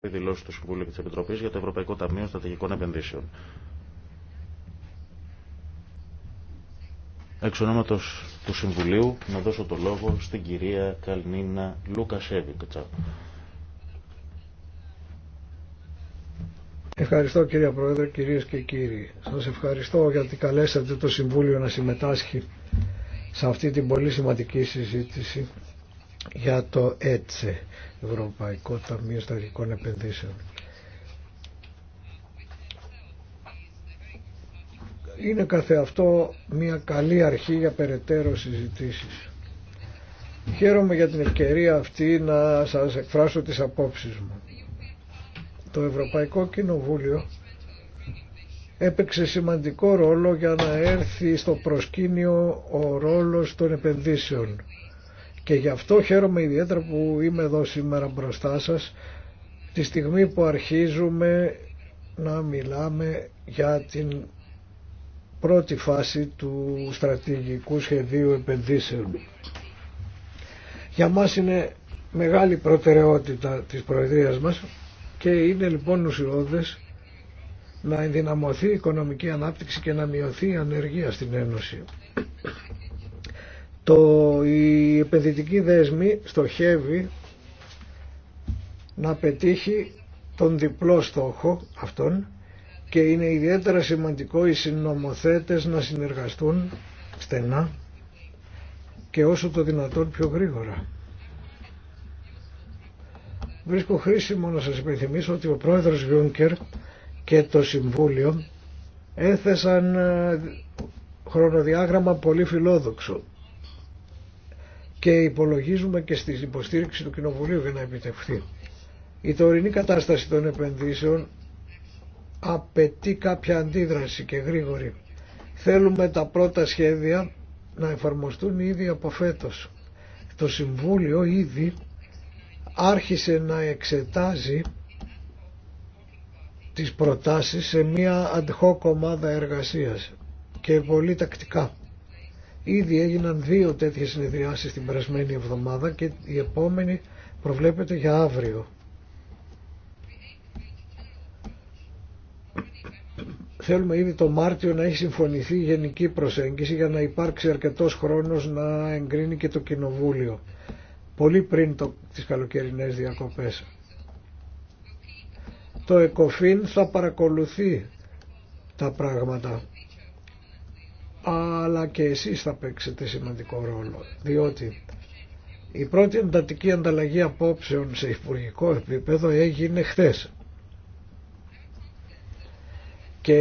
οι δηλώσει του Συμβουλίου και τη για το Ευρωπαϊκό Ταμείο Στρατηγικών Επενδύσεων. Εξ ονόματος του Συμβουλίου να δώσω το λόγο στην κυρία Καλνίνα Λούκασέβικτσα. Ευχαριστώ κύριε Πρόεδρε, κυρίες και κύριοι. Σας ευχαριστώ γιατί καλέσατε το Συμβούλιο να συμμετάσχει σε αυτή την πολύ σημαντική συζήτηση για το ΕΤΣΕ, Ευρωπαϊκό Ταμείο Στατικών Επενδύσεων. Είναι καθεαυτό μια καλή αρχή για περαιτέρω συζητήσεις. Χαίρομαι για την ευκαιρία αυτή να σας εκφράσω τις απόψεις μου. Το Ευρωπαϊκό Κοινοβούλιο έπαιξε σημαντικό ρόλο για να έρθει στο προσκήνιο ο ρόλος των επενδύσεων και γι' αυτό χαίρομαι ιδιαίτερα που είμαι εδώ σήμερα μπροστά σας τη στιγμή που αρχίζουμε να μιλάμε για την πρώτη φάση του στρατηγικού σχεδίου επενδύσεων. Για μας είναι μεγάλη προτεραιότητα της Προεδρίας μας και είναι λοιπόν ουσιώδες να ενδυναμωθεί η οικονομική ανάπτυξη και να μειωθεί η ανεργία στην Ένωση. Το, η επενδυτική δέσμη στοχεύει να πετύχει τον διπλό στόχο αυτόν και είναι ιδιαίτερα σημαντικό οι συνομοθέτες να συνεργαστούν στενά και όσο το δυνατόν πιο γρήγορα. Βρίσκω χρήσιμο να σας υπενθυμίσω ότι ο πρόεδρος Γιούνκερ και το Συμβούλιο έθεσαν ε, χρονοδιάγραμμα πολύ φιλόδοξο και υπολογίζουμε και στην υποστήριξη του Κοινοβουλίου για να επιτευχθεί. Η τωρινή κατάσταση των επενδύσεων απαιτεί κάποια αντίδραση και γρήγορη. Θέλουμε τα πρώτα σχέδια να εφαρμοστούν ήδη από φέτος. Το Συμβούλιο ήδη άρχισε να εξετάζει τις προτάσεις σε μια ad κομμάδα εργασίας και πολύ τακτικά. Ήδη έγιναν δύο τέτοιες συνεδριάσεις την περασμένη εβδομάδα και η επόμενη προβλέπεται για αύριο. Θέλουμε ήδη το Μάρτιο να έχει συμφωνηθεί η γενική προσέγγιση για να υπάρξει αρκετός χρόνος να εγκρίνει και το Κοινοβούλιο. Πολύ πριν το, τις καλοκαιρινές διακοπές. Το ΕΚΟΦΗΝ θα παρακολουθεί τα πράγματα αλλά και εσείς θα παίξετε σημαντικό ρόλο διότι η πρώτη εντατική ανταλλαγή απόψεων σε υπουργικό επίπεδο έγινε χθες και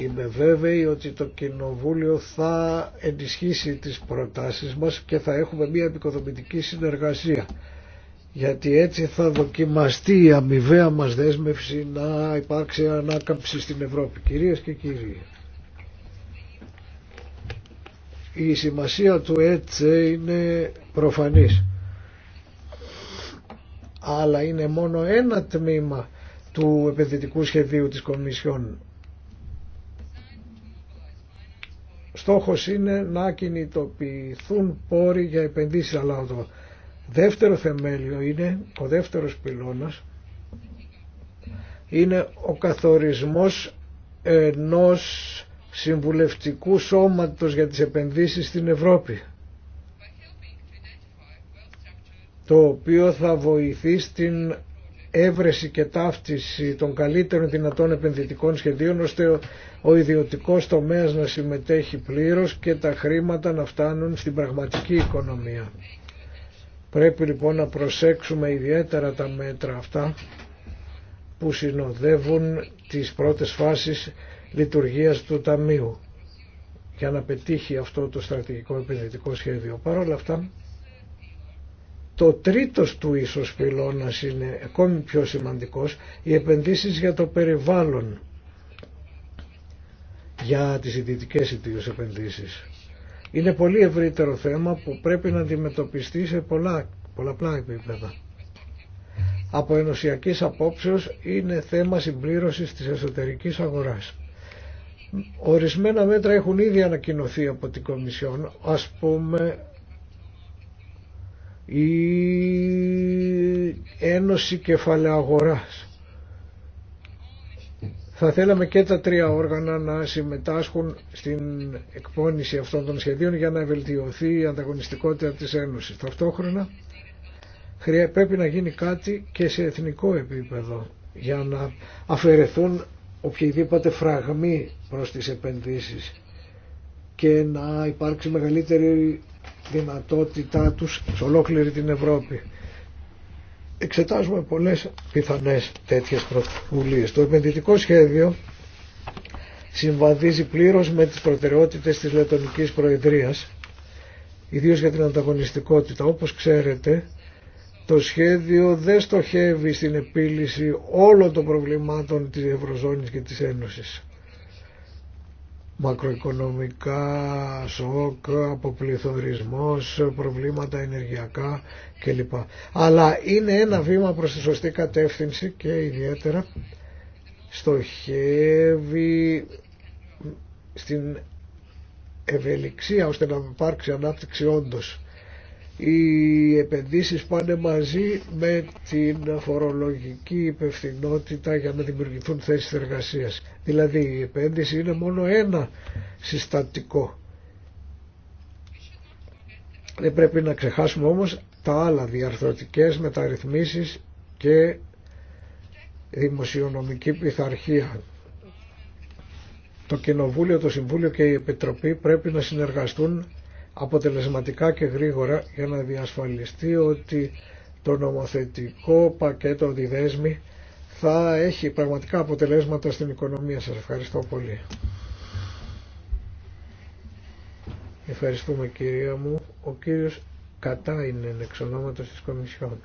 είμαι βέβαιη ότι το Κοινοβούλιο θα ενισχύσει τις προτάσεις μας και θα έχουμε μια επικοδομητική συνεργασία γιατί έτσι θα δοκιμαστεί η αμοιβαία μας δέσμευση να υπάρξει ανάκαμψη στην Ευρώπη. Κυρίες και κύριοι. Η σημασία του έτσι είναι προφανής αλλά είναι μόνο ένα τμήμα του επενδυτικού σχεδίου της Κομισιόν. Στόχος είναι να κινητοποιηθούν πόροι για επενδύσεις, αλλά το δεύτερο θεμέλιο είναι, ο δεύτερος πυλώνας, είναι ο καθορισμός ενός Συμβουλευτικού Σώματος για τις Επενδύσεις στην Ευρώπη το οποίο θα βοηθεί στην έβρεση και ταύτιση των καλύτερων δυνατών επενδυτικών σχεδίων ώστε ο ιδιωτικός τομέας να συμμετέχει πλήρως και τα χρήματα να φτάνουν στην πραγματική οικονομία. Πρέπει λοιπόν να προσέξουμε ιδιαίτερα τα μέτρα αυτά που συνοδεύουν τις πρώτες φάσεις λειτουργίας του Ταμείου για να πετύχει αυτό το στρατηγικό επενδυτικό σχέδιο. Παρ' όλα αυτά, το τρίτος του ίσως πυλώνας είναι ακόμη πιο σημαντικός, οι επενδύσεις για το περιβάλλον, για τις ιδιωτικές ιδίως επενδύσεις. Είναι πολύ ευρύτερο θέμα που πρέπει να αντιμετωπιστεί σε πολλά, πολλαπλά επίπεδα. Από ενωσιακής απόψεως είναι θέμα συμπλήρωσης της εσωτερικής αγοράς. Ορισμένα μέτρα έχουν ήδη ανακοινωθεί από την Κομισιόν, ας πούμε η Ένωση Κεφαλαίου Αγοράς. Θα θέλαμε και τα τρία όργανα να συμμετάσχουν στην εκπόνηση αυτών των σχεδίων για να βελτιωθεί η ανταγωνιστικότητα της Ένωσης. Ταυτόχρονα πρέπει να γίνει κάτι και σε εθνικό επίπεδο για να αφαιρεθούν οποιαδήποτε φραγμή προς τις επενδύσεις και να υπάρξει μεγαλύτερη δυνατότητά τους σε ολόκληρη την Ευρώπη. Εξετάζουμε πολλές πιθανές τέτοιες πρωτοβουλίες. Το επενδυτικό σχέδιο συμβαδίζει πλήρως με τις προτεραιότητες της Λετωνικής Προεδρίας, ιδίως για την ανταγωνιστικότητα. Όπως ξέρετε, το σχέδιο δεν στοχεύει στην επίλυση όλων των προβλημάτων της Ευρωζώνης και της Ένωσης. Μακροοικονομικά, σοκ, αποπληθωρισμός, προβλήματα ενεργειακά κλπ. Αλλά είναι ένα βήμα προς τη σωστή κατεύθυνση και ιδιαίτερα στοχεύει στην ευελιξία ώστε να υπάρξει ανάπτυξη όντως οι επενδύσεις πάνε μαζί με την φορολογική υπευθυνότητα για να δημιουργηθούν θέσεις εργασίας. Δηλαδή η επένδυση είναι μόνο ένα συστατικό. Δεν πρέπει να ξεχάσουμε όμως τα άλλα διαρθρωτικές μεταρρυθμίσεις και δημοσιονομική πειθαρχία. Το Κοινοβούλιο, το Συμβούλιο και η Επιτροπή πρέπει να συνεργαστούν αποτελεσματικά και γρήγορα για να διασφαλιστεί ότι το νομοθετικό πακέτο διδέσμη θα έχει πραγματικά αποτελέσματα στην οικονομία σας. Ευχαριστώ πολύ. Ευχαριστούμε κυρία μου. Ο κύριος Κατά είναι εξ ονόματος της Κομισιόν.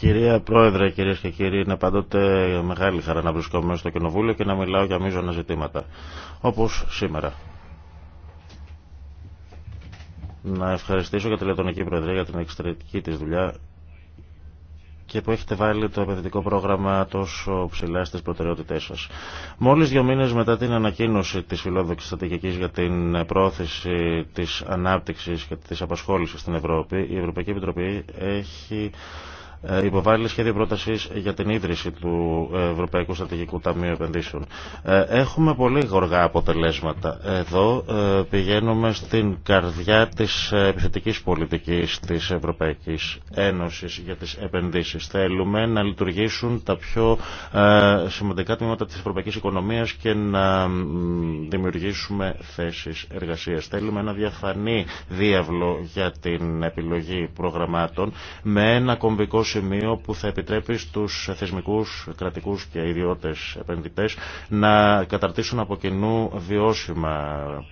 Κυρία Πρόεδρε, κυρίε και κύριοι, είναι πάντοτε μεγάλη χαρά να βρισκόμαι στο Κοινοβούλιο και να μιλάω για μείζωνα ζητήματα. Όπω σήμερα. Να ευχαριστήσω για τη Λετωνική Προεδρία για την εξαιρετική τη δουλειά και που έχετε βάλει το επενδυτικό πρόγραμμα τόσο ψηλά στι προτεραιότητέ σα. Μόλι δύο μήνε μετά την ανακοίνωση τη φιλόδοξη στρατηγική για την πρόθεση τη ανάπτυξη και τη απασχόληση στην Ευρώπη, η Ευρωπαϊκή Επιτροπή έχει ε, υποβάλλει σχέδιο πρόταση για την ίδρυση του Ευρωπαϊκού Στρατηγικού Ταμείου Επενδύσεων. Ε, έχουμε πολύ γοργά αποτελέσματα. Εδώ ε, πηγαίνουμε στην καρδιά τη επιθετική πολιτική τη Ευρωπαϊκή Ένωση για τι επενδύσει. Θέλουμε να λειτουργήσουν τα πιο σημαντικά τμήματα τη ευρωπαϊκή οικονομία και να δημιουργήσουμε θέσει εργασία. Θέλουμε ένα διαφανή διάβλο για την επιλογή προγραμμάτων με ένα κομβικό σημείο που θα επιτρέπει στους θεσμικούς, κρατικούς και ιδιώτες επενδυτές να καταρτήσουν από κοινού βιώσιμα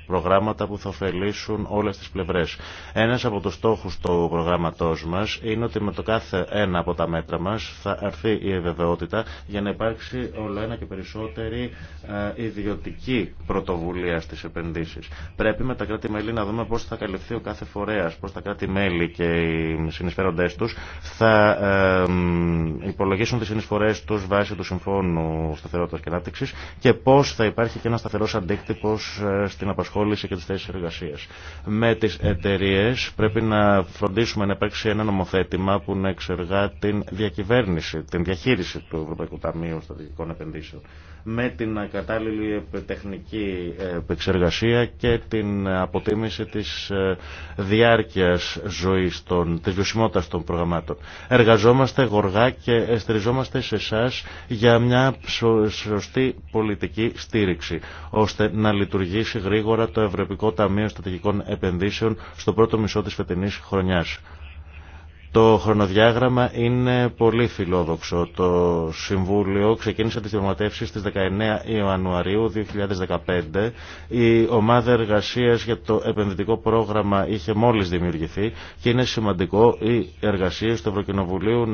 προγράμματα που θα ωφελήσουν όλες τις πλευρές. Ένας από τους στόχους του προγράμματός μας είναι ότι με το κάθε ένα από τα μέτρα μας θα αρθεί η ευεβαιότητα για να υπάρξει όλο ένα και περισσότερη ε, ιδιωτική πρωτοβουλία στις επενδύσεις. Πρέπει με τα κράτη-μέλη να δούμε πώς θα καλυφθεί ο κάθε φορέας, πώς τα κράτη-μέλη και οι συνεισφέροντές τους θα ε, ε, υπολογίσουν τι συνεισφορέ του βάσει του Συμφώνου Σταθερότητα και Ανάπτυξη και πώ θα υπάρχει και ένα σταθερό αντίκτυπο ε, στην απασχόληση και τι θέσει εργασία. Με τι εταιρείε πρέπει να φροντίσουμε να υπάρξει ένα νομοθέτημα που να εξεργά την διακυβέρνηση, την διαχείριση του Ευρωπαϊκού Ταμείου Στατικών Επενδύσεων με την κατάλληλη τεχνική επεξεργασία και την αποτίμηση της ε, διάρκειας ζωής των, της των προγραμμάτων. Εργαζόμαστε γοργά και στηριζόμαστε σε εσά για μια σωστή πολιτική στήριξη, ώστε να λειτουργήσει γρήγορα το Ευρωπαϊκό Ταμείο Στατικικών Επενδύσεων στο πρώτο μισό της φετινής χρονιάς. Το χρονοδιάγραμμα είναι πολύ φιλόδοξο. Το Συμβούλιο ξεκίνησε τις διαπραγματεύσεις στις 19 Ιανουαρίου 2015. Η ομάδα εργασίας για το επενδυτικό πρόγραμμα είχε μόλις δημιουργηθεί και είναι σημαντικό οι εργασίες του Ευρωκοινοβουλίου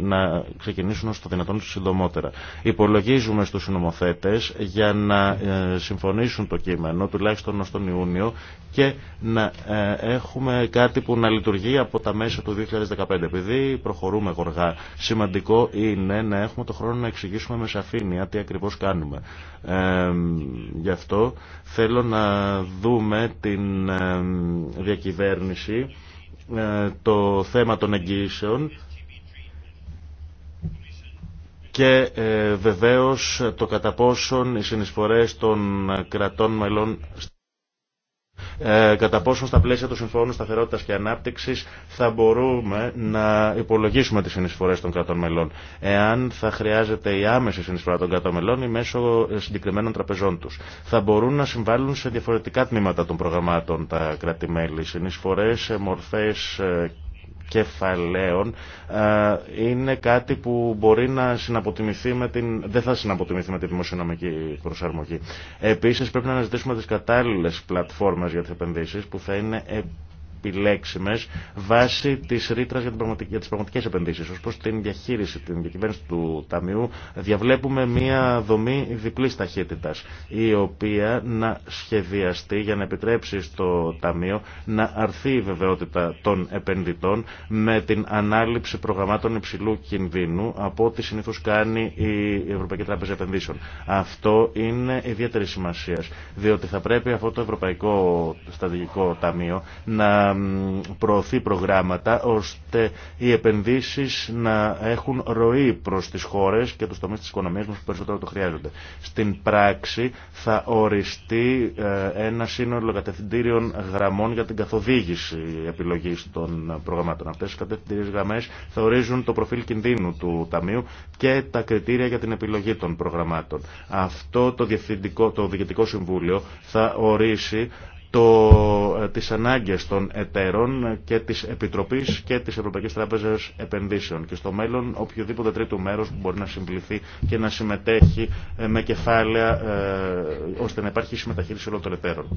να ξεκινήσουν ως το δυνατόν συντομότερα. Υπολογίζουμε στους συνομοθέτες για να ε, συμφωνήσουν το κείμενο, τουλάχιστον ως τον Ιούνιο, και να ε, έχουμε κάτι που να λειτουργεί από τα μέσα του 2015 επειδή προχωρούμε γοργά, σημαντικό είναι να έχουμε το χρόνο να εξηγήσουμε με σαφήνεια τι ακριβώς κάνουμε. Ε, γι' αυτό θέλω να δούμε την διακυβέρνηση, ε, το θέμα των εγγύσεων και ε, βεβαίως το κατά πόσον οι συνεισφορές των κρατών μελών ε, κατά πόσο στα πλαίσια του Συμφώνου Σταθερότητα και Ανάπτυξη θα μπορούμε να υπολογίσουμε τι συνεισφορέ των κρατών μελών. Εάν θα χρειάζεται η άμεση συνεισφορά των κρατών μελών ή μέσω συγκεκριμένων τραπεζών του. Θα μπορούν να συμβάλλουν σε διαφορετικά τμήματα των προγραμμάτων τα κράτη-μέλη. Συνεισφορέ σε μορφέ ε, κεφαλαίων ε, είναι κάτι που μπορεί να συναποτιμηθεί με την... δεν θα συναποτιμηθεί με τη δημοσιονομική προσαρμογή. Επίσης πρέπει να αναζητήσουμε τις κατάλληλες πλατφόρμες για τις επενδύσεις που θα είναι επιλέξιμες βάσει της ρήτρας για τις πραγματικές επενδύσεις. Ως προς την διαχείριση, την διακυβέρνηση του Ταμείου διαβλέπουμε μία δομή διπλής ταχύτητας η οποία να σχεδιαστεί για να επιτρέψει στο Ταμείο να αρθεί η βεβαιότητα των επενδυτών με την ανάληψη προγραμμάτων υψηλού κινδύνου από ό,τι συνήθως κάνει η Ευρωπαϊκή Τράπεζα Επενδύσεων. Αυτό είναι ιδιαίτερη σημασία, διότι θα πρέπει αυτό το Ευρωπαϊκό Στρατηγικό Ταμείο να προωθεί προγράμματα ώστε οι επενδύσεις να έχουν ροή προς τις χώρες και τους τομείς της οικονομίας μας που περισσότερο το χρειάζονται. Στην πράξη θα οριστεί ε, ένα σύνολο κατευθυντήριων γραμμών για την καθοδήγηση επιλογής των προγραμμάτων. Αυτές οι κατευθυντήριες γραμμές θα ορίζουν το προφίλ κινδύνου του Ταμείου και τα κριτήρια για την επιλογή των προγραμμάτων. Αυτό το, το Διοικητικό Συμβούλιο θα ορίσει το, ε, τις ανάγκες των εταίρων και της Επιτροπής και της Ευρωπαϊκής Τράπεζας Επενδύσεων και στο μέλλον οποιοδήποτε τρίτο μέρος που μπορεί να συμπληθεί και να συμμετέχει ε, με κεφάλαια ε, ώστε να υπάρχει συμμεταχείριση όλων των εταίρων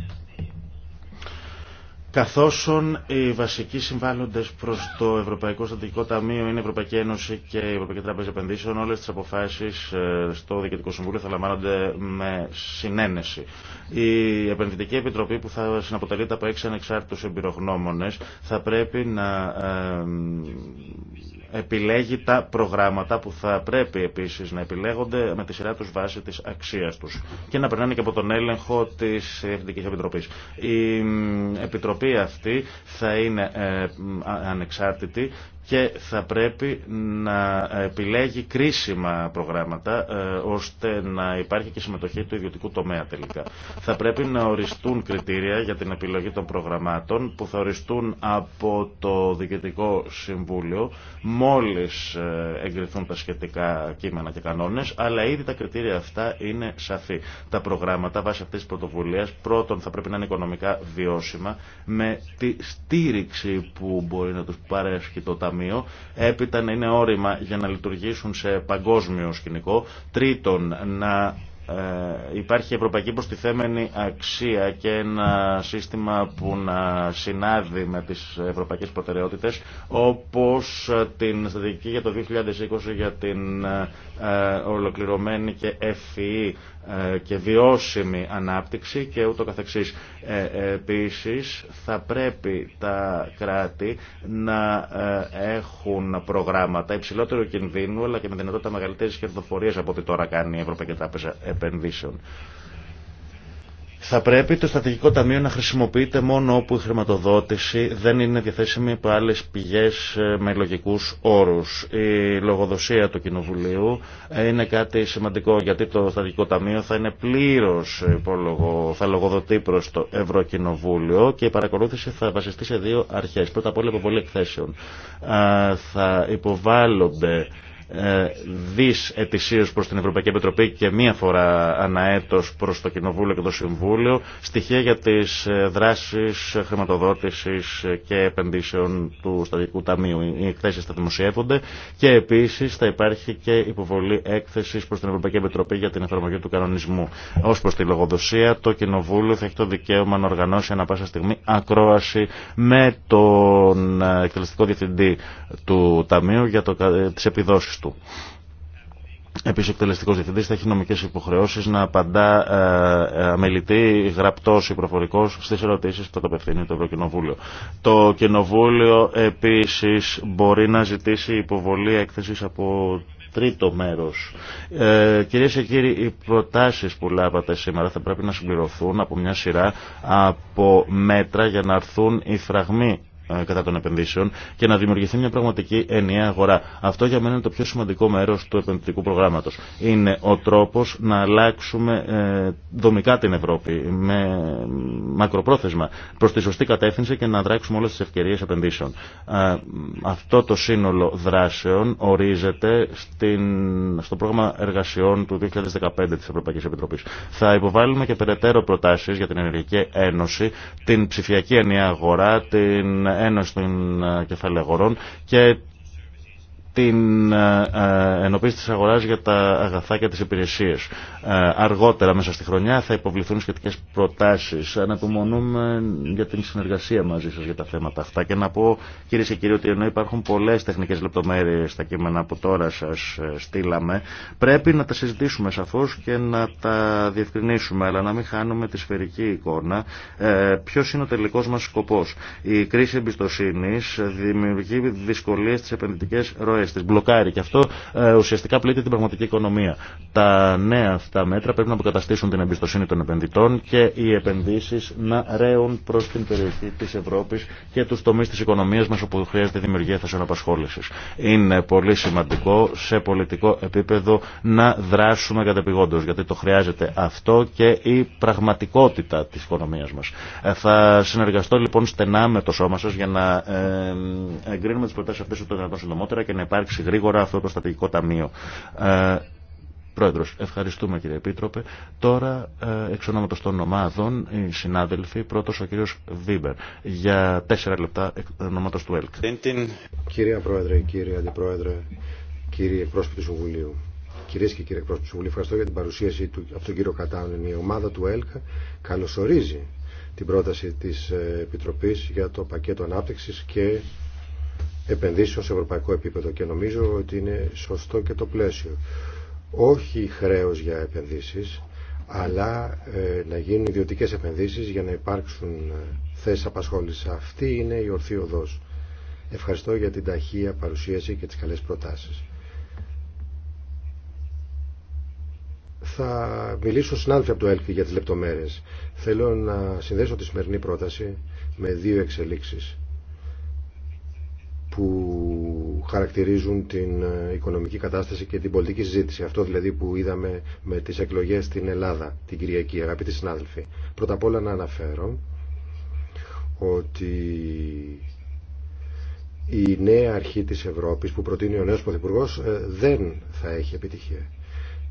καθώς οι βασικοί συμβάλλοντες προς το Ευρωπαϊκό Στατικό Ταμείο είναι η Ευρωπαϊκή Ένωση και η Ευρωπαϊκή Τράπεζα Επενδύσεων, όλες τις αποφάσεις ε, στο Διοικητικό Συμβούλιο θα λαμβάνονται με συνένεση. Η Επενδυτική Επιτροπή που θα συναποτελείται από έξι ανεξάρτητους εμπειρογνώμονες θα πρέπει να ε, επιλέγει τα προγράμματα που θα πρέπει επίσης να επιλέγονται με τη σειρά τους βάσει της αξίας τους και να περνάνε και από τον έλεγχο της Εθνικής Επιτροπής. Η Επιτροπή αυτή θα είναι ε, ανεξάρτητη και θα πρέπει να επιλέγει κρίσιμα προγράμματα ε, ώστε να υπάρχει και συμμετοχή του ιδιωτικού τομέα τελικά. Θα πρέπει να οριστούν κριτήρια για την επιλογή των προγραμμάτων που θα οριστούν από το Διοικητικό Συμβούλιο μόλις ε, εγκριθούν τα σχετικά κείμενα και κανόνες αλλά ήδη τα κριτήρια αυτά είναι σαφή. Τα προγράμματα βάσει αυτής της πρωτοβουλίας πρώτον θα πρέπει να είναι οικονομικά βιώσιμα με τη στήριξη που μπορεί να τους παρέχει το έπειτα να είναι όρημα για να λειτουργήσουν σε παγκόσμιο σκηνικό, τρίτον να ε, υπάρχει ευρωπαϊκή προστιθέμενη αξία και ένα σύστημα που να συνάδει με τις ευρωπαϊκές προτεραιότητες όπως την στρατηγική για το 2020 για την ε, ολοκληρωμένη και ευφυή ε, και βιώσιμη ανάπτυξη και ούτω καθεξής. Ε, επίσης θα πρέπει τα κράτη να ε, έχουν προγράμματα υψηλότερου κινδύνου αλλά και με δυνατότητα μεγαλύτερης κερδοφορίας από ό,τι τώρα κάνει η Ευρωπαϊκή Τράπεζα Επενδύσεων. Θα πρέπει το στρατηγικό ταμείο να χρησιμοποιείται μόνο όπου η χρηματοδότηση δεν είναι διαθέσιμη από άλλε πηγέ ε, με λογικού όρου. Η λογοδοσία του Κοινοβουλίου ε, είναι κάτι σημαντικό γιατί το στρατηγικό ταμείο θα είναι πλήρω υπόλογο, θα λογοδοτεί προ το Ευρωκοινοβούλιο και η παρακολούθηση θα βασιστεί σε δύο αρχέ. Πρώτα απ' όλα υποβολή εκθέσεων. Ε, θα υποβάλλονται ε, δις ετησίως προς την Ευρωπαϊκή Επιτροπή και μία φορά αναέτος προς το Κοινοβούλιο και το Συμβούλιο στοιχεία για τις ε, δράσεις χρηματοδότησης και επενδύσεων του Στατικού Ταμείου. Οι εκθέσεις θα δημοσιεύονται και επίσης θα υπάρχει και υποβολή έκθεσης προς την Ευρωπαϊκή Επιτροπή για την εφαρμογή του κανονισμού. Ως προς τη λογοδοσία το Κοινοβούλιο θα έχει το δικαίωμα να οργανώσει ανα πάσα στιγμή ακρόαση με τον ε, εκτελεστικό διευθυντή του Ταμείου για το, τις του. Επίση, ο εκτελεστικό διευθυντή θα έχει νομικέ υποχρεώσει να απαντά ε, ε γραπτός γραπτό ή προφορικό στι ερωτήσει που θα το απευθύνει το Ευρωκοινοβούλιο. Το Κοινοβούλιο επίση μπορεί να ζητήσει υποβολή έκθεση από τρίτο μέρος. Ε, Κυρίε και κύριοι, οι προτάσει που λάβατε σήμερα θα πρέπει να συμπληρωθούν από μια σειρά από μέτρα για να έρθουν οι φραγμοί ε, κατά των επενδύσεων και να δημιουργηθεί μια πραγματική ενιαία αγορά. Αυτό για μένα είναι το πιο σημαντικό μέρος του επενδυτικού προγράμματος. Είναι ο τρόπος να αλλάξουμε ε, δομικά την Ευρώπη με μακροπρόθεσμα προς τη σωστή κατεύθυνση και να δράξουμε όλες τις ευκαιρίες επενδύσεων. Ε, αυτό το σύνολο δράσεων ορίζεται στο πρόγραμμα εργασιών του 2015 της Ευρωπαϊκής Επιτροπής. Θα υποβάλουμε και περαιτέρω προτάσεις για την Ενεργειακή Ένωση, την ψηφιακή ενιαία αγορά, την Ένωση των Κεφαλαίων Αγορών και την ε, ε, ενοποίηση της αγοράς για τα αγαθά και τις υπηρεσίες. Ε, αργότερα μέσα στη χρονιά θα υποβληθούν σχετικές προτάσεις. Αναπομονούμε για την συνεργασία μαζί σας για τα θέματα αυτά. Και να πω κύριε και κύριοι ότι ενώ υπάρχουν πολλές τεχνικές λεπτομέρειες στα κείμενα που τώρα σας στείλαμε, πρέπει να τα συζητήσουμε σαφώς και να τα διευκρινίσουμε, αλλά να μην χάνουμε τη σφαιρική εικόνα. Ε, ποιος είναι ο τελικός μας σκοπός. Η κρίση εμπιστοσύνη δημιουργεί δυσκολίε στις επενδυτικές χώρες μπλοκάρει και αυτό ε, ουσιαστικά πλήττει την πραγματική οικονομία. Τα νέα αυτά μέτρα πρέπει να αποκαταστήσουν την εμπιστοσύνη των επενδυτών και οι επενδύσει να ρέουν προ την περιοχή τη Ευρώπη και του τομεί τη οικονομία μα όπου χρειάζεται δημιουργία θέσεων απασχόληση. Είναι πολύ σημαντικό σε πολιτικό επίπεδο να δράσουμε κατεπηγόντω γιατί το χρειάζεται αυτό και η πραγματικότητα της οικονομίας μας. Ε, θα συνεργαστώ λοιπόν στενά με το σώμα σα για να ε, εγκρίνουμε τι προτάσει αυτέ το δυνατόν συντομότερα και να υπάρξει γρήγορα αυτό το στρατηγικό ταμείο. Ε, πρόεδρος, ευχαριστούμε κύριε Επίτροπε. Τώρα, ε, εξ ονόματος των ομάδων, οι συνάδελφοι, πρώτος ο κύριος Βίμπερ, για τέσσερα λεπτά εξ ονόματος του ΕΛΚ. Κυρία Πρόεδρε, κύριε Αντιπρόεδρε, κύριε εκπρόσωποι του Συμβουλίου, κυρίες και κύριοι εκπρόσωποι του Συμβουλίου, ευχαριστώ για την παρουσίαση του, από τον κύριο Κατάουνεν. Η ομάδα του ΕΛΚ καλωσορίζει την πρόταση της ε, Επιτροπής για το πακέτο ανάπτυξης και επενδύσεων σε ευρωπαϊκό επίπεδο και νομίζω ότι είναι σωστό και το πλαίσιο. Όχι χρέος για επενδύσεις, αλλά ε, να γίνουν ιδιωτικές επενδύσεις για να υπάρξουν ε, θέσεις απασχόλησης. Αυτή είναι η ορθή οδός. Ευχαριστώ για την ταχεία παρουσίαση και τις καλές προτάσεις. θα μιλήσω συνάδελφοι από το ΕΛΚΙ για τις λεπτομέρειες. Θέλω να συνδέσω τη σημερινή πρόταση με δύο εξελίξεις που χαρακτηρίζουν την ε, οικονομική κατάσταση και την πολιτική συζήτηση. Αυτό δηλαδή που είδαμε με τις εκλογές στην Ελλάδα την Κυριακή, αγαπητοί συνάδελφοι. Πρώτα απ' όλα να αναφέρω ότι η νέα αρχή της Ευρώπης που προτείνει ο νέος Πρωθυπουργός ε, δεν θα έχει επιτυχία.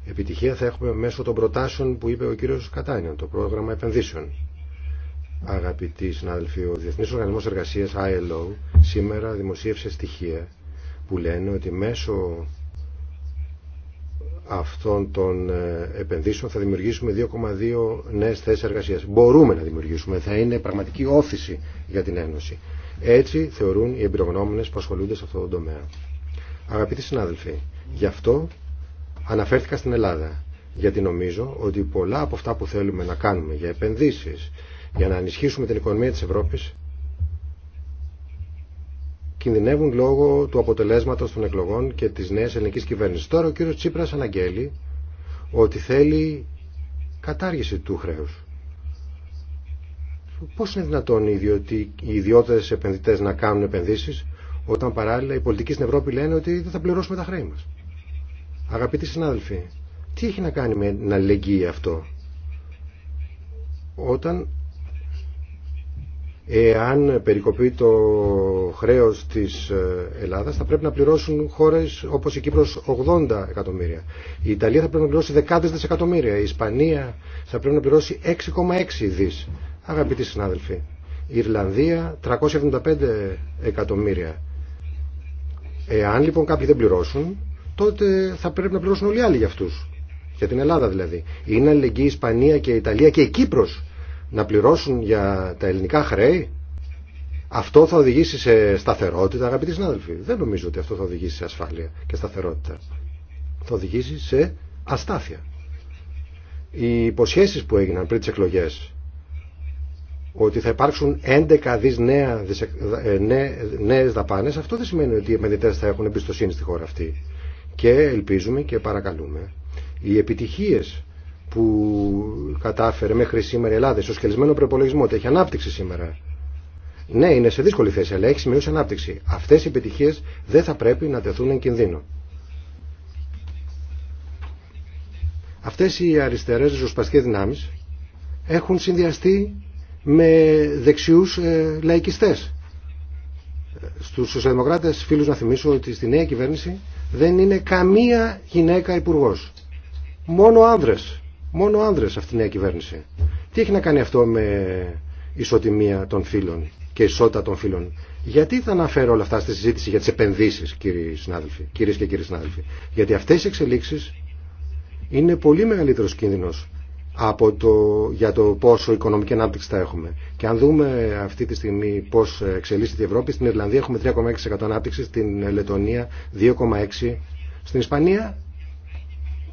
Επιτυχία θα έχουμε μέσω των προτάσεων που είπε ο κύριος Κατάνιον, το πρόγραμμα επενδύσεων. Αγαπητοί συνάδελφοι, ο Διεθνής Οργανισμός Εργασίας, ILO, σήμερα δημοσίευσε στοιχεία που λένε ότι μέσω αυτών των ε, επενδύσεων θα δημιουργήσουμε 2,2 νέες θέσεις εργασίας. Μπορούμε να δημιουργήσουμε, θα είναι πραγματική όθηση για την Ένωση. Έτσι θεωρούν οι εμπειρογνώμονες που ασχολούνται σε αυτό το τομέα. Αγαπητοί συνάδελφοι, γι' αυτό αναφέρθηκα στην Ελλάδα. Γιατί νομίζω ότι πολλά από αυτά που θέλουμε να κάνουμε για επενδύσεις, για να ενισχύσουμε την οικονομία της Ευρώπης, κινδυνεύουν λόγω του αποτελέσματος των εκλογών και της νέας ελληνικής κυβέρνησης. Τώρα ο κύριος Τσίπρας αναγγέλει ότι θέλει κατάργηση του χρέους. Πώς είναι δυνατόν οι ιδιώτες επενδυτές να κάνουν επενδύσεις όταν παράλληλα οι πολιτικοί στην Ευρώπη λένε ότι δεν θα πληρώσουμε τα χρέη μας. Αγαπητοί συνάδελφοι, τι έχει να κάνει με την αλληλεγγύη αυτό όταν Εάν περικοπεί το χρέος της ε, Ελλάδας θα πρέπει να πληρώσουν χώρες όπως η Κύπρος 80 εκατομμύρια. Η Ιταλία θα πρέπει να πληρώσει δεκάδες δισεκατομμύρια. Η Ισπανία θα πρέπει να πληρώσει 6,6 δις. Αγαπητοί συνάδελφοι, η Ιρλανδία 375 εκατομμύρια. Εάν λοιπόν κάποιοι δεν πληρώσουν, τότε θα πρέπει να πληρώσουν όλοι οι άλλοι για αυτούς. Για την Ελλάδα δηλαδή. Είναι αλληλεγγύη η Ισπανία και η Ιταλία και η Κύπρος να πληρώσουν για τα ελληνικά χρέη, αυτό θα οδηγήσει σε σταθερότητα, αγαπητοί συνάδελφοι. Δεν νομίζω ότι αυτό θα οδηγήσει σε ασφάλεια και σταθερότητα. Θα οδηγήσει σε αστάθεια. Οι υποσχέσει που έγιναν πριν τι εκλογές ότι θα υπάρξουν 11 δι νέα, ε, νέες δαπάνες, αυτό δεν σημαίνει ότι οι επενδυτές θα έχουν εμπιστοσύνη στη χώρα αυτή. Και ελπίζουμε και παρακαλούμε οι επιτυχίες που κατάφερε μέχρι σήμερα η Ελλάδα, στο σκελισμένο προπολογισμό, ότι έχει ανάπτυξη σήμερα. Ναι, είναι σε δύσκολη θέση, αλλά έχει σημειώσει ανάπτυξη. Αυτέ οι επιτυχίε δεν θα πρέπει να τεθούν εν κινδύνο. Αυτέ οι αριστερέ ριζοσπαστικέ δυνάμει έχουν συνδυαστεί με δεξιούς ε, λαϊκιστές. Στους σοσιαλδημοκράτε, φίλους να θυμίσω ότι στη νέα κυβέρνηση δεν είναι καμία γυναίκα υπουργό. Μόνο άνδρες. Μόνο άνδρε αυτή η νέα κυβέρνηση. Τι έχει να κάνει αυτό με ισοτιμία των φύλων και ισότητα των φύλων. Γιατί θα αναφέρω όλα αυτά στη συζήτηση για τι επενδύσει, κυρίε και κύριοι συνάδελφοι. Γιατί αυτέ οι εξελίξει είναι πολύ μεγαλύτερο κίνδυνο από το, για το πόσο οικονομική ανάπτυξη θα έχουμε. Και αν δούμε αυτή τη στιγμή πώ εξελίσσεται η Ευρώπη, στην Ιρλανδία έχουμε 3,6% ανάπτυξη, στην Λετωνία 2,6%, στην Ισπανία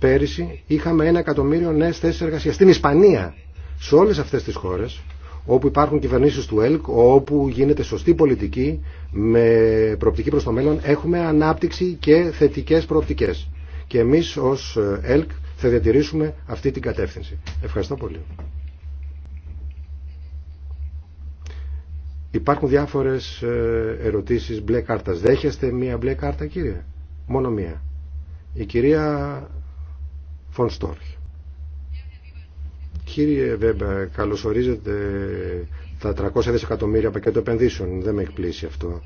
πέρυσι είχαμε ένα εκατομμύριο νέε θέσει εργασία. Στην Ισπανία, σε όλες αυτές τις χώρες, όπου υπάρχουν κυβερνήσει του ΕΛΚ, όπου γίνεται σωστή πολιτική με προοπτική προ το μέλλον, έχουμε ανάπτυξη και θετικές προοπτικές. Και εμείς ως ΕΛΚ θα διατηρήσουμε αυτή την κατεύθυνση. Ευχαριστώ πολύ. Υπάρχουν διάφορες ε, ερωτήσεις μπλε κάρτας. Δέχεστε μία μπλε κάρτα κύριε. Μόνο μία. Η κυρία Φων Στόρχ. Κύριε Βέμπα, καλωσορίζετε τα 300 δισεκατομμύρια πακέτο επενδύσεων. Δεν με εκπλήσει αυτό.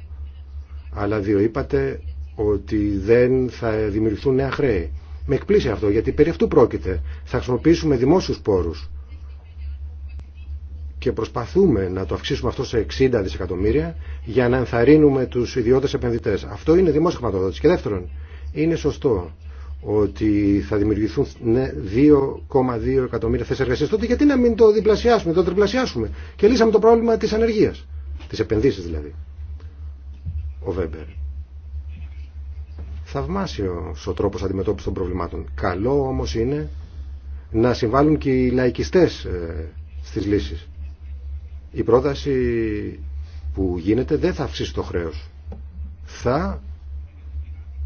Αλλά δύο είπατε ότι δεν θα δημιουργηθούν νέα χρέη. Με εκπλήσει αυτό, γιατί περί αυτού πρόκειται. Θα χρησιμοποιήσουμε δημόσιους πόρους και προσπαθούμε να το αυξήσουμε αυτό σε 60 δισεκατομμύρια για να ενθαρρύνουμε τους ιδιώτες επενδυτές. Αυτό είναι δημόσια χρηματοδότηση. Και δεύτερον, είναι σωστό ότι θα δημιουργηθούν 2,2 ναι, εκατομμύρια θέσει εργασία. Τότε γιατί να μην το διπλασιάσουμε, το τριπλασιάσουμε. Και λύσαμε το πρόβλημα τη ανεργία. Τι επενδύσει δηλαδή. Ο Βέμπερ. Θαυμάσιο ο τρόπο αντιμετώπιση των προβλημάτων. Καλό όμω είναι να συμβάλλουν και οι λαϊκιστέ ε, στι λύσει. Η πρόταση που γίνεται δεν θα αυξήσει το χρέο. Θα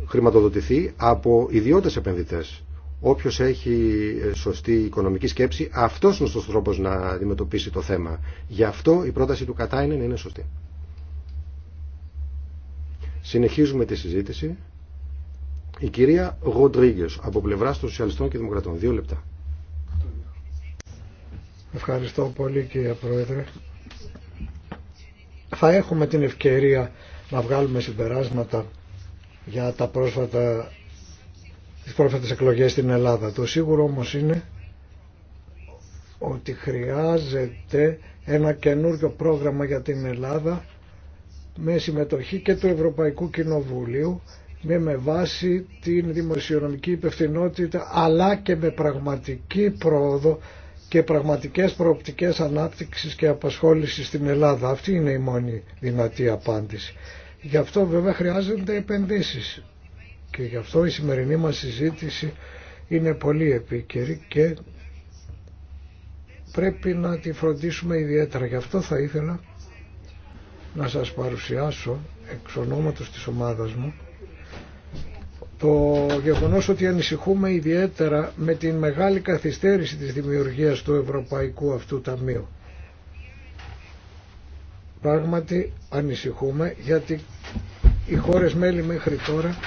χρηματοδοτηθεί από ιδιώτες επενδυτές. Όποιος έχει ε, σωστή οικονομική σκέψη, αυτός είναι ο σωστός τρόπος να αντιμετωπίσει το θέμα. Γι' αυτό η πρόταση του Κατάινεν είναι σωστή. Συνεχίζουμε τη συζήτηση. Η κυρία Γοντρίγκε από πλευρά των Σοσιαλιστών και Δημοκρατών. Δύο λεπτά. Ευχαριστώ πολύ κύριε Πρόεδρε. Θα έχουμε την ευκαιρία να βγάλουμε συμπεράσματα για τα πρόσφατα, τις πρόσφατες εκλογές στην Ελλάδα. Το σίγουρο όμως είναι ότι χρειάζεται ένα καινούριο πρόγραμμα για την Ελλάδα με συμμετοχή και του Ευρωπαϊκού Κοινοβουλίου με, με βάση την δημοσιονομική υπευθυνότητα αλλά και με πραγματική πρόοδο και πραγματικές προοπτικές ανάπτυξης και απασχόλησης στην Ελλάδα. Αυτή είναι η μόνη δυνατή απάντηση. Γι' αυτό βέβαια χρειάζονται επενδύσεις και γι' αυτό η σημερινή μας συζήτηση είναι πολύ επίκαιρη και πρέπει να τη φροντίσουμε ιδιαίτερα. Γι' αυτό θα ήθελα να σας παρουσιάσω εξ ονόματος της ομάδας μου το γεγονός ότι ανησυχούμε ιδιαίτερα με την μεγάλη καθυστέρηση της δημιουργίας του Ευρωπαϊκού αυτού Ταμείου. Πράγματι ανησυχούμε γιατί οι χώρες μέλη μέχρι τώρα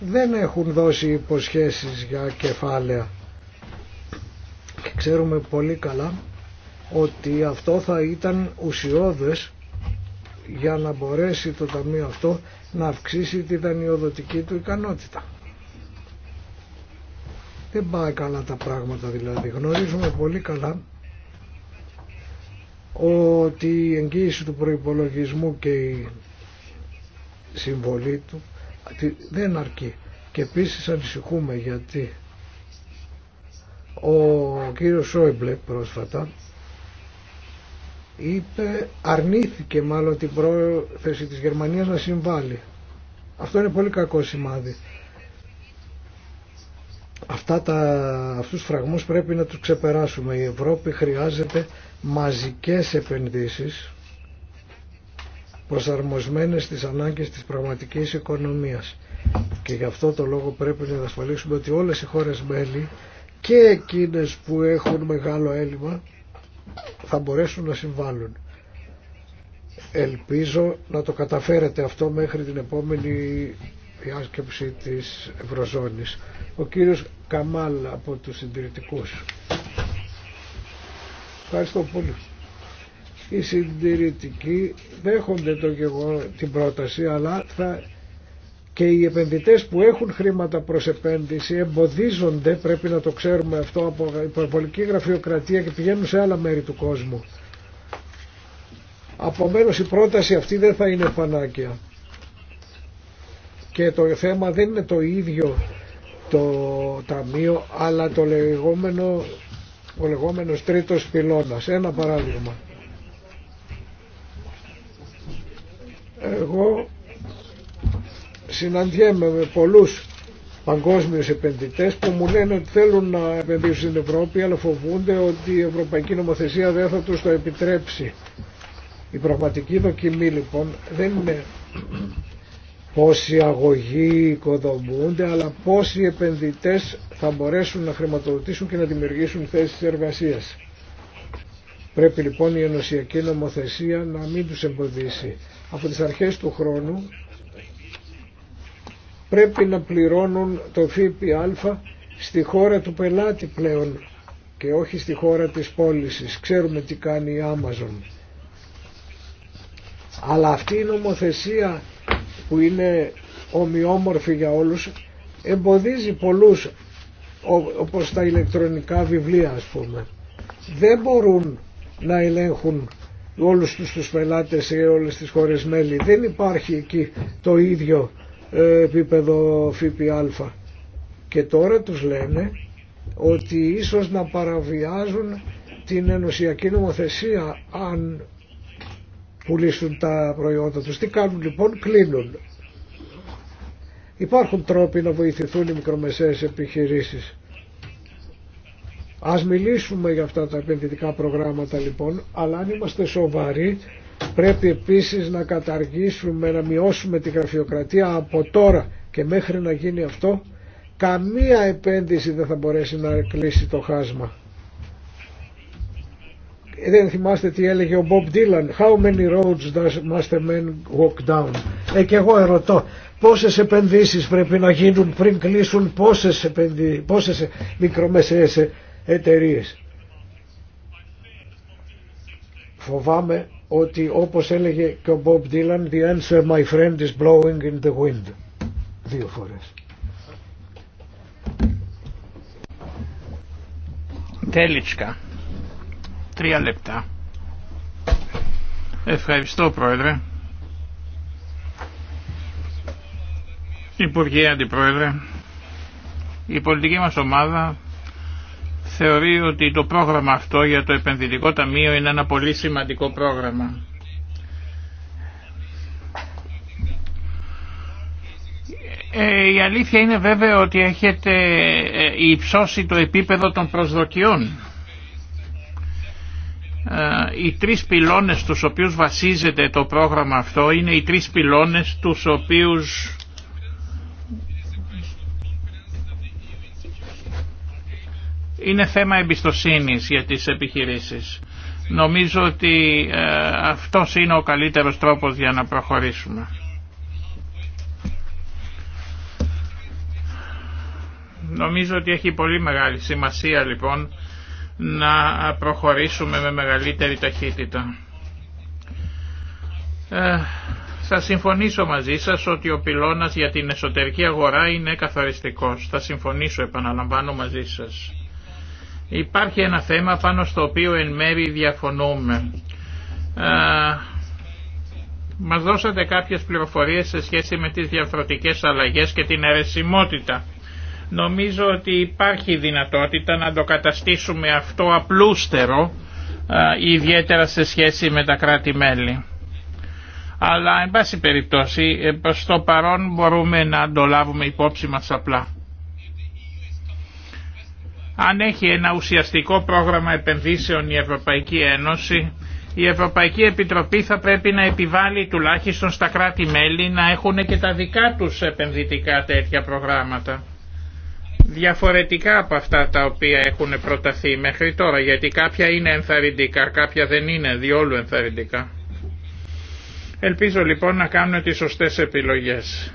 δεν έχουν δώσει υποσχέσεις για κεφάλαια. Και ξέρουμε πολύ καλά ότι αυτό θα ήταν ουσιώδες για να μπορέσει το Ταμείο αυτό να αυξήσει τη δανειοδοτική του ικανότητα. Δεν πάει καλά τα πράγματα δηλαδή. Γνωρίζουμε πολύ καλά ότι η εγγύηση του προϋπολογισμού και η συμβολή του δεν αρκεί. Και επίσης ανησυχούμε γιατί ο κύριος Σόιμπλε πρόσφατα είπε, αρνήθηκε μάλλον την πρόθεση της Γερμανίας να συμβάλλει. Αυτό είναι πολύ κακό σημάδι. Αυτά τα, αυτούς φραγμούς πρέπει να τους ξεπεράσουμε. Η Ευρώπη χρειάζεται μαζικές επενδύσεις προσαρμοσμένες στις ανάγκες της πραγματικής οικονομίας. Και γι' αυτό το λόγο πρέπει να ασφαλίσουμε ότι όλες οι χώρες μέλη και εκείνες που έχουν μεγάλο έλλειμμα θα μπορέσουν να συμβάλλουν. Ελπίζω να το καταφέρετε αυτό μέχρι την επόμενη διάσκεψη της Ευρωζώνης. Ο κύριος Καμάλ από τους συντηρητικούς. Ευχαριστώ πολύ. Οι συντηρητικοί δέχονται το γεγό, την πρόταση αλλά θα και οι επενδυτές που έχουν χρήματα προς επένδυση εμποδίζονται, πρέπει να το ξέρουμε αυτό, από υπερβολική γραφειοκρατία και πηγαίνουν σε άλλα μέρη του κόσμου. Απομένως η πρόταση αυτή δεν θα είναι φανάκια και το θέμα δεν είναι το ίδιο το ταμείο αλλά το λεγόμενο, ο λεγόμενος τρίτος πυλώνας. Ένα παράδειγμα. Εγώ συναντιέμαι με πολλούς παγκόσμιους επενδυτές που μου λένε ότι θέλουν να επενδύσουν στην Ευρώπη αλλά φοβούνται ότι η ευρωπαϊκή νομοθεσία δεν θα τους το επιτρέψει. Η πραγματική δοκιμή λοιπόν δεν είναι πόσοι αγωγοί οικοδομούνται, αλλά πόσοι επενδυτές θα μπορέσουν να χρηματοδοτήσουν και να δημιουργήσουν θέσεις εργασίας. Πρέπει λοιπόν η ενωσιακή νομοθεσία να μην τους εμποδίσει. Από τις αρχές του χρόνου πρέπει να πληρώνουν το ΦΠΑ στη χώρα του πελάτη πλέον και όχι στη χώρα της πώληση. Ξέρουμε τι κάνει η Amazon. Αλλά αυτή η νομοθεσία που είναι ομοιόμορφη για όλους εμποδίζει πολλούς όπως τα ηλεκτρονικά βιβλία ας πούμε. Δεν μπορούν να ελέγχουν όλους τους, τους πελάτες ή όλες τις χώρες μέλη. Δεν υπάρχει εκεί το ίδιο ε, επίπεδο ΦΠΑ. Και τώρα τους λένε ότι ίσως να παραβιάζουν την ενωσιακή νομοθεσία αν πουλήσουν τα προϊόντα τους. Τι κάνουν λοιπόν, κλείνουν. Υπάρχουν τρόποι να βοηθηθούν οι μικρομεσαίες επιχειρήσεις. Ας μιλήσουμε για αυτά τα επενδυτικά προγράμματα λοιπόν, αλλά αν είμαστε σοβαροί πρέπει επίσης να καταργήσουμε, να μειώσουμε τη γραφειοκρατία από τώρα και μέχρι να γίνει αυτό καμία επένδυση δεν θα μπορέσει να κλείσει το χάσμα. Ε, δεν θυμάστε τι έλεγε ο Bob Dylan How many roads does, a man walk down Ε και εγώ ερωτώ πόσες επενδύσεις πρέπει να γίνουν πριν κλείσουν πόσες, επενδύ, πόσες μικρομεσαίες εταιρείες Φοβάμαι ότι όπως έλεγε και ο Bob Dylan The answer my friend is blowing in the wind Δύο φορές Τέλιτσκα Τρία λεπτά. Ευχαριστώ Πρόεδρε. Υπουργέ Αντιπρόεδρε, η πολιτική μας ομάδα θεωρεί ότι το πρόγραμμα αυτό για το επενδυτικό ταμείο είναι ένα πολύ σημαντικό πρόγραμμα. Ε, η αλήθεια είναι βέβαια ότι έχετε ε, υψώσει το επίπεδο των προσδοκιών οι τρεις πυλώνες τους οποίους βασίζεται το πρόγραμμα αυτό είναι οι τρεις πυλώνες τους οποίους είναι θέμα εμπιστοσύνης για τις επιχειρήσεις. Νομίζω ότι ε, αυτός είναι ο καλύτερος τρόπος για να προχωρήσουμε. Νομίζω ότι έχει πολύ μεγάλη σημασία λοιπόν να προχωρήσουμε με μεγαλύτερη ταχύτητα. Ε, θα συμφωνήσω μαζί σας ότι ο πυλώνας για την εσωτερική αγορά είναι καθοριστικός. Θα συμφωνήσω, επαναλαμβάνω μαζί σας. Υπάρχει ένα θέμα πάνω στο οποίο εν μέρη διαφωνούμε. Ε, μας δώσατε κάποιες πληροφορίες σε σχέση με τις διαφορετικές αλλαγές και την αιρεσιμότητα Νομίζω ότι υπάρχει δυνατότητα να το καταστήσουμε αυτό απλούστερο, ιδιαίτερα σε σχέση με τα κράτη-μέλη. Αλλά, εν πάση περιπτώσει, στο ε, παρόν μπορούμε να το λάβουμε υπόψη μας απλά. Αν έχει ένα ουσιαστικό πρόγραμμα επενδύσεων η Ευρωπαϊκή Ένωση, η Ευρωπαϊκή Επιτροπή θα πρέπει να επιβάλλει τουλάχιστον στα κράτη-μέλη να έχουν και τα δικά τους επενδυτικά τέτοια προγράμματα διαφορετικά από αυτά τα οποία έχουν προταθεί μέχρι τώρα γιατί κάποια είναι ενθαρρυντικά, κάποια δεν είναι διόλου ενθαρρυντικά. Ελπίζω λοιπόν να κάνω τις σωστές επιλογές.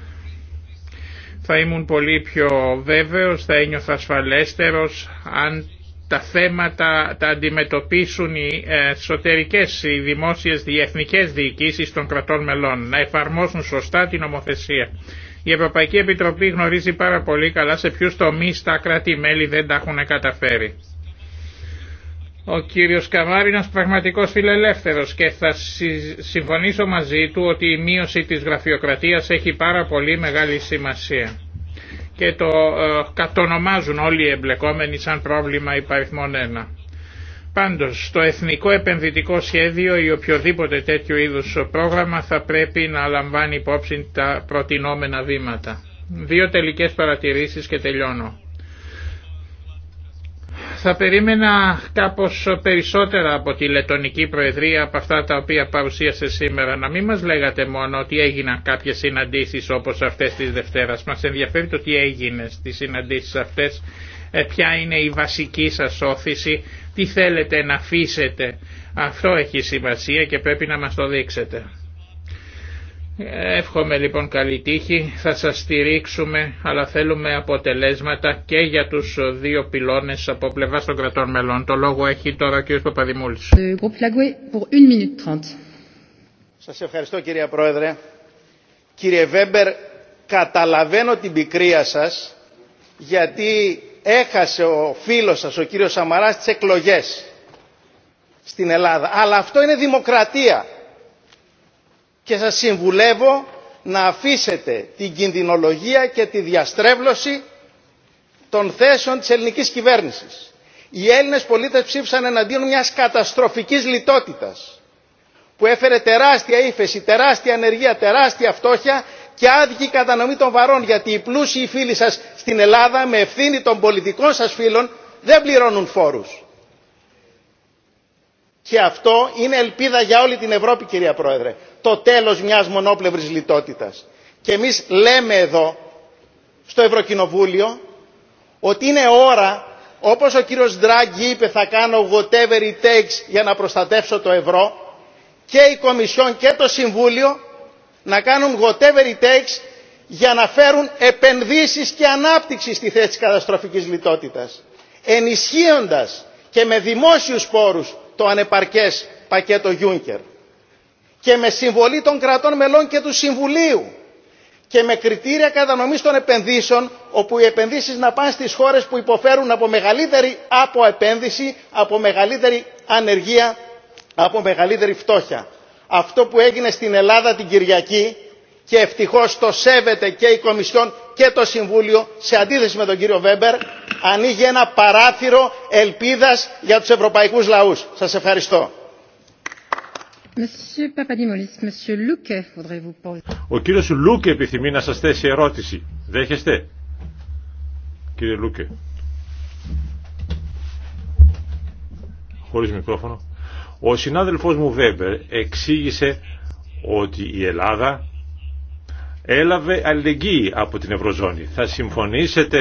Θα ήμουν πολύ πιο βέβαιος, θα ένιωθα ασφαλέστερος αν τα θέματα τα αντιμετωπίσουν οι εσωτερικές, οι δημόσιες διεθνικές διοικήσεις των κρατών μελών, να εφαρμόσουν σωστά την νομοθεσία. Η Ευρωπαϊκή Επιτροπή γνωρίζει πάρα πολύ καλά σε ποιους τομείς τα κράτη-μέλη δεν τα έχουν καταφέρει. Ο κύριος Καβάρη είναι πραγματικός φιλελεύθερος και θα συμφωνήσω μαζί του ότι η μείωση της γραφειοκρατίας έχει πάρα πολύ μεγάλη σημασία και το ε, κατονομάζουν όλοι οι εμπλεκόμενοι σαν πρόβλημα υπαριθμών 1. Πάντως, στο Εθνικό Επενδυτικό Σχέδιο ή οποιοδήποτε τέτοιο είδους πρόγραμμα θα πρέπει να λαμβάνει υπόψη τα προτινόμενα βήματα. Δύο τελικές παρατηρήσεις και τελειώνω. Θα περίμενα κάπως περισσότερα από τη Λετωνική Προεδρία από αυτά τα οποία παρουσίασε σήμερα. Να μην μας λέγατε μόνο ότι έγιναν κάποιες συναντήσεις όπως αυτές της Δευτέρας. Μας ενδιαφέρει το τι έγινε στις συναντήσεις αυτές, ε, ποια είναι η βασική σας όθηση τι θέλετε να αφήσετε. Αυτό έχει σημασία και πρέπει να μας το δείξετε. Εύχομαι λοιπόν καλή τύχη, θα σας στηρίξουμε, αλλά θέλουμε αποτελέσματα και για τους δύο πυλώνες από πλευρά των κρατών μελών. Το λόγο έχει τώρα ο κ. Παπαδημούλης. Ε, σας ευχαριστώ κυρία Πρόεδρε. Κύριε Βέμπερ, καταλαβαίνω την πικρία σας, γιατί έχασε ο φίλος σας, ο κύριος Σαμαράς, τις εκλογές στην Ελλάδα. Αλλά αυτό είναι δημοκρατία. Και σας συμβουλεύω να αφήσετε την κινδυνολογία και τη διαστρέβλωση των θέσεων της ελληνικής κυβέρνησης. Οι Έλληνες πολίτες ψήφισαν εναντίον μιας καταστροφικής λιτότητας που έφερε τεράστια ύφεση, τεράστια ανεργία, τεράστια φτώχεια και άδικη κατανομή των βαρών γιατί οι πλούσιοι φίλοι σας στην Ελλάδα με ευθύνη των πολιτικών σας φίλων δεν πληρώνουν φόρους. Και αυτό είναι ελπίδα για όλη την Ευρώπη κυρία Πρόεδρε. Το τέλος μιας μονόπλευρης λιτότητας. Και εμείς λέμε εδώ στο Ευρωκοινοβούλιο ότι είναι ώρα όπως ο κύριος Ντράγκη είπε θα κάνω whatever it takes για να προστατεύσω το ευρώ και η Κομισιόν και το Συμβούλιο να κάνουν whatever it takes για να φέρουν επενδύσεις και ανάπτυξη στη θέση της καταστροφικής λιτότητας, ενισχύοντας και με δημόσιους πόρους το ανεπαρκές πακέτο Juncker και με συμβολή των κρατών μελών και του Συμβουλίου και με κριτήρια κατανομής των επενδύσεων όπου οι επενδύσεις να πάνε στις χώρες που υποφέρουν από μεγαλύτερη επένδυση, από μεγαλύτερη ανεργία, από μεγαλύτερη φτώχεια αυτό που έγινε στην Ελλάδα την Κυριακή και ευτυχώς το σέβεται και η Κομισιόν και το Συμβούλιο σε αντίθεση με τον κύριο Βέμπερ ανοίγει ένα παράθυρο ελπίδας για τους ευρωπαϊκούς λαούς. Σας ευχαριστώ. Ο κύριος Λούκε επιθυμεί να σας θέσει ερώτηση. Δέχεστε. Κύριε Λούκε. Χωρίς μικρόφωνο. Ο συνάδελφός μου Βέμπερ εξήγησε ότι η Ελλάδα έλαβε αλληλεγγύη από την Ευρωζώνη. Θα συμφωνήσετε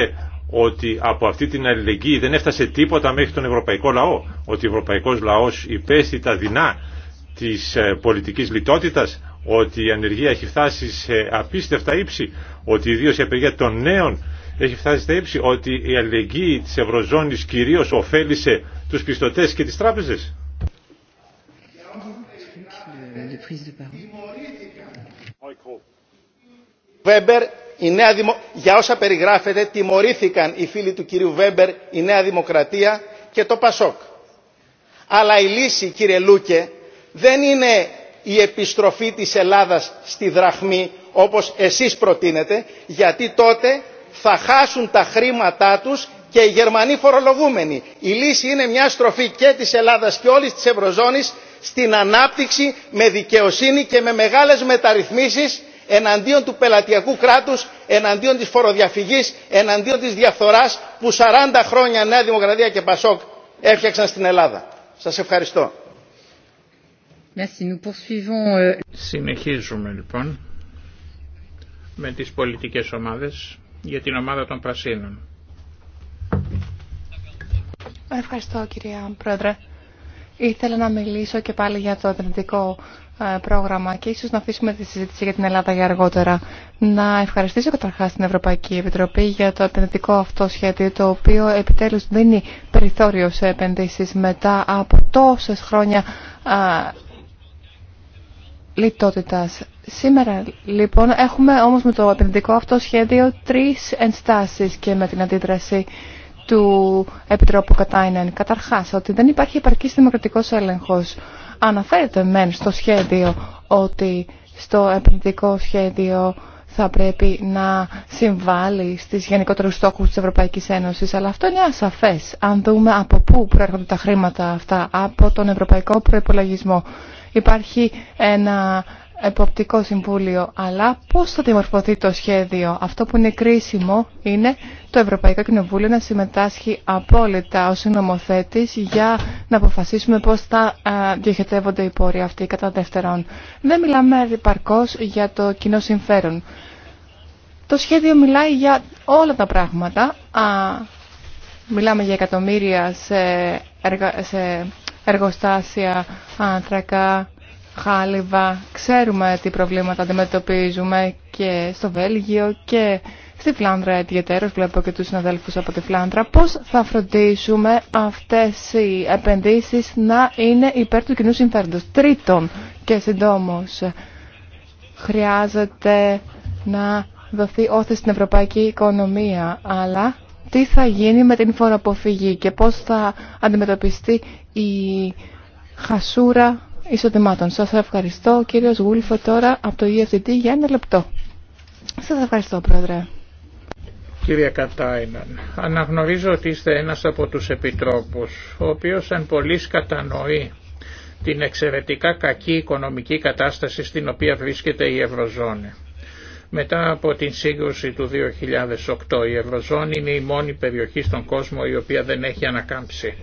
ότι από αυτή την αλληλεγγύη δεν έφτασε τίποτα μέχρι τον ευρωπαϊκό λαό, ότι ο ευρωπαϊκός λαός υπέστη τα δεινά της ε, πολιτικής λιτότητας, ότι η ανεργία έχει φτάσει σε απίστευτα ύψη, ότι ιδίως η απεργία των νέων έχει φτάσει στα ύψη, ότι η αλληλεγγύη της Ευρωζώνης κυρίως ωφέλησε τους πιστωτές και τις τράπεζες prise de parole. Η Νέα Δημο... Για όσα περιγράφεται, τιμωρήθηκαν οι φίλοι του κυρίου Βέμπερ, η Νέα Δημοκρατία και το Πασόκ. Αλλά η λύση, κύριε Λούκε, δεν είναι η επιστροφή της Ελλάδας στη δραχμή, όπως εσείς προτείνετε, γιατί τότε θα χάσουν τα χρήματά τους και οι Γερμανοί φορολογούμενοι. Η λύση είναι μια στροφή και της Ελλάδας και όλης της Ευρωζώνης στην ανάπτυξη με δικαιοσύνη και με μεγάλες μεταρρυθμίσεις εναντίον του πελατειακού κράτους, εναντίον της φοροδιαφυγής, εναντίον της διαφθοράς που 40 χρόνια Νέα Δημοκρατία και Πασόκ έφτιαξαν στην Ελλάδα. Σας ευχαριστώ. Euh, Συνεχίζουμε λοιπόν με τις πολιτικές ομάδες για την ομάδα των Πρασίνων. Ευχαριστώ κυρία Πρόεδρε. Ήθελα να μιλήσω και πάλι για το επενδυτικό ε, πρόγραμμα και ίσως να αφήσουμε τη συζήτηση για την Ελλάδα για αργότερα. Να ευχαριστήσω καταρχά την Ευρωπαϊκή Επιτροπή για το επενδυτικό αυτό σχέδιο το οποίο επιτέλους δίνει περιθώριο σε επενδύσεις μετά από τόσες χρόνια α, ε, λιτότητας. Σήμερα λοιπόν έχουμε όμως με το επενδυτικό αυτό σχέδιο τρεις ενστάσεις και με την αντίδραση του Επιτρόπου Κατάινεν. Καταρχάς, ότι δεν υπάρχει επαρκή δημοκρατικός έλεγχος. Αναφέρεται μεν στο σχέδιο ότι στο επενδυτικό σχέδιο θα πρέπει να συμβάλλει στις γενικότερους στόχους της Ευρωπαϊκής Ένωσης. Αλλά αυτό είναι ασαφές. Αν δούμε από πού προέρχονται τα χρήματα αυτά, από τον Ευρωπαϊκό Προϋπολογισμό. Υπάρχει ένα Εποπτικό Συμβούλιο, αλλά πώς θα διαμορφωθεί το σχέδιο. Αυτό που είναι κρίσιμο είναι το Ευρωπαϊκό Κοινοβούλιο να συμμετάσχει απόλυτα ως νομοθέτης για να αποφασίσουμε πώς θα ε, διοχετεύονται οι πόροι αυτοί κατά δεύτερον. Δεν μιλάμε επαρκώς για το κοινό συμφέρον. Το σχέδιο μιλάει για όλα τα πράγματα. μιλάμε για εκατομμύρια σε, εργοστάσια, άνθρακα, χάλιβα. Ξέρουμε τι προβλήματα αντιμετωπίζουμε και στο Βέλγιο και στη Φλάνδρα ιδιαίτερως βλέπω και τους συναδέλφους από τη Φλάνδρα. Πώς θα φροντίσουμε αυτές οι επενδύσεις να είναι υπέρ του κοινού συμφέροντος. Τρίτον και συντόμως χρειάζεται να δοθεί όθηση στην ευρωπαϊκή οικονομία, αλλά τι θα γίνει με την φοροποφυγή και πώς θα αντιμετωπιστεί η χασούρα εισοδημάτων. Σας ευχαριστώ, κύριος Γούλφο τώρα από το EFTT για ένα λεπτό. Σας ευχαριστώ, Πρόεδρε. Κύριε Κατάιναν, αναγνωρίζω ότι είστε ένας από τους επιτρόπους, ο οποίος αν πολλής κατανοεί την εξαιρετικά κακή οικονομική κατάσταση στην οποία βρίσκεται η Ευρωζώνη. Μετά από την σύγκρουση του 2008 η Ευρωζώνη είναι η μόνη περιοχή στον κόσμο η οποία δεν έχει ανακάμψει.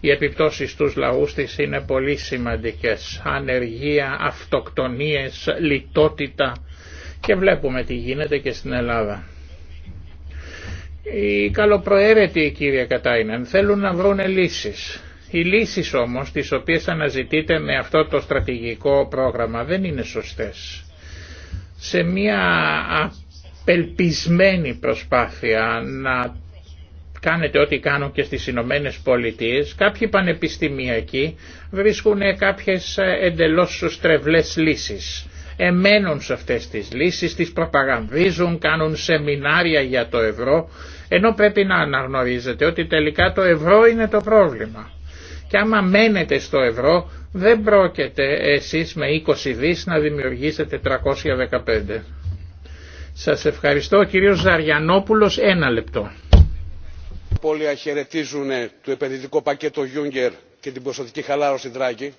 Οι επιπτώσεις στους λαούς της είναι πολύ σημαντικές. Ανεργία, αυτοκτονίες, λιτότητα και βλέπουμε τι γίνεται και στην Ελλάδα. Οι καλοπροαίρετοι κύριε Κατάινεν θέλουν να βρουν λύσεις. Οι λύσεις όμως τις οποίες αναζητείτε με αυτό το στρατηγικό πρόγραμμα δεν είναι σωστές σε μια απελπισμένη προσπάθεια να κάνετε ό,τι κάνουν και στις Ηνωμένε Πολιτείε, κάποιοι πανεπιστημιακοί βρίσκουν κάποιες εντελώς στρεβλές λύσεις. Εμένουν σε αυτές τις λύσεις, τις προπαγανδίζουν, κάνουν σεμινάρια για το ευρώ, ενώ πρέπει να αναγνωρίζετε ότι τελικά το ευρώ είναι το πρόβλημα. Και άμα μένετε στο ευρώ δεν πρόκειται εσείς με 20 δις να δημιουργήσετε 315. Σας ευχαριστώ. Ο κύριος Ζαριανόπουλος, ένα λεπτό. Πολλοί αχαιρετίζουν το επενδυτικό πακέτο Γιούγκερ και την προσωπική χαλάρωση Δράκη,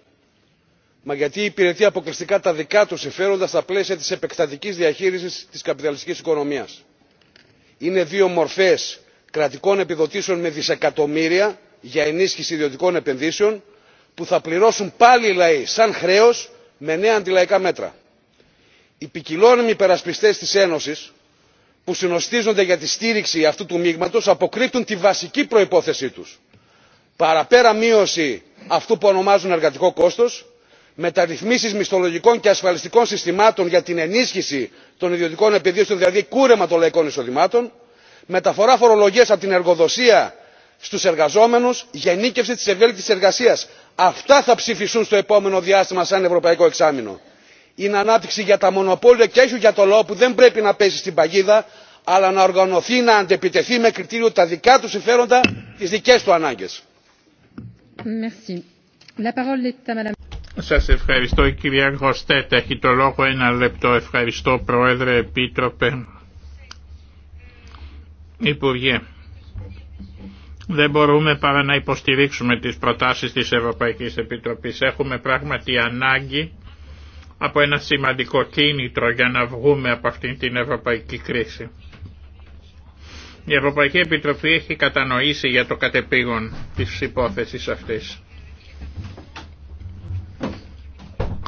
μα γιατί υπηρετεί αποκλειστικά τα δικά του συμφέροντα στα πλαίσια τη επεκτατική διαχείριση τη καπιταλιστική οικονομία. Είναι δύο μορφέ κρατικών επιδοτήσεων με δισεκατομμύρια για ενίσχυση ιδιωτικών επενδύσεων που θα πληρώσουν πάλι οι λαοί σαν χρέος με νέα αντιλαϊκά μέτρα. Οι ποικιλώνυμοι υπερασπιστές της Ένωσης που συνοστίζονται για τη στήριξη αυτού του μείγματος αποκρύπτουν τη βασική προϋπόθεσή τους. Παραπέρα μείωση αυτού που ονομάζουν εργατικό κόστος, μεταρρυθμίσεις μισθολογικών και ασφαλιστικών συστημάτων για την ενίσχυση των ιδιωτικών επιδίωσεων, δηλαδή κούρεμα των λαϊκών εισοδημάτων, μεταφορά φορολογίας από την εργοδοσία στους εργαζόμενους, γενίκευση της ευέλικτης εργασίας αυτά θα ψηφιστούν στο επόμενο διάστημα σαν ευρωπαϊκό εξάμεινο. είναι ανάπτυξη για τα μονοπόλια και όχι για το λαό που δεν πρέπει να πέσει στην παγίδα αλλά να οργανωθεί να αντεπιτεθεί με κριτήριο τα δικά του συμφέροντα τι δικέ του ανάγκε. Σας ευχαριστώ η κυρία Γκοστέτα. Έχει το λόγο ένα λεπτό. Ευχαριστώ Πρόεδρε, Επίτροπε, Υπουργέ δεν μπορούμε παρά να υποστηρίξουμε τις προτάσεις της Ευρωπαϊκής Επιτροπής. Έχουμε πράγματι ανάγκη από ένα σημαντικό κίνητρο για να βγούμε από αυτήν την ευρωπαϊκή κρίση. Η Ευρωπαϊκή Επιτροπή έχει κατανοήσει για το κατεπήγον της υπόθεσης αυτής.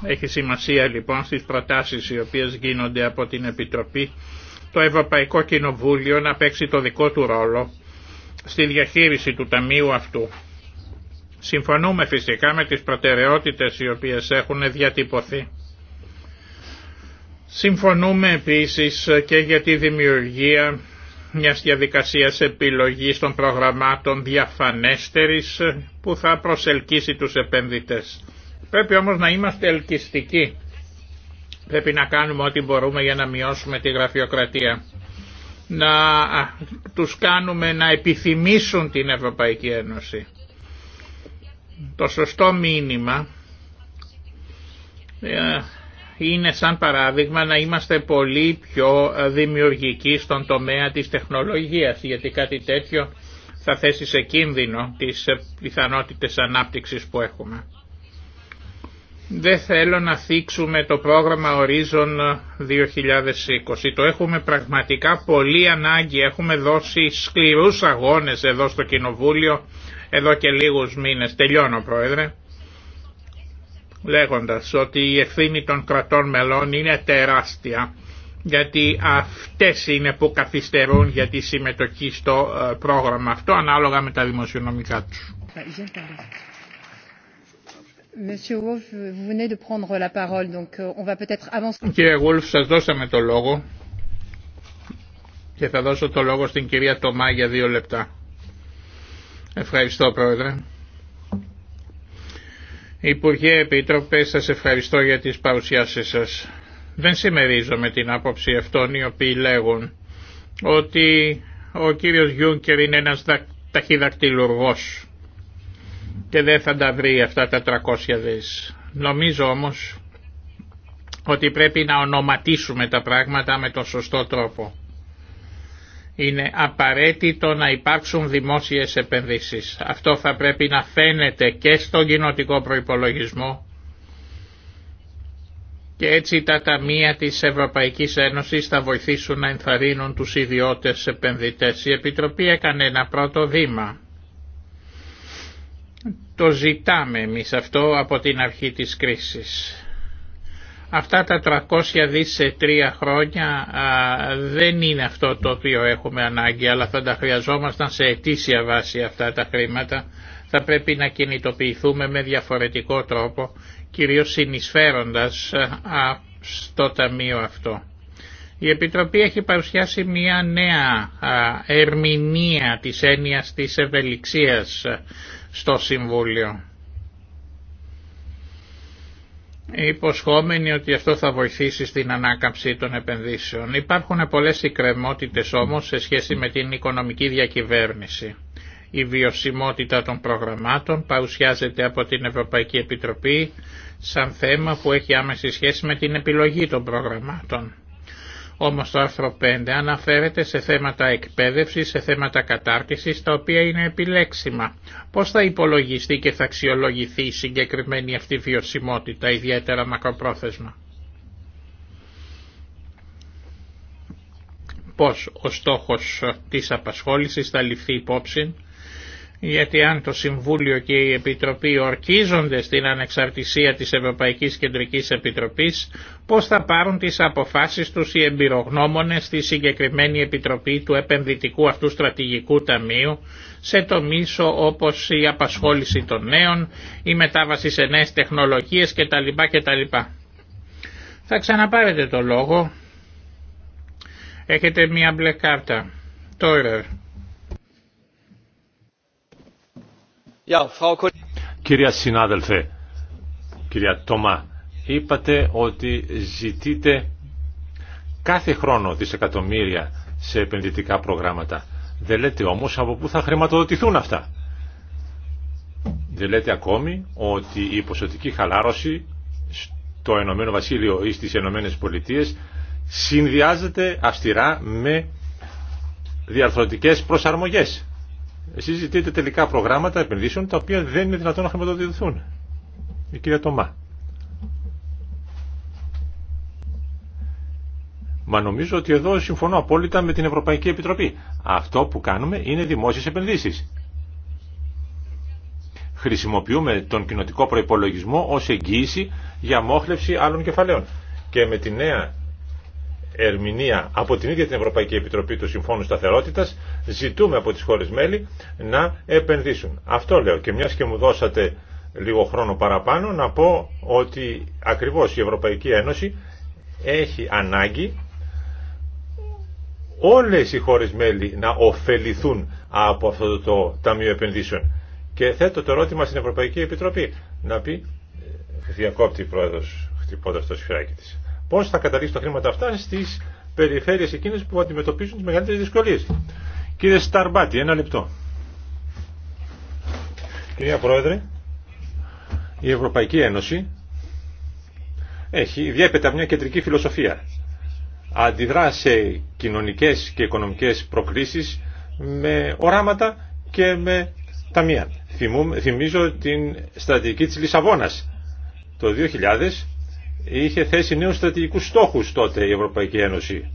Έχει σημασία λοιπόν στις προτάσεις οι οποίες γίνονται από την Επιτροπή το Ευρωπαϊκό Κοινοβούλιο να παίξει το δικό του ρόλο στη διαχείριση του ταμείου αυτού. Συμφωνούμε φυσικά με τις προτεραιότητες οι οποίες έχουν διατυπωθεί. Συμφωνούμε επίσης και για τη δημιουργία μιας διαδικασίας επιλογής των προγραμμάτων διαφανέστερης που θα προσελκύσει τους επενδυτές. Πρέπει όμως να είμαστε ελκυστικοί. Πρέπει να κάνουμε ό,τι μπορούμε για να μειώσουμε τη γραφειοκρατία να τους κάνουμε να επιθυμήσουν την Ευρωπαϊκή Ένωση. Το σωστό μήνυμα ε, είναι σαν παράδειγμα να είμαστε πολύ πιο ε, δημιουργικοί στον τομέα της τεχνολογίας γιατί κάτι τέτοιο θα θέσει σε κίνδυνο τις ε, πιθανότητες ανάπτυξης που έχουμε. Δεν θέλω να θίξουμε το πρόγραμμα Horizon 2020. Το έχουμε πραγματικά πολύ ανάγκη. Έχουμε δώσει σκληρούς αγώνες εδώ στο Κοινοβούλιο εδώ και λίγους μήνες. Τελειώνω Πρόεδρε. Λέγοντας ότι η ευθύνη των κρατών μελών είναι τεράστια γιατί αυτές είναι που καθυστερούν για τη συμμετοχή στο ε, πρόγραμμα αυτό ανάλογα με τα δημοσιονομικά τους. Κύριε Γουλφ, σας δώσαμε το λόγο και θα δώσω το λόγο στην κυρία Τομά για δύο λεπτά. Ευχαριστώ Πρόεδρε. Υπουργέ Επίτροπε, σας ευχαριστώ για τις παρουσιάσεις σας. Δεν συμμερίζομαι την άποψη αυτών οι οποίοι λέγουν ότι ο κύριος Γιούνκερ είναι ένας ταχυδακτυλουργός και δεν θα τα βρει αυτά τα 300 δις. Νομίζω όμως ότι πρέπει να ονοματίσουμε τα πράγματα με τον σωστό τρόπο. Είναι απαραίτητο να υπάρξουν δημόσιες επενδύσεις. Αυτό θα πρέπει να φαίνεται και στον κοινοτικό προϋπολογισμό και έτσι τα ταμεία της Ευρωπαϊκής Ένωσης θα βοηθήσουν να ενθαρρύνουν τους ιδιώτες επενδυτές. Η Επιτροπή έκανε ένα πρώτο βήμα το ζητάμε εμεί αυτό από την αρχή της κρίσης. Αυτά τα 300 δις σε τρία χρόνια δεν είναι αυτό το οποίο έχουμε ανάγκη, αλλά θα τα χρειαζόμασταν σε αιτήσια βάση αυτά τα χρήματα. Θα πρέπει να κινητοποιηθούμε με διαφορετικό τρόπο, κυρίως συνεισφέροντας α, στο ταμείο αυτό. Η Επιτροπή έχει παρουσιάσει μια νέα ερμηνεία της έννοιας της ευελιξίας στο Συμβούλιο. Υποσχόμενοι ότι αυτό θα βοηθήσει στην ανάκαμψη των επενδύσεων. Υπάρχουν πολλές εκκρεμότητες όμως σε σχέση με την οικονομική διακυβέρνηση. Η βιωσιμότητα των προγραμμάτων παρουσιάζεται από την Ευρωπαϊκή Επιτροπή σαν θέμα που έχει άμεση σχέση με την επιλογή των προγραμμάτων. Όμως το άρθρο 5 αναφέρεται σε θέματα εκπαίδευσης, σε θέματα κατάρτισης, τα οποία είναι επιλέξιμα. Πώς θα υπολογιστεί και θα αξιολογηθεί η συγκεκριμένη αυτή βιωσιμότητα, ιδιαίτερα μακροπρόθεσμα. Πώς ο στόχος της απασχόλησης θα ληφθεί υπόψη γιατί αν το Συμβούλιο και η Επιτροπή ορκίζονται στην ανεξαρτησία της Ευρωπαϊκής Κεντρικής Επιτροπής, πώς θα πάρουν τις αποφάσεις τους οι εμπειρογνώμονες στη συγκεκριμένη Επιτροπή του Επενδυτικού Αυτού Στρατηγικού Ταμείου, σε το μίσο όπως η απασχόληση των νέων, η μετάβαση σε νέες τεχνολογίες κτλ. κτλ. Θα ξαναπάρετε το λόγο. Έχετε μία μπλε κάρτα. Τώρα. Κυρία συνάδελφε, κυρία Τόμα, είπατε ότι ζητείτε κάθε χρόνο δισεκατομμύρια σε επενδυτικά προγράμματα. Δεν λέτε όμως από πού θα χρηματοδοτηθούν αυτά. Δεν λέτε ακόμη ότι η ποσοτική χαλάρωση στο Ενωμένο Βασίλειο ή στις Ενωμένες Πολιτείες συνδυάζεται αυστηρά με διαρθρωτικές προσαρμογές συζητείτε τελικά προγράμματα επενδύσεων τα οποία δεν είναι δυνατόν να χρηματοδοτηθούν. Η κυρία Τωμά. Μα νομίζω ότι εδώ συμφωνώ απόλυτα με την Ευρωπαϊκή Επιτροπή. Αυτό που κάνουμε είναι δημόσιες επενδύσεις. Χρησιμοποιούμε τον κοινοτικό προϋπολογισμό ως εγγύηση για μόχλευση άλλων κεφαλαίων. Και με τη νέα ερμηνεία από την ίδια την Ευρωπαϊκή Επιτροπή του Συμφώνου Σταθερότητα, ζητούμε από τι χώρε μέλη να επενδύσουν. Αυτό λέω. Και μια και μου δώσατε λίγο χρόνο παραπάνω, να πω ότι ακριβώ η Ευρωπαϊκή Ένωση έχει ανάγκη όλες οι χώρες μέλη να ωφεληθούν από αυτό το Ταμείο Επενδύσεων. Και θέτω το ερώτημα στην Ευρωπαϊκή Επιτροπή να πει διακόπτη η πρόεδρος χτυπώντας το σφυράκι της. Πώ θα καταλήξει τα χρήματα αυτά στις περιφέρειες εκείνες που αντιμετωπίζουν τι μεγαλύτερε δυσκολίε. Κύριε Σταρμπάτη, ένα λεπτό. Κυρία Πρόεδρε, η Ευρωπαϊκή Ένωση έχει διέπεται μια κεντρική φιλοσοφία. Αντιδρά σε κοινωνικές και οικονομικές προκλήσεις με οράματα και με ταμεία. Θυμίζω την στρατηγική της Λισαβόνας. Το 2000 είχε θέσει νέους στρατηγικούς στόχους τότε η Ευρωπαϊκή Ένωση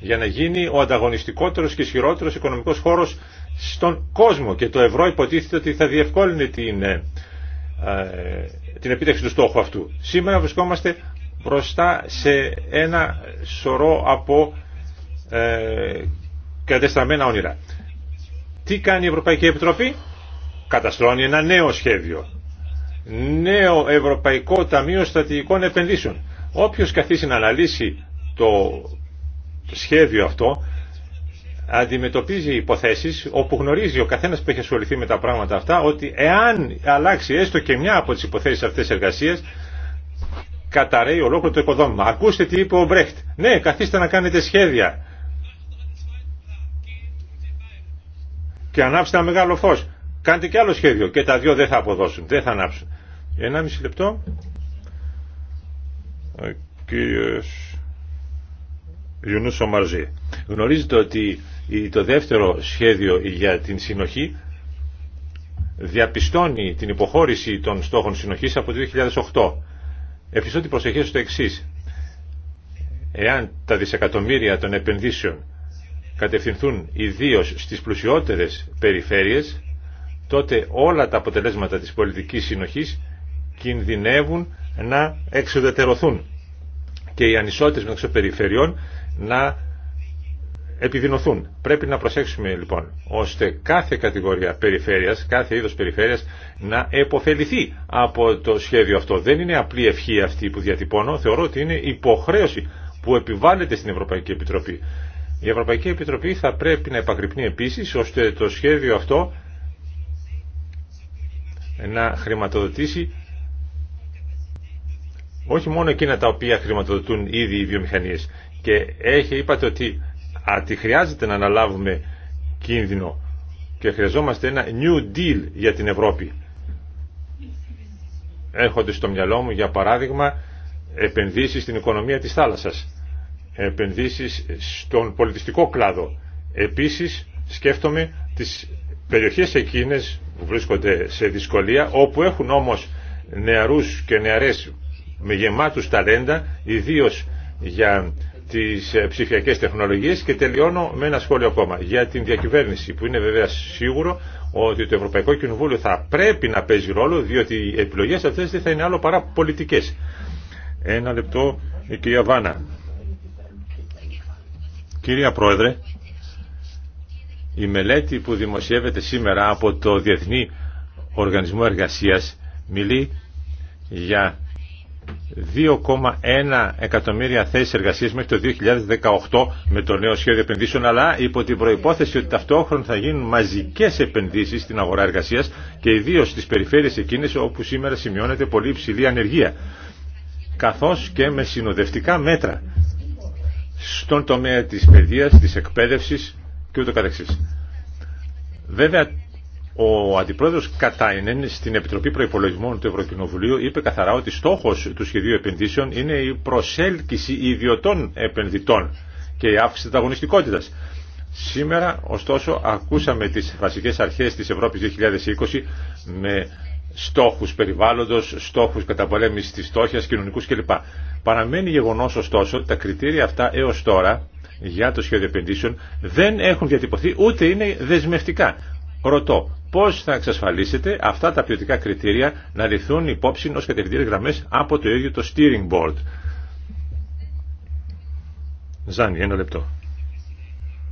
για να γίνει ο ανταγωνιστικότερος και ισχυρότερος οικονομικός χώρος στον κόσμο και το ευρώ υποτίθεται ότι θα διευκόλυνε την, ε, ε, την επίτευξη του στόχου αυτού. Σήμερα βρισκόμαστε μπροστά σε ένα σωρό από ε, κατεστραμμένα όνειρα. Τι κάνει η Ευρωπαϊκή Επιτροπή? Καταστρώνει ένα νέο σχέδιο νέο Ευρωπαϊκό Ταμείο Στρατηγικών Επενδύσεων. Όποιος καθίσει να αναλύσει το σχέδιο αυτό αντιμετωπίζει υποθέσεις όπου γνωρίζει ο καθένας που έχει ασχοληθεί με τα πράγματα αυτά ότι εάν αλλάξει έστω και μια από τις υποθέσεις αυτές εργασίας καταραίει ολόκληρο το οικοδόμημα. Ακούστε τι είπε ο Μπρέχτ. Ναι, καθίστε να κάνετε σχέδια. Και ανάψτε ένα μεγάλο φως. Κάντε και άλλο σχέδιο και τα δύο δεν θα αποδώσουν, δεν θα ανάψουν. Ένα μισή λεπτό. Ο κύριος Γνωρίζετε ότι το δεύτερο σχέδιο για την συνοχή διαπιστώνει την υποχώρηση των στόχων συνοχής από το 2008. Ευχαριστώ την προσοχή στο εξή. Εάν τα δισεκατομμύρια των επενδύσεων κατευθυνθούν ιδίως στις πλουσιότερες περιφέρειες, τότε όλα τα αποτελέσματα της πολιτικής συνοχής κινδυνεύουν να εξοδετερωθούν και οι ανισότητες μεταξύ περιφερειών να επιδεινωθούν. Πρέπει να προσέξουμε λοιπόν ώστε κάθε κατηγορία περιφέρειας, κάθε είδος περιφέρειας να επωφεληθεί από το σχέδιο αυτό. Δεν είναι απλή ευχή αυτή που διατυπώνω, θεωρώ ότι είναι υποχρέωση που επιβάλλεται στην Ευρωπαϊκή Επιτροπή. Η Ευρωπαϊκή Επιτροπή θα πρέπει να επακρυπνεί επίσης ώστε το σχέδιο αυτό να χρηματοδοτήσει όχι μόνο εκείνα τα οποία χρηματοδοτούν ήδη οι βιομηχανίες και έχει, είπατε ότι τη χρειάζεται να αναλάβουμε κίνδυνο και χρειαζόμαστε ένα new deal για την Ευρώπη έρχονται στο μυαλό μου για παράδειγμα επενδύσεις στην οικονομία της θάλασσας επενδύσεις στον πολιτιστικό κλάδο επίσης σκέφτομαι τις περιοχές εκείνες που βρίσκονται σε δυσκολία, όπου έχουν όμως νεαρούς και νεαρές με γεμάτους ταλέντα, ιδίως για τις ε, ψηφιακές τεχνολογίες και τελειώνω με ένα σχόλιο ακόμα για την διακυβέρνηση που είναι βέβαια σίγουρο ότι το Ευρωπαϊκό Κοινοβούλιο θα πρέπει να παίζει ρόλο διότι οι επιλογές αυτές δεν θα είναι άλλο παρά πολιτικές. Ένα λεπτό η κυρία Βάνα. Κυρία Πρόεδρε, η μελέτη που δημοσιεύεται σήμερα από το Διεθνή Οργανισμό Εργασίας μιλεί για 2,1 εκατομμύρια θέσεις εργασίας μέχρι το 2018 με το νέο σχέδιο επενδύσεων αλλά υπό την προϋπόθεση ότι ταυτόχρονα θα γίνουν μαζικές επενδύσεις στην αγορά εργασίας και ιδίως στις περιφέρειες εκείνες όπου σήμερα σημειώνεται πολύ υψηλή ανεργία καθώς και με συνοδευτικά μέτρα στον τομέα της παιδείας, της εκπαίδευσης και ούτω καθεξής. Βέβαια, ο αντιπρόεδρο Κατάινεν στην Επιτροπή προπολογισμών του Ευρωκοινοβουλίου είπε καθαρά ότι στόχο του σχεδίου επενδύσεων είναι η προσέλκυση ιδιωτών επενδυτών και η αύξηση της αγωνιστικότητα. Σήμερα, ωστόσο, ακούσαμε τι βασικέ αρχέ τη Ευρώπη 2020 με στόχου περιβάλλοντος, στόχου καταπολέμησης τη στόχιας, κοινωνικού κλπ. Παραμένει γεγονό, ωστόσο, τα κριτήρια αυτά έω τώρα για το σχέδιο επενδύσεων δεν έχουν διατυπωθεί ούτε είναι δεσμευτικά. Ρωτώ, Πώ θα εξασφαλίσετε αυτά τα ποιοτικά κριτήρια να ληφθούν υπόψη ω κατευθυντήρες γραμμέ από το ίδιο το steering board. Ζάνι, ένα λεπτό.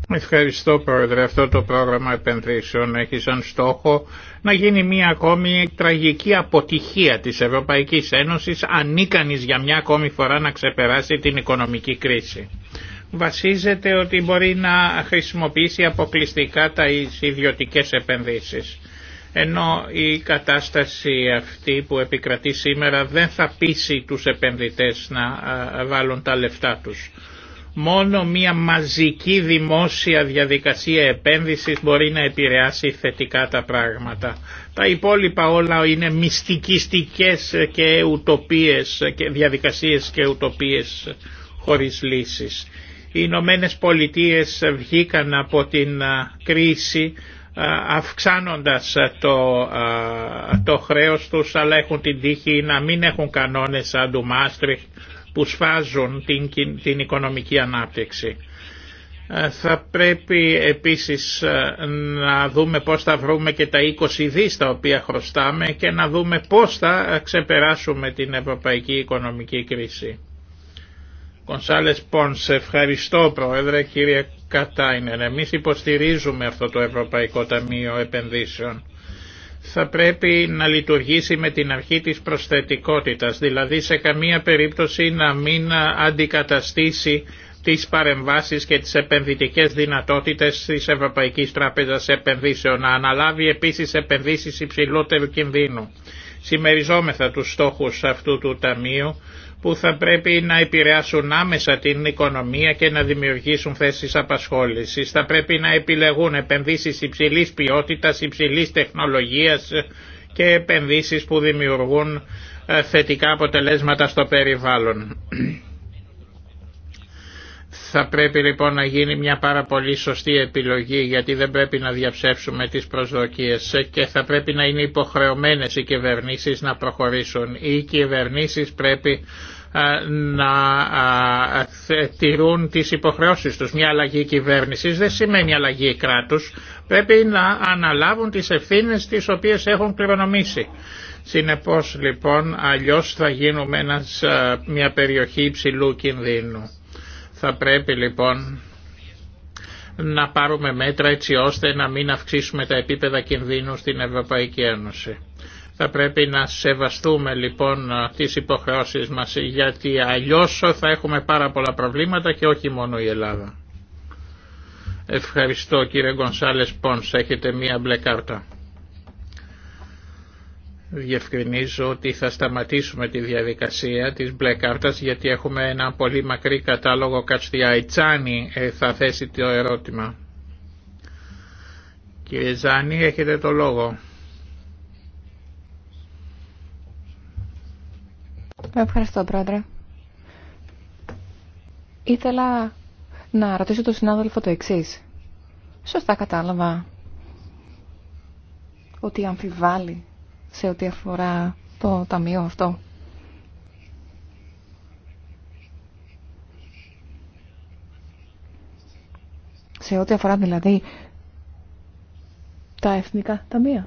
Ευχαριστώ Πρόεδρε. Αυτό το πρόγραμμα επενδύσεων έχει σαν στόχο να γίνει μια ακόμη τραγική αποτυχία της Ευρωπαϊκής Ένωσης ανίκανης για μια ακόμη φορά να ξεπεράσει την οικονομική κρίση βασίζεται ότι μπορεί να χρησιμοποιήσει αποκλειστικά τα ιδιωτικές επενδύσεις. Ενώ η κατάσταση αυτή που επικρατεί σήμερα δεν θα πείσει τους επενδυτές να βάλουν τα λεφτά τους. Μόνο μια μαζική δημόσια διαδικασία επένδυσης μπορεί να επηρεάσει θετικά τα πράγματα. Τα υπόλοιπα όλα είναι μυστικιστικές και ουτοπίες, και διαδικασίες και ουτοπίες χωρίς οι Ηνωμένε Πολιτείε βγήκαν από την κρίση αυξάνοντας το, το χρέος τους αλλά έχουν την τύχη να μην έχουν κανόνες σαν του Μάστριχ που σφάζουν την, την οικονομική ανάπτυξη. Θα πρέπει επίσης να δούμε πώς θα βρούμε και τα 20 δις τα οποία χρωστάμε και να δούμε πώς θα ξεπεράσουμε την ευρωπαϊκή οικονομική κρίση. Κονσάλες Πόνς, ευχαριστώ Πρόεδρε κύριε Κατάινερ. Εμείς υποστηρίζουμε αυτό το Ευρωπαϊκό Ταμείο Επενδύσεων. Θα πρέπει να λειτουργήσει με την αρχή της προσθετικότητας, δηλαδή σε καμία περίπτωση να μην αντικαταστήσει τις παρεμβάσεις και τις επενδυτικές δυνατότητες της Ευρωπαϊκής Τράπεζας Επενδύσεων, να αναλάβει επίσης επενδύσεις υψηλότερου κινδύνου. Σημεριζόμεθα τους στόχους αυτού του Ταμείου, που θα πρέπει να επηρεάσουν άμεσα την οικονομία και να δημιουργήσουν θέσεις απασχόλησης. Θα πρέπει να επιλεγούν επενδύσεις υψηλής ποιότητας, υψηλής τεχνολογίας και επενδύσεις που δημιουργούν ε, θετικά αποτελέσματα στο περιβάλλον. Θα πρέπει λοιπόν να γίνει μια πάρα πολύ σωστή επιλογή γιατί δεν πρέπει να διαψεύσουμε τις προσδοκίες και θα πρέπει να είναι υποχρεωμένες οι κυβερνήσεις να προχωρήσουν. Οι κυβερνήσεις πρέπει να τηρούν τις υποχρεώσεις τους. Μια αλλαγή κυβέρνησης δεν σημαίνει αλλαγή κράτους. Πρέπει να αναλάβουν τις ευθύνες τις οποίες έχουν κληρονομήσει. Συνεπώς λοιπόν αλλιώς θα γίνουμε μια περιοχή υψηλού κινδύνου. Θα πρέπει λοιπόν να πάρουμε μέτρα έτσι ώστε να μην αυξήσουμε τα επίπεδα κινδύνου στην Ευρωπαϊκή Ένωση. Θα πρέπει να σεβαστούμε λοιπόν τις υποχρεώσεις μας γιατί αλλιώς θα έχουμε πάρα πολλά προβλήματα και όχι μόνο η Ελλάδα. Ευχαριστώ κύριε Γκονσάλες Πόνς, έχετε μία μπλε κάρτα διευκρινίζω ότι θα σταματήσουμε τη διαδικασία της μπλε κάρτας γιατί έχουμε ένα πολύ μακρύ κατάλογο Τσάνι ε, θα θέσει το ερώτημα. Κύριε Ζάνη έχετε το λόγο. Ευχαριστώ πρόεδρε. Ήθελα να ρωτήσω τον συνάδελφο το εξής. Σωστά κατάλαβα ότι αμφιβάλλει σε ό,τι αφορά το ταμείο αυτό. Σε ό,τι αφορά δηλαδή τα εθνικά ταμεία.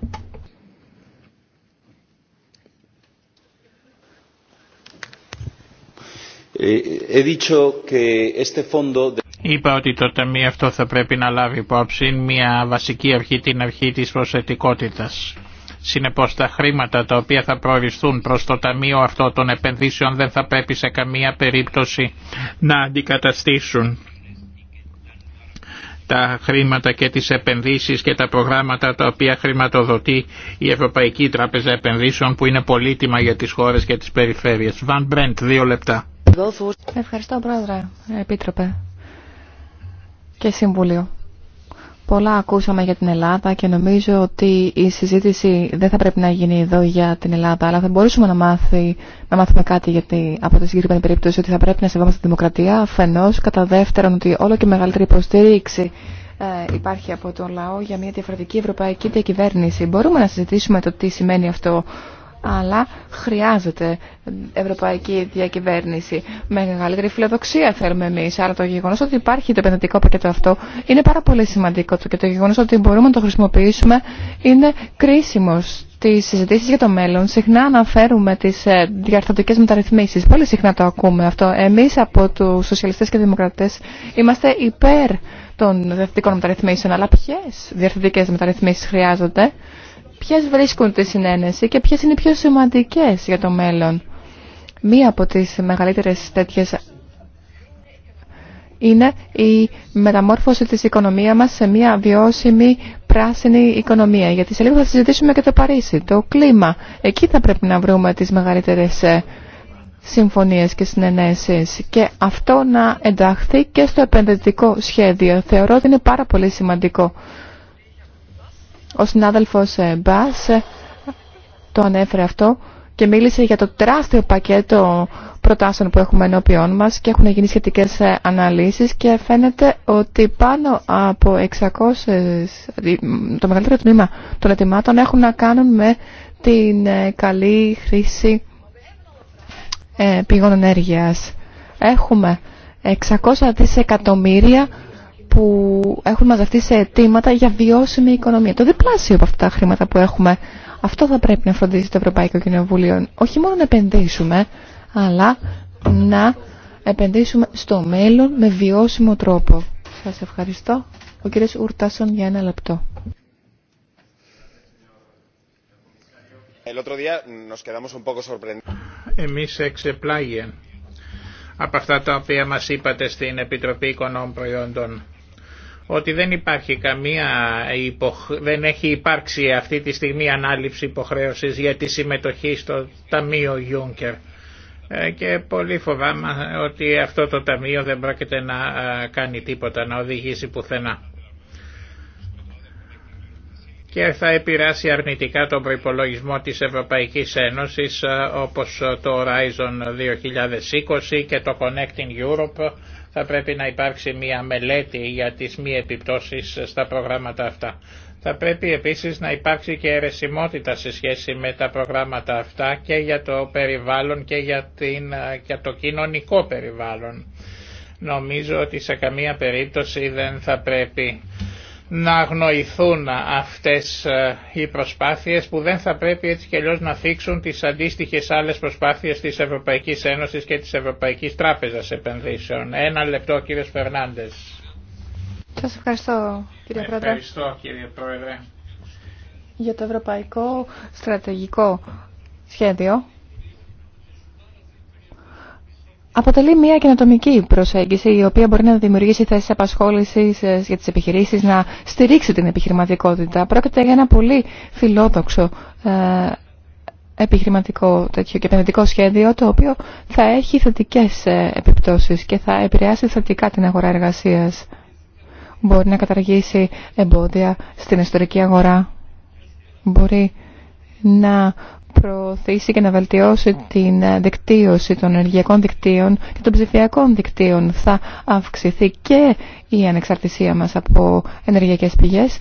Είπα ότι το ταμείο αυτό θα πρέπει να λάβει υπόψη μια βασική αρχή, την αρχή της προσθετικότητας. Συνεπώς τα χρήματα τα οποία θα προοριστούν προς το Ταμείο αυτό των επενδύσεων δεν θα πρέπει σε καμία περίπτωση να αντικαταστήσουν τα χρήματα και τις επενδύσεις και τα προγράμματα τα οποία χρηματοδοτεί η Ευρωπαϊκή Τράπεζα Επενδύσεων που είναι πολύτιμα για τις χώρες και τις περιφέρειες. Βαν Μπρέντ, δύο λεπτά. Ευχαριστώ Πρόεδρε, Επίτροπε και Συμβούλιο. Πολλά ακούσαμε για την Ελλάδα και νομίζω ότι η συζήτηση δεν θα πρέπει να γίνει εδώ για την Ελλάδα, αλλά θα μπορούσαμε να, μάθει, να μάθουμε κάτι γιατί από τη συγκεκριμένη περίπτωση ότι θα πρέπει να σεβόμαστε τη δημοκρατία, αφενός, κατά δεύτερον ότι όλο και μεγαλύτερη υποστήριξη ε, υπάρχει από τον λαό για μια διαφορετική ευρωπαϊκή διακυβέρνηση. Μπορούμε να συζητήσουμε το τι σημαίνει αυτό αλλά χρειάζεται ευρωπαϊκή διακυβέρνηση. Με μεγαλύτερη φιλοδοξία θέλουμε εμεί. Αλλά το γεγονό ότι υπάρχει το επενδυτικό πακέτο αυτό είναι πάρα πολύ σημαντικό και το γεγονό ότι μπορούμε να το χρησιμοποιήσουμε είναι κρίσιμο. Στι συζητήσει για το μέλλον συχνά αναφέρουμε τι ε, διαρθρωτικέ μεταρρυθμίσει. Πολύ συχνά το ακούμε αυτό. Εμεί από του σοσιαλιστέ και δημοκρατέ είμαστε υπέρ των διαρθρωτικών μεταρρυθμίσεων. Αλλά ποιε διαρθρωτικέ μεταρρυθμίσει χρειάζονται ποιες βρίσκουν τη συνένεση και ποιες είναι οι πιο σημαντικές για το μέλλον. Μία από τις μεγαλύτερες τέτοιες είναι η μεταμόρφωση της οικονομία μας σε μια βιώσιμη πράσινη οικονομία. Γιατί σε λίγο θα συζητήσουμε και το Παρίσι, το κλίμα. Εκεί θα πρέπει να βρούμε τις μεγαλύτερες ε, συμφωνίες και συνενέσεις και αυτό να ενταχθεί και στο επενδυτικό σχέδιο. Θεωρώ ότι είναι πάρα πολύ σημαντικό ο συνάδελφος ε, Μπάς ε, το ανέφερε αυτό και μίλησε για το τεράστιο πακέτο προτάσεων που έχουμε ενώπιόν μας και έχουν γίνει σχετικές ε, αναλύσεις και φαίνεται ότι πάνω από 600, το μεγαλύτερο τμήμα των ετοιμάτων έχουν να κάνουν με την καλή χρήση πηγών ενέργειας. Έχουμε 600 δισεκατομμύρια που έχουν μαζευτεί σε αιτήματα για βιώσιμη οικονομία. Το διπλάσιο από αυτά τα χρήματα που έχουμε. Αυτό θα πρέπει να φροντίσει το Ευρωπαϊκό Κοινοβούλιο. Όχι μόνο να επενδύσουμε, αλλά να επενδύσουμε στο μέλλον με βιώσιμο τρόπο. Σας ευχαριστώ. Ο κύριος Ουρτάσον για ένα λεπτό. Εμείς εξεπλάγει από αυτά τα οποία μας είπατε στην Επιτροπή Οικονομικών Προϊόντων ότι δεν υπάρχει καμία δεν έχει υπάρξει αυτή τη στιγμή ανάληψη υποχρέωσης για τη συμμετοχή στο Ταμείο Juncker ε, και πολύ φοβάμαι ότι αυτό το Ταμείο δεν πρόκειται να ε, κάνει τίποτα, να οδηγήσει πουθενά και θα επηρεάσει αρνητικά τον προϋπολογισμό της Ευρωπαϊκής Ένωσης ε, όπως το Horizon 2020 και το Connecting Europe θα πρέπει να υπάρξει μια μελέτη για τις μη επιπτώσεις στα προγράμματα αυτά. Θα πρέπει επίσης να υπάρξει και αιρεσιμότητα σε σχέση με τα προγράμματα αυτά και για το περιβάλλον και για, την, για το κοινωνικό περιβάλλον. Νομίζω ότι σε καμία περίπτωση δεν θα πρέπει να αγνοηθούν αυτές ε, οι προσπάθειες που δεν θα πρέπει έτσι και να θίξουν τις αντίστοιχες άλλες προσπάθειες της Ευρωπαϊκής Ένωσης και της Ευρωπαϊκής Τράπεζας Επενδύσεων. Ένα λεπτό κύριε Φερνάντες. Σας ευχαριστώ κύριε Πρόεδρε. Ευχαριστώ κύριε Πρόεδρε. Για το Ευρωπαϊκό Στρατηγικό Σχέδιο αποτελεί μια καινοτομική προσέγγιση η οποία μπορεί να δημιουργήσει θέσεις απασχόλησης ε, για τις επιχειρήσεις, να στηρίξει την επιχειρηματικότητα. Πρόκειται για ένα πολύ φιλόδοξο ε, επιχειρηματικό τέτοιο και επενδυτικό σχέδιο το οποίο θα έχει θετικές ε, επιπτώσεις και θα επηρεάσει θετικά την αγορά εργασίας. Μπορεί να καταργήσει εμπόδια στην ιστορική αγορά. Μπορεί να προωθήσει και να βελτιώσει την ε, δικτύωση των ενεργειακών δικτύων και των ψηφιακών δικτύων. Θα αυξηθεί και η ανεξαρτησία μας από ενεργειακές πηγές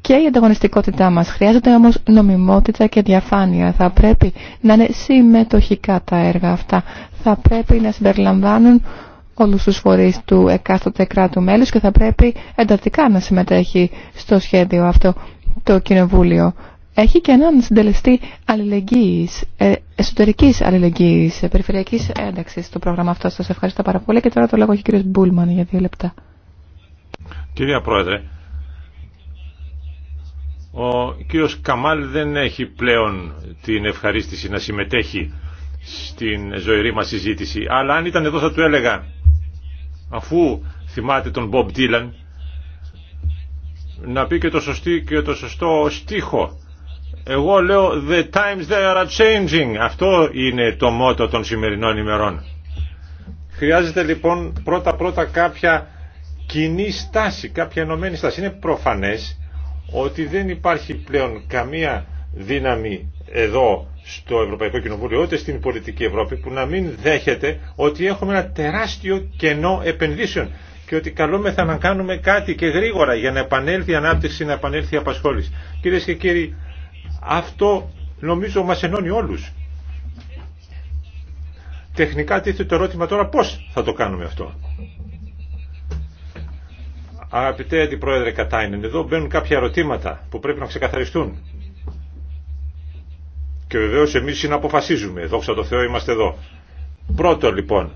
και η ανταγωνιστικότητά μας. Χρειάζεται όμως νομιμότητα και διαφάνεια. Θα πρέπει να είναι συμμετοχικά τα έργα αυτά. Θα πρέπει να συμπεριλαμβάνουν όλους τους φορείς του εκάστοτε κράτου μέλους και θα πρέπει εντατικά να συμμετέχει στο σχέδιο αυτό το Κοινοβούλιο έχει και έναν συντελεστή αλληλεγγύης, ε, εσωτερικής αλληλεγγύης, ε, περιφερειακής ένταξης στο πρόγραμμα αυτό. Σας ευχαριστώ πάρα πολύ και τώρα το λόγο έχει ο κύριος Μπούλμαν για δύο λεπτά. Κυρία Πρόεδρε, ο κύριος Καμάλ δεν έχει πλέον την ευχαρίστηση να συμμετέχει στην ζωηρή μας συζήτηση, αλλά αν ήταν εδώ θα του έλεγα, αφού θυμάται τον Μπομπ Τίλαν, να πει και το, σωστή, και το σωστό στίχο εγώ λέω the times they are changing. Αυτό είναι το μότο των σημερινών ημερών. Χρειάζεται λοιπόν πρώτα πρώτα κάποια κοινή στάση, κάποια ενωμένη στάση. Είναι προφανές ότι δεν υπάρχει πλέον καμία δύναμη εδώ στο Ευρωπαϊκό Κοινοβούλιο, ούτε στην πολιτική Ευρώπη, που να μην δέχεται ότι έχουμε ένα τεράστιο κενό επενδύσεων και ότι καλούμεθα να κάνουμε κάτι και γρήγορα για να επανέλθει η ανάπτυξη, να επανέλθει η απασχόληση. Κυρίε και κύριοι, αυτό νομίζω μας ενώνει όλους. Τεχνικά τίθεται το ερώτημα τώρα πώς θα το κάνουμε αυτό. Αγαπητέ Αντιπρόεδρε Κατάινεν, εδώ μπαίνουν κάποια ερωτήματα που πρέπει να ξεκαθαριστούν. Και βεβαίως εμείς συναποφασίζουμε, δόξα τω Θεώ είμαστε εδώ. Πρώτο λοιπόν,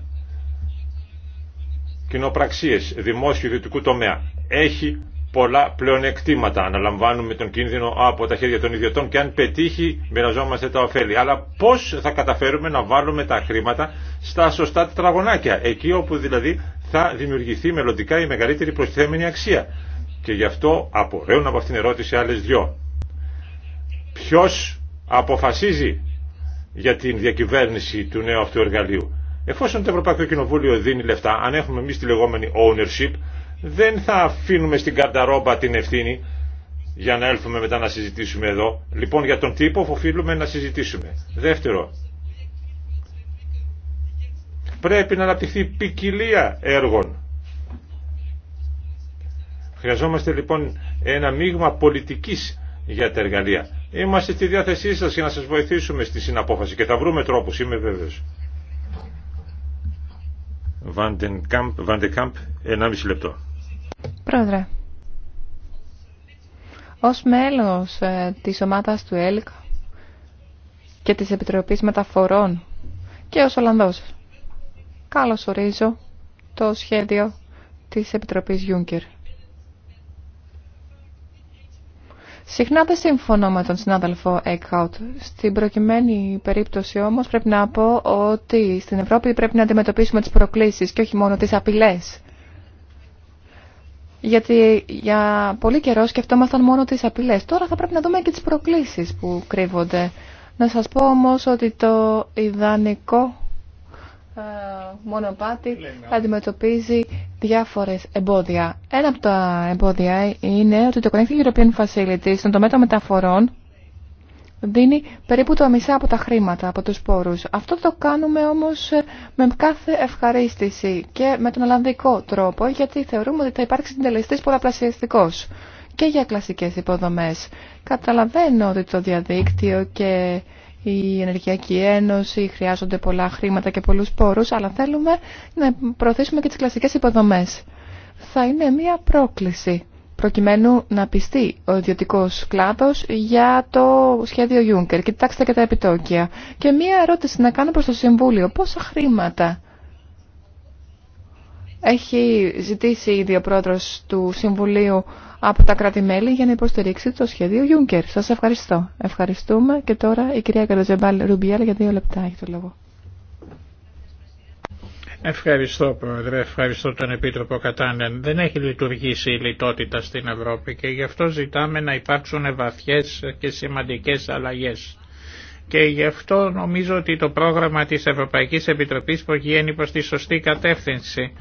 κοινοπραξίες δημόσιο ιδιωτικού τομέα. Έχει πολλά πλεονεκτήματα. Αναλαμβάνουμε τον κίνδυνο από τα χέρια των ιδιωτών και αν πετύχει μοιραζόμαστε τα ωφέλη. Αλλά πώς θα καταφέρουμε να βάλουμε τα χρήματα στα σωστά τετραγωνάκια, εκεί όπου δηλαδή θα δημιουργηθεί μελλοντικά η μεγαλύτερη προστιθέμενη αξία. Και γι' αυτό απορρέουν από αυτήν την ερώτηση άλλες δυο. Ποιος αποφασίζει για την διακυβέρνηση του νέου αυτού εργαλείου. Εφόσον το Ευρωπαϊκό Κοινοβούλιο δίνει λεφτά, αν έχουμε εμεί τη λεγόμενη ownership, δεν θα αφήνουμε στην καρταρόμπα την ευθύνη για να έλθουμε μετά να συζητήσουμε εδώ. Λοιπόν, για τον τύπο οφείλουμε να συζητήσουμε. Δεύτερο, πρέπει να αναπτυχθεί ποικιλία έργων. Χρειαζόμαστε λοιπόν ένα μείγμα πολιτικής για τα εργαλεία. Είμαστε στη διάθεσή σας για να σας βοηθήσουμε στη συναπόφαση και θα βρούμε τρόπους, είμαι βέβαιος. Βαντεκάμπ, 1,5 λεπτό. Πρόεδρε, ως μέλος ε, της ομάδας του ΕΛΚ και της Επιτροπής Μεταφορών και ως Ολλανδός, καλώς ορίζω το σχέδιο της Επιτροπής Γιούνκερ. Συχνά δεν συμφωνώ με τον συνάδελφο Eckhout. Στην προκειμένη περίπτωση όμως πρέπει να πω ότι στην Ευρώπη πρέπει να αντιμετωπίσουμε τις προκλήσεις και όχι μόνο τις απειλές γιατί για πολύ καιρό σκεφτόμασταν μόνο τις απειλές. Τώρα θα πρέπει να δούμε και τις προκλήσεις που κρύβονται. Να σας πω όμως ότι το ιδανικό ε, μονοπάτι αντιμετωπίζει διάφορες εμπόδια. Ένα από τα εμπόδια είναι ότι το Connecting European Facility στον τομέα των μεταφορών δίνει περίπου το μισά από τα χρήματα, από τους πόρους. Αυτό το κάνουμε όμως ε, με κάθε ευχαρίστηση και με τον Ολλανδικό τρόπο, γιατί θεωρούμε ότι θα υπάρξει συντελεστής πολλαπλασιαστικός και για κλασικές υποδομές. Καταλαβαίνω ότι το διαδίκτυο και η Ενεργειακή Ένωση χρειάζονται πολλά χρήματα και πολλούς πόρους, αλλά θέλουμε να προωθήσουμε και τις κλασικές υποδομές. Θα είναι μία πρόκληση προκειμένου να πιστεί ο ιδιωτικό κλάδο για το σχέδιο Juncker. Κοιτάξτε και τα επιτόκια. Και μία ερώτηση να κάνω προ το Συμβούλιο. Πόσα χρήματα έχει ζητήσει ήδη ο πρόεδρο του Συμβουλίου από τα κράτη-μέλη για να υποστηρίξει το σχέδιο Juncker. Σα ευχαριστώ. Ευχαριστούμε και τώρα η κυρία Καλοζεμπάλ Ρουμπιέλ για δύο λεπτά έχει το λόγο. Ευχαριστώ Πρόεδρε, ευχαριστώ τον Επίτροπο Κατάνεν. Δεν έχει λειτουργήσει η λιτότητα στην Ευρώπη και γι' αυτό ζητάμε να υπάρξουν βαθιές και σημαντικές αλλαγές. Και γι' αυτό νομίζω ότι το πρόγραμμα της Ευρωπαϊκής Επιτροπής προγίνει προς τη σωστή κατεύθυνση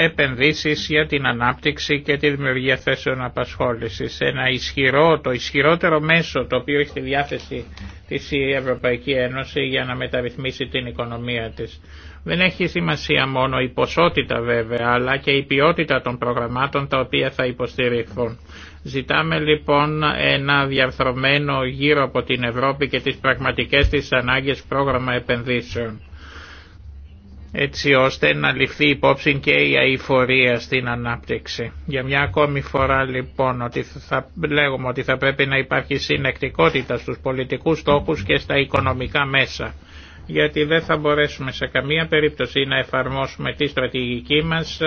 επενδύσεις για την ανάπτυξη και τη δημιουργία θέσεων απασχόλησης. Ένα ισχυρό, το ισχυρότερο μέσο το οποίο έχει τη διάθεση της Ευρωπαϊκή Ένωση για να μεταρρυθμίσει την οικονομία της. Δεν έχει σημασία μόνο η ποσότητα βέβαια, αλλά και η ποιότητα των προγραμμάτων τα οποία θα υποστηριχθούν. Ζητάμε λοιπόν ένα διαρθρωμένο γύρω από την Ευρώπη και τις πραγματικές της ανάγκες πρόγραμμα επενδύσεων έτσι ώστε να ληφθεί υπόψη και η αηφορία στην ανάπτυξη. Για μια ακόμη φορά λοιπόν ότι θα λέγουμε ότι θα πρέπει να υπάρχει συνεκτικότητα στους πολιτικούς στόχους και στα οικονομικά μέσα γιατί δεν θα μπορέσουμε σε καμία περίπτωση να εφαρμόσουμε τη στρατηγική μας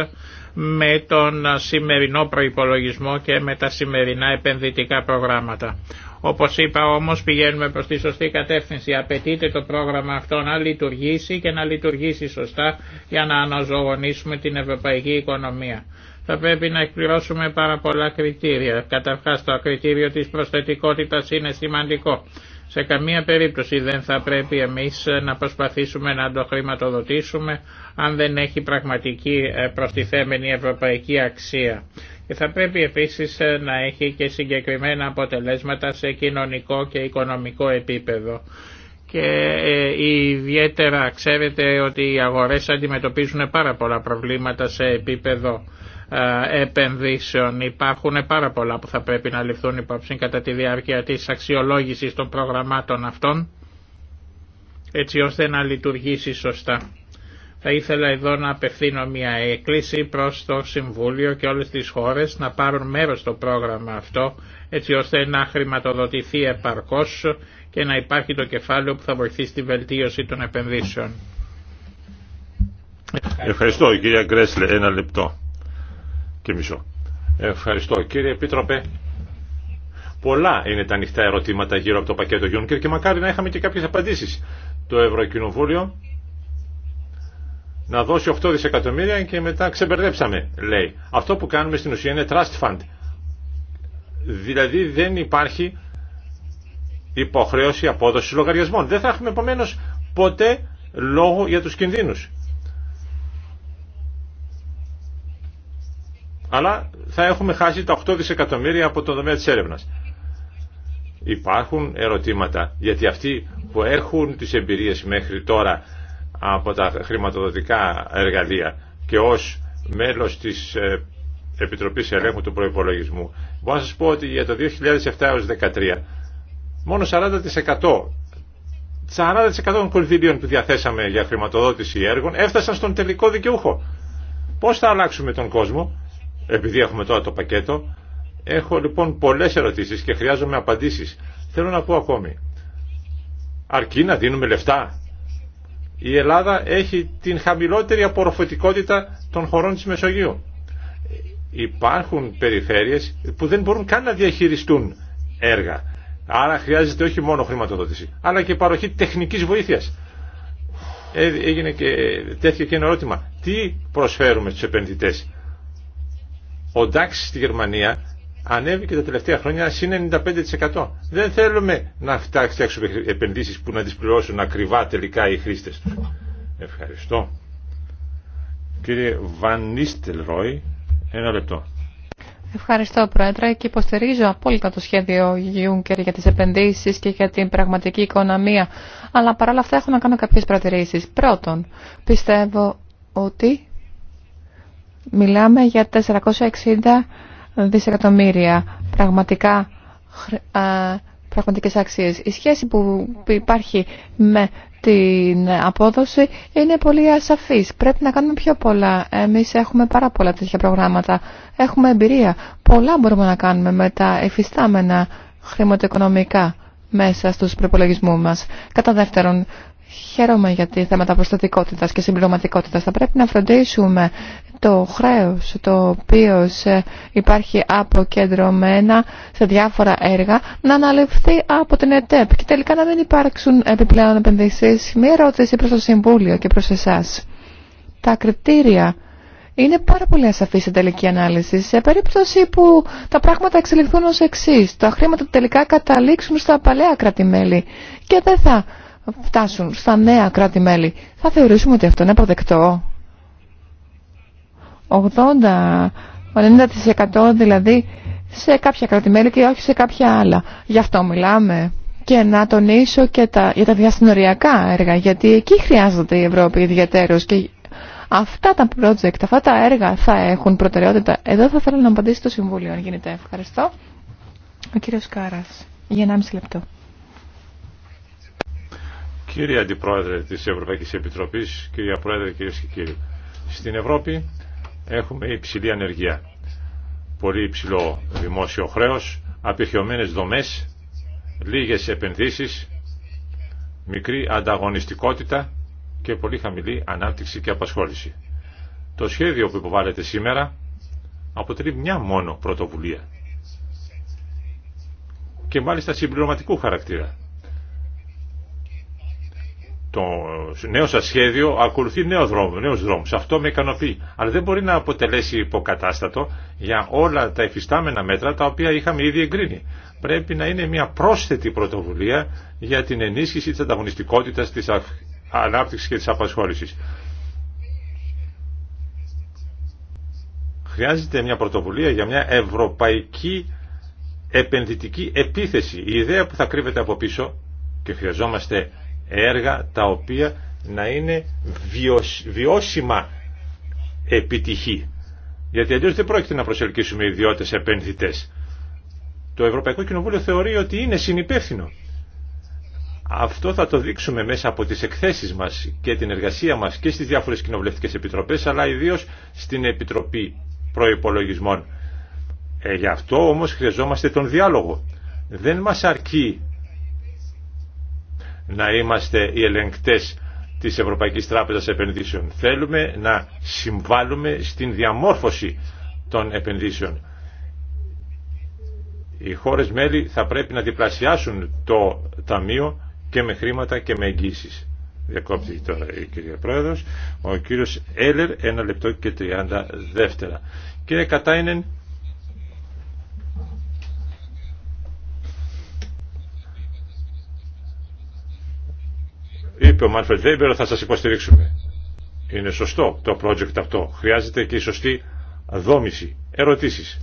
με τον σημερινό προϋπολογισμό και με τα σημερινά επενδυτικά προγράμματα. Όπως είπα όμως πηγαίνουμε προς τη σωστή κατεύθυνση. Απαιτείται το πρόγραμμα αυτό να λειτουργήσει και να λειτουργήσει σωστά για να αναζωογονήσουμε την ευρωπαϊκή οικονομία. Θα πρέπει να εκπληρώσουμε πάρα πολλά κριτήρια. Καταρχάς το κριτήριο της προσθετικότητας είναι σημαντικό. Σε καμία περίπτωση δεν θα πρέπει εμείς να προσπαθήσουμε να το χρηματοδοτήσουμε αν δεν έχει πραγματική ε, προστιθέμενη ευρωπαϊκή αξία. Και θα πρέπει επίσης ε, να έχει και συγκεκριμένα αποτελέσματα σε κοινωνικό και οικονομικό επίπεδο. Και ε, ιδιαίτερα ξέρετε ότι οι αγορές αντιμετωπίζουν πάρα πολλά προβλήματα σε επίπεδο ε, επενδύσεων. Υπάρχουν πάρα πολλά που θα πρέπει να ληφθούν υπόψη κατά τη διάρκεια της αξιολόγησης των προγραμμάτων αυτών έτσι ώστε να λειτουργήσει σωστά. Θα ήθελα εδώ να απευθύνω μια έκκληση προς το Συμβούλιο και όλες τις χώρες να πάρουν μέρος στο πρόγραμμα αυτό έτσι ώστε να χρηματοδοτηθεί επαρκώς και να υπάρχει το κεφάλαιο που θα βοηθήσει τη βελτίωση των επενδύσεων. Ευχαριστώ κυρία Γκρέσλε. Ένα λεπτό και μισό. Ευχαριστώ. Κύριε Επίτροπε, πολλά είναι τα ανοιχτά ερωτήματα γύρω από το πακέτο Γιούνκερ και μακάρι να είχαμε και κάποιες απαντήσεις. Το Ευρωκοινοβούλιο να δώσει 8 δισεκατομμύρια και μετά ξεμπερδέψαμε, λέει. Αυτό που κάνουμε στην ουσία είναι trust fund. Δηλαδή δεν υπάρχει υποχρέωση απόδοση λογαριασμών. Δεν θα έχουμε επομένω ποτέ λόγο για τους κινδύνους. αλλά θα έχουμε χάσει τα 8 δισεκατομμύρια από τον δομέα της έρευνας. Υπάρχουν ερωτήματα, γιατί αυτοί που έχουν τις εμπειρίες μέχρι τώρα από τα χρηματοδοτικά εργαλεία και ως μέλος της ε, Επιτροπής Ελέγχου του Προϋπολογισμού, μπορώ να σας πω ότι για το 2007 έως 2013 μόνο 40% 40% των κονδυλίων που διαθέσαμε για χρηματοδότηση έργων έφτασαν στον τελικό δικαιούχο. Πώς θα αλλάξουμε τον κόσμο επειδή έχουμε τώρα το πακέτο. Έχω λοιπόν πολλές ερωτήσεις και χρειάζομαι απαντήσεις. Θέλω να πω ακόμη. Αρκεί να δίνουμε λεφτά. Η Ελλάδα έχει την χαμηλότερη απορροφητικότητα των χωρών της Μεσογείου. Υπάρχουν περιφέρειες που δεν μπορούν καν να διαχειριστούν έργα. Άρα χρειάζεται όχι μόνο χρηματοδότηση, αλλά και παροχή τεχνικής βοήθειας. Ε, έγινε και, τέτοιο και ένα ερώτημα. Τι προσφέρουμε στους επενδυτές ο DAX στη Γερμανία ανέβηκε τα τελευταία χρόνια συν 95%. Δεν θέλουμε να φτιάξουμε επενδύσεις που να τις πληρώσουν ακριβά τελικά οι χρήστες τους. Ευχαριστώ. Κύριε Βανίστελ Ρόι, ένα λεπτό. Ευχαριστώ Πρόεδρε και υποστηρίζω απόλυτα το σχέδιο Juncker για τις επενδύσεις και για την πραγματική οικονομία. Αλλά παρόλα αυτά έχω να κάνω κάποιες προτερήσεις. Πρώτον, πιστεύω ότι Μιλάμε για 460 δισεκατομμύρια πραγματικά πραγματικές αξίες. Η σχέση που υπάρχει με την απόδοση είναι πολύ ασαφής. Πρέπει να κάνουμε πιο πολλά. Εμείς έχουμε πάρα πολλά τέτοια προγράμματα. Έχουμε εμπειρία. Πολλά μπορούμε να κάνουμε με τα εφιστάμενα χρηματοοικονομικά μέσα στους προπολογισμού μας. Κατά δεύτερον, Χαίρομαι για τη θέματα προστατικότητας και συμπληρωματικότητας. Θα πρέπει να φροντίσουμε το χρέος το οποίο υπάρχει αποκεντρωμένα σε διάφορα έργα να αναλυφθεί από την ΕΤΕΠ και τελικά να μην υπάρξουν επιπλέον επενδύσεις. Μία ερώτηση προς το Συμβούλιο και προς εσάς. Τα κριτήρια είναι πάρα πολύ ασαφή σε τελική ανάλυση. Σε περίπτωση που τα πράγματα εξελιχθούν ως εξή, τα χρήματα τελικά καταλήξουν στα παλαιά κρατημέλη και δεν θα φτάσουν στα νέα κράτη-μέλη. Θα θεωρήσουμε ότι αυτό είναι αποδεκτό. 80, 90% δηλαδή σε κάποια κράτη-μέλη και όχι σε κάποια άλλα. Γι' αυτό μιλάμε. Και να τονίσω και τα, για τα διασυνοριακά έργα, γιατί εκεί χρειάζεται η Ευρώπη ιδιαίτερως και αυτά τα project, αυτά τα έργα θα έχουν προτεραιότητα. Εδώ θα θέλω να απαντήσει το Συμβούλιο, αν γίνεται. Ευχαριστώ. Ο κύριος Κάρας, για 1,5 λεπτό. Κύριε Αντιπρόεδρε της Ευρωπαϊκής Επιτροπής, κύριε Πρόεδρε, κυρίες και κύριοι, στην Ευρώπη έχουμε υψηλή ανεργία, πολύ υψηλό δημόσιο χρέος, απειρχιωμένες δομές, λίγες επενδύσεις, μικρή ανταγωνιστικότητα και πολύ χαμηλή ανάπτυξη και απασχόληση. Το σχέδιο που υποβάλλεται σήμερα αποτελεί μια μόνο πρωτοβουλία και μάλιστα συμπληρωματικού χαρακτήρα το νέο σας σχέδιο ακολουθεί νέο δρόμο, νέος δρόμος. Αυτό με ικανοποιεί. Αλλά δεν μπορεί να αποτελέσει υποκατάστατο για όλα τα εφιστάμενα μέτρα τα οποία είχαμε ήδη εγκρίνει. Πρέπει να είναι μια πρόσθετη πρωτοβουλία για την ενίσχυση της ανταγωνιστικότητας της ανάπτυξης και της απασχόλησης. Χρειάζεται μια πρωτοβουλία για μια ευρωπαϊκή επενδυτική επίθεση. Η ιδέα που θα κρύβεται από πίσω και χρειαζόμαστε έργα τα οποία να είναι βιώσιμα επιτυχή. Γιατί αλλιώ δεν πρόκειται να προσελκύσουμε ιδιώτε επένδυτες. Το Ευρωπαϊκό Κοινοβούλιο θεωρεί ότι είναι συνυπεύθυνο. Αυτό θα το δείξουμε μέσα από τις εκθέσεις μας και την εργασία μας και στις διάφορες κοινοβουλευτικές επιτροπές, αλλά ιδίως στην Επιτροπή Προϋπολογισμών. Ε, γι' αυτό όμως χρειαζόμαστε τον διάλογο. Δεν μας αρκεί να είμαστε οι ελεγκτές της Ευρωπαϊκής Τράπεζας Επενδύσεων. Θέλουμε να συμβάλλουμε στην διαμόρφωση των επενδύσεων. Οι χώρες μέλη θα πρέπει να διπλασιάσουν το Ταμείο και με χρήματα και με εγγύσεις. Διακόπτει τώρα η κυρία Πρόεδρος. Ο κύριος Έλερ, ένα λεπτό και 30 δεύτερα. Κύριε Κατάινεν, Είπε ο Μάνφρετ Βέιμπερ θα σας υποστηρίξουμε. Είναι σωστό το project αυτό. Χρειάζεται και η σωστή δόμηση. Ερωτήσεις.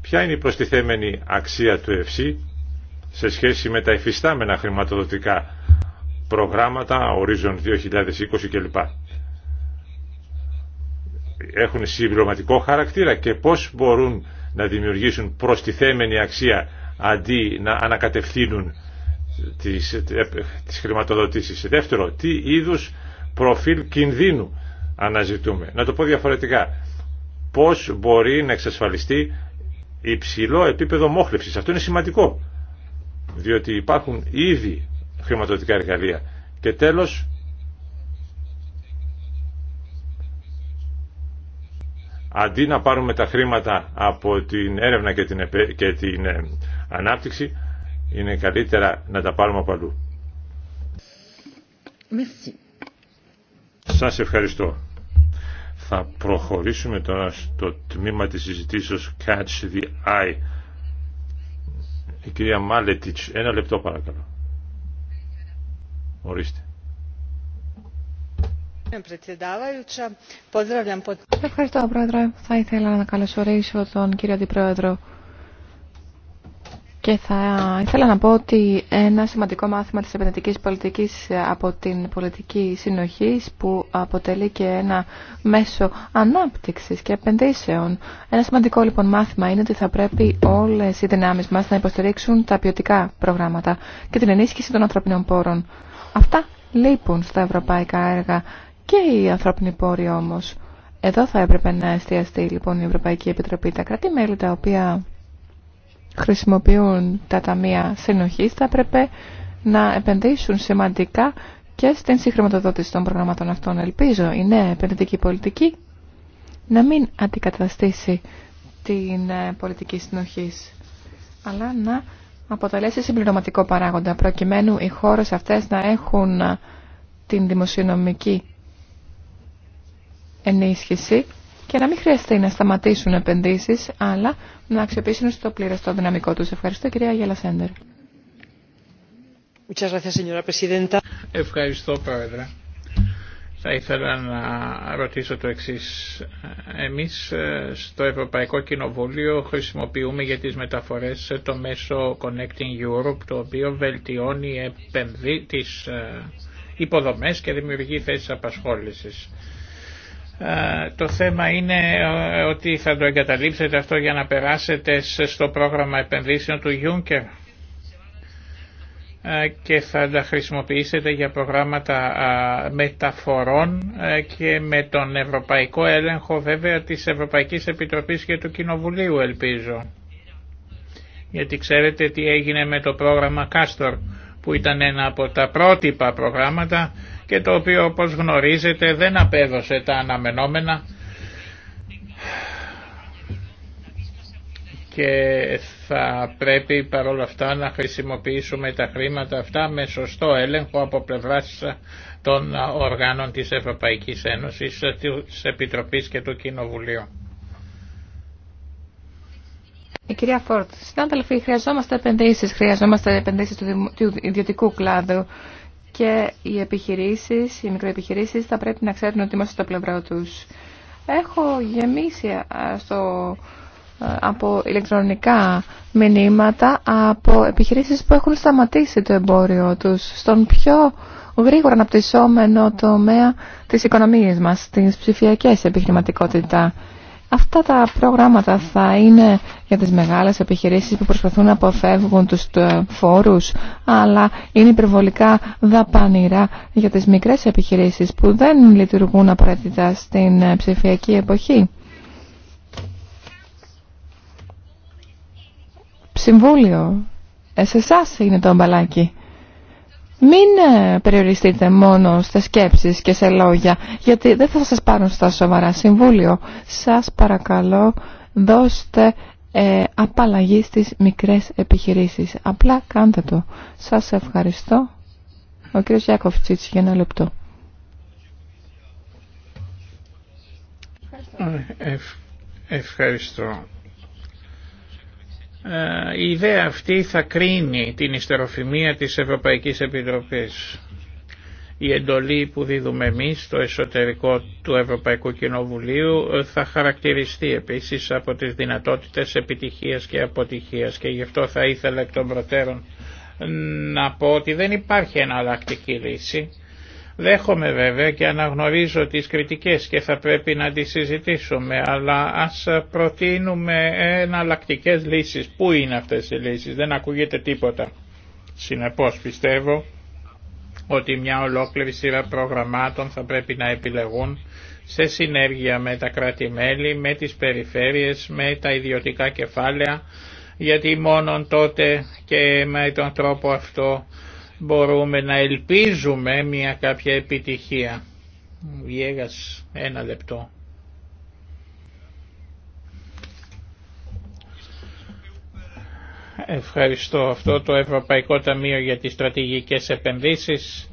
Ποια είναι η προστιθέμενη αξία του ΕΦΣΥ σε σχέση με τα εφιστάμενα χρηματοδοτικά προγράμματα Horizon 2020 κλπ. Έχουν συμπληρωματικό χαρακτήρα και πώς μπορούν να δημιουργήσουν προστιθέμενη αξία αντί να ανακατευθύνουν της ε, τις Δεύτερο, τι είδους προφίλ κινδύνου αναζητούμε. Να το πω διαφορετικά. Πώς μπορεί να εξασφαλιστεί υψηλό επίπεδο μόχλευσης. Αυτό είναι σημαντικό. Διότι υπάρχουν ήδη χρηματοδοτικά εργαλεία. Και τέλος, αντί να πάρουμε τα χρήματα από την έρευνα και την, και την ε, ανάπτυξη, είναι καλύτερα να τα πάρουμε από αλλού. Merci. Σας ευχαριστώ. Θα προχωρήσουμε τώρα στο τμήμα της συζητήσεως Catch the Eye. Η κυρία Μάλετιτς, ένα λεπτό παρακαλώ. Ορίστε. Ευχαριστώ, Πρόεδρε. Θα ήθελα να καλωσορίσω τον κύριο Αντιπρόεδρο και θα ήθελα να πω ότι ένα σημαντικό μάθημα της επενδυτικής πολιτικής από την πολιτική συνοχής που αποτελεί και ένα μέσο ανάπτυξης και επενδύσεων. Ένα σημαντικό λοιπόν μάθημα είναι ότι θα πρέπει όλες οι δυνάμεις μας να υποστηρίξουν τα ποιοτικά προγράμματα και την ενίσχυση των ανθρωπινών πόρων. Αυτά λείπουν στα ευρωπαϊκά έργα και οι ανθρώπινοι πόροι όμως. Εδώ θα έπρεπε να εστιαστεί λοιπόν η Ευρωπαϊκή Επιτροπή, τα κράτη-μέλη τα οποία χρησιμοποιούν τα ταμεία συνοχής θα έπρεπε να επενδύσουν σημαντικά και στην συγχρηματοδότηση των προγραμμάτων αυτών. Ελπίζω η νέα επενδυτική πολιτική να μην αντικαταστήσει την ε, πολιτική συνοχής, αλλά να αποτελέσει συμπληρωματικό παράγοντα, προκειμένου οι χώρες αυτές να έχουν ε, την δημοσιονομική ενίσχυση και να μην χρειαστεί να σταματήσουν επενδύσει, αλλά να αξιοποιήσουν στο πλήρες το δυναμικό του. Ευχαριστώ, κυρία Γέλα Σέντερ. Ευχαριστώ, Πρόεδρε. Θα ήθελα να ρωτήσω το εξή. Εμεί ε, στο Ευρωπαϊκό Κοινοβούλιο χρησιμοποιούμε για τι μεταφορέ ε, το μέσο Connecting Europe, το οποίο βελτιώνει τι ε, υποδομέ και δημιουργεί θέσει απασχόληση. Ε, το θέμα είναι ε, ότι θα το εγκαταλείψετε αυτό για να περάσετε στο πρόγραμμα επενδύσεων του Juncker ε, και θα τα χρησιμοποιήσετε για προγράμματα μεταφορών και με τον Ευρωπαϊκό Έλεγχο βέβαια της Ευρωπαϊκής Επιτροπής και του Κοινοβουλίου ελπίζω. Γιατί ξέρετε τι έγινε με το πρόγραμμα Κάστορ που ήταν ένα από τα πρότυπα προγράμματα και το οποίο όπως γνωρίζετε δεν απέδωσε τα αναμενόμενα και θα πρέπει παρόλα αυτά να χρησιμοποιήσουμε τα χρήματα αυτά με σωστό έλεγχο από πλευρά των οργάνων της Ευρωπαϊκής Ένωσης, της Επιτροπής και του Κοινοβουλίου. Η ε, κυρία Φόρτ, συνάδελφοι, χρειαζόμαστε επενδύσεις, χρειαζόμαστε επενδύσεις του ιδιωτικού κλάδου και οι επιχειρήσεις, οι μικροεπιχειρήσεις θα πρέπει να ξέρουν ότι είμαστε στο πλευρό τους. Έχω γεμίσει στο, από ηλεκτρονικά μηνύματα από επιχειρήσεις που έχουν σταματήσει το εμπόριο τους στον πιο γρήγορα αναπτυσσόμενο τομέα της οικονομίας μας, της ψηφιακής επιχειρηματικότητα. Αυτά τα προγράμματα θα είναι για τις μεγάλες επιχειρήσεις που προσπαθούν να αποφεύγουν τους ε, φόρους, αλλά είναι υπερβολικά δαπανηρά για τις μικρές επιχειρήσεις που δεν λειτουργούν απαραίτητα στην ε, ψηφιακή εποχή. Συμβούλιο, σε εσά είναι το μπαλάκι. Μην ε, περιοριστείτε μόνο στις σκέψεις και σε λόγια, γιατί δεν θα σας πάρουν στα σοβαρά συμβούλιο. Σας παρακαλώ, δώστε ε, απαλλαγή στις μικρές επιχειρήσεις. Απλά κάντε το. Σας ευχαριστώ. Ο κ. Γιάκοφτσίτς για ένα λεπτό. Ε, ευχαριστώ. Ε, η ιδέα αυτή θα κρίνει την ιστεροφημία της Ευρωπαϊκής Επιτροπής. Η εντολή που δίδουμε εμείς στο εσωτερικό του Ευρωπαϊκού Κοινοβουλίου ε, θα χαρακτηριστεί επίσης από τις δυνατότητες επιτυχίας και αποτυχίας και γι' αυτό θα ήθελα εκ των προτέρων να πω ότι δεν υπάρχει εναλλακτική λύση Δέχομαι βέβαια και αναγνωρίζω τις κριτικές και θα πρέπει να τις συζητήσουμε, αλλά ας προτείνουμε εναλλακτικέ λύσεις. Πού είναι αυτές οι λύσεις, δεν ακούγεται τίποτα. Συνεπώς πιστεύω ότι μια ολόκληρη σειρά προγραμμάτων θα πρέπει να επιλεγούν σε συνέργεια με τα κράτη-μέλη, με τις περιφέρειες, με τα ιδιωτικά κεφάλαια, γιατί μόνον τότε και με τον τρόπο αυτό μπορούμε να ελπίζουμε μια κάποια επιτυχία. Βιέγας, ένα λεπτό. Ευχαριστώ αυτό το Ευρωπαϊκό Ταμείο για τις Στρατηγικές Επενδύσεις.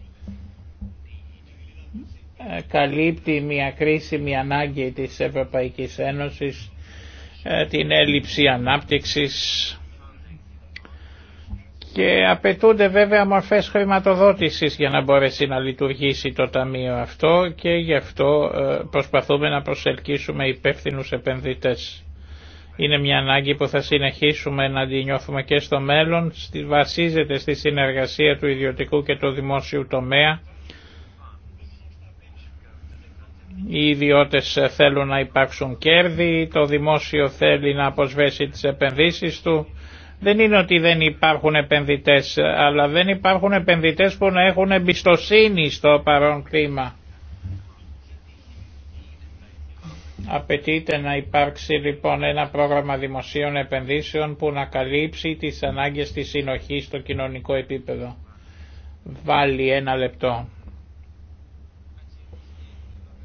Καλύπτει μια κρίσιμη ανάγκη της Ευρωπαϊκής Ένωσης, ε, την έλλειψη ανάπτυξης, και απαιτούνται βέβαια μορφές χρηματοδότησης για να μπορέσει να λειτουργήσει το ταμείο αυτό και γι' αυτό ε, προσπαθούμε να προσελκύσουμε υπεύθυνου επενδυτές. Είναι μια ανάγκη που θα συνεχίσουμε να την νιώθουμε και στο μέλλον, βασίζεται στη συνεργασία του ιδιωτικού και του δημόσιου τομέα. Οι ιδιώτες θέλουν να υπάρξουν κέρδη, το δημόσιο θέλει να αποσβέσει τις επενδύσεις του δεν είναι ότι δεν υπάρχουν επενδυτές, αλλά δεν υπάρχουν επενδυτές που να έχουν εμπιστοσύνη στο παρόν κλίμα. Απαιτείται να υπάρξει λοιπόν ένα πρόγραμμα δημοσίων επενδύσεων που να καλύψει τις ανάγκες της συνοχής στο κοινωνικό επίπεδο. Βάλει ένα λεπτό.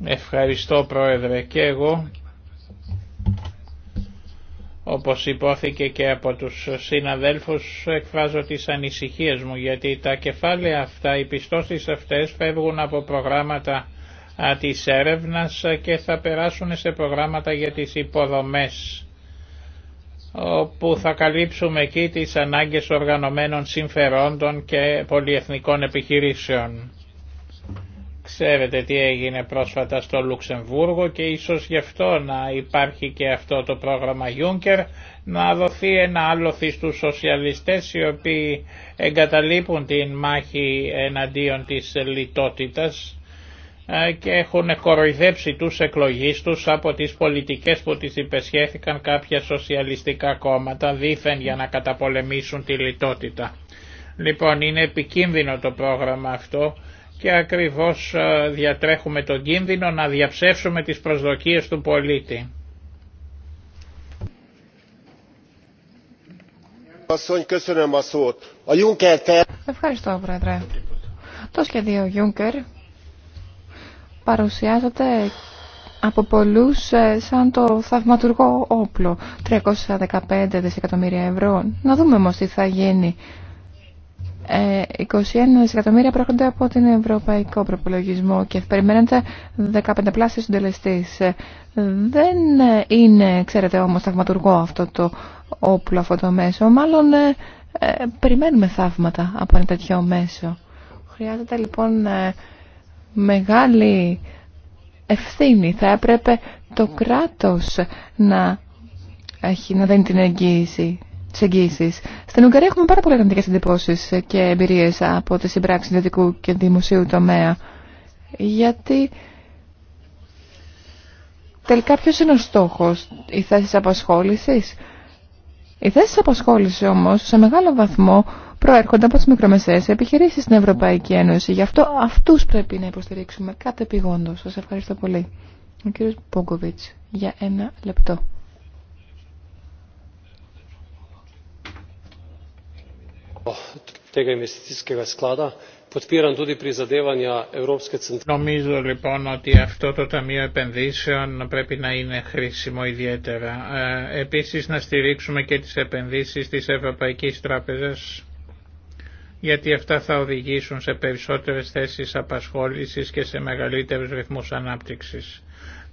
Ευχαριστώ Πρόεδρε και εγώ όπως υπόθηκε και από τους συναδέλφους εκφράζω τις ανησυχίες μου γιατί τα κεφάλαια αυτά, οι πιστώσεις αυτές φεύγουν από προγράμματα της έρευνας και θα περάσουν σε προγράμματα για τις υποδομές όπου θα καλύψουμε εκεί τις ανάγκες οργανωμένων συμφερόντων και πολυεθνικών επιχειρήσεων. Ξέρετε τι έγινε πρόσφατα στο Λουξεμβούργο και ίσως γι' αυτό να υπάρχει και αυτό το πρόγραμμα Juncker να δοθεί ένα άλοθη στους σοσιαλιστές οι οποίοι εγκαταλείπουν την μάχη εναντίον της λιτότητας ε, και έχουν κοροϊδέψει τους εκλογείς τους από τις πολιτικές που τις υπεσχέθηκαν κάποια σοσιαλιστικά κόμματα δήθεν για να καταπολεμήσουν τη λιτότητα. Λοιπόν είναι επικίνδυνο το πρόγραμμα αυτό και ακριβώς ε, διατρέχουμε τον κίνδυνο να διαψεύσουμε τις προσδοκίες του πολίτη. Ευχαριστώ, Πρόεδρε. Το σχέδιο Juncker παρουσιάζεται από πολλούς ε, σαν το θαυματουργό όπλο. 315 δισεκατομμύρια ευρώ. Να δούμε όμως τι θα γίνει 21 ε, δισεκατομμύρια προέρχονται από την ευρωπαϊκό προπολογισμό και περιμένετε 15 του συντελεστή. Δεν είναι, ξέρετε όμως, θαυματουργό αυτό το όπλο, αυτό το μέσο. Μάλλον ε, ε, περιμένουμε θαύματα από ένα τέτοιο μέσο. Χρειάζεται λοιπόν μεγάλη ευθύνη. Θα έπρεπε το κράτος να, έχει, να δίνει την εγγύηση στην Ουγγαρία έχουμε πάρα πολλέ αρνητικέ εντυπωσει και εμπειρίε από τη συμπράξη ιδιωτικού και δημοσίου τομέα. Γιατί τελικά ποιο είναι ο στόχο οι θέση απασχόληση. Οι θέση απασχόληση όμω σε μεγάλο βαθμό προέρχονται από τι μικρομεσαίες επιχειρήσει στην Ευρωπαϊκή Ένωση. Γι' αυτό αυτού πρέπει να υποστηρίξουμε κάθε επιγόντος. Σα ευχαριστώ πολύ. Ο κύριος Πόγκοβιτς για ένα λεπτό. Oh, Νομίζω λοιπόν ότι αυτό το Ταμείο Επενδύσεων πρέπει να είναι χρήσιμο ιδιαίτερα. Ε, επίσης να στηρίξουμε και τις επενδύσεις της Ευρωπαϊκής Τράπεζας γιατί αυτά θα οδηγήσουν σε περισσότερες θέσεις απασχόλησης και σε μεγαλύτερους ρυθμούς ανάπτυξης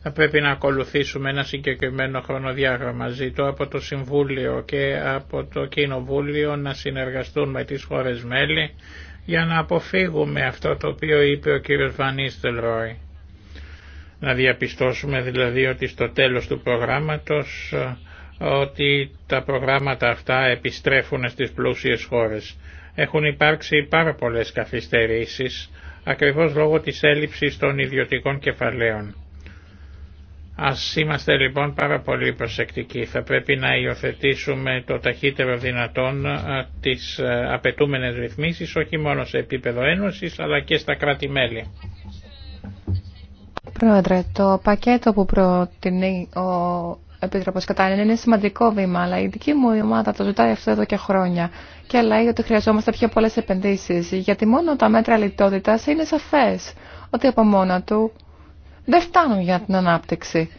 θα πρέπει να ακολουθήσουμε ένα συγκεκριμένο χρονοδιάγραμμα. Ζητώ από το Συμβούλιο και από το Κοινοβούλιο να συνεργαστούν με τις χώρες μέλη για να αποφύγουμε αυτό το οποίο είπε ο κύριος Βανίστελ Ρόι. Να διαπιστώσουμε δηλαδή ότι στο τέλος του προγράμματος ότι τα προγράμματα αυτά επιστρέφουν στις πλούσιες χώρες. Έχουν υπάρξει πάρα πολλές καθυστερήσεις ακριβώς λόγω της έλλειψης των ιδιωτικών κεφαλαίων. Ας είμαστε λοιπόν πάρα πολύ προσεκτικοί. Θα πρέπει να υιοθετήσουμε το ταχύτερο δυνατόν τις απαιτούμενες ρυθμίσεις, όχι μόνο σε επίπεδο ένωσης, αλλά και στα κράτη-μέλη. Πρόεδρε, το πακέτο που προτείνει ο Επίτροπος Κατάνιν είναι σημαντικό βήμα, αλλά η δική μου ομάδα το ζητάει αυτό εδώ και χρόνια και λέει ότι χρειαζόμαστε πιο πολλέ επενδύσει, γιατί μόνο τα μέτρα λιτότητα είναι σαφέ ότι από μόνα του δεν φτάνουν για την ανάπτυξη.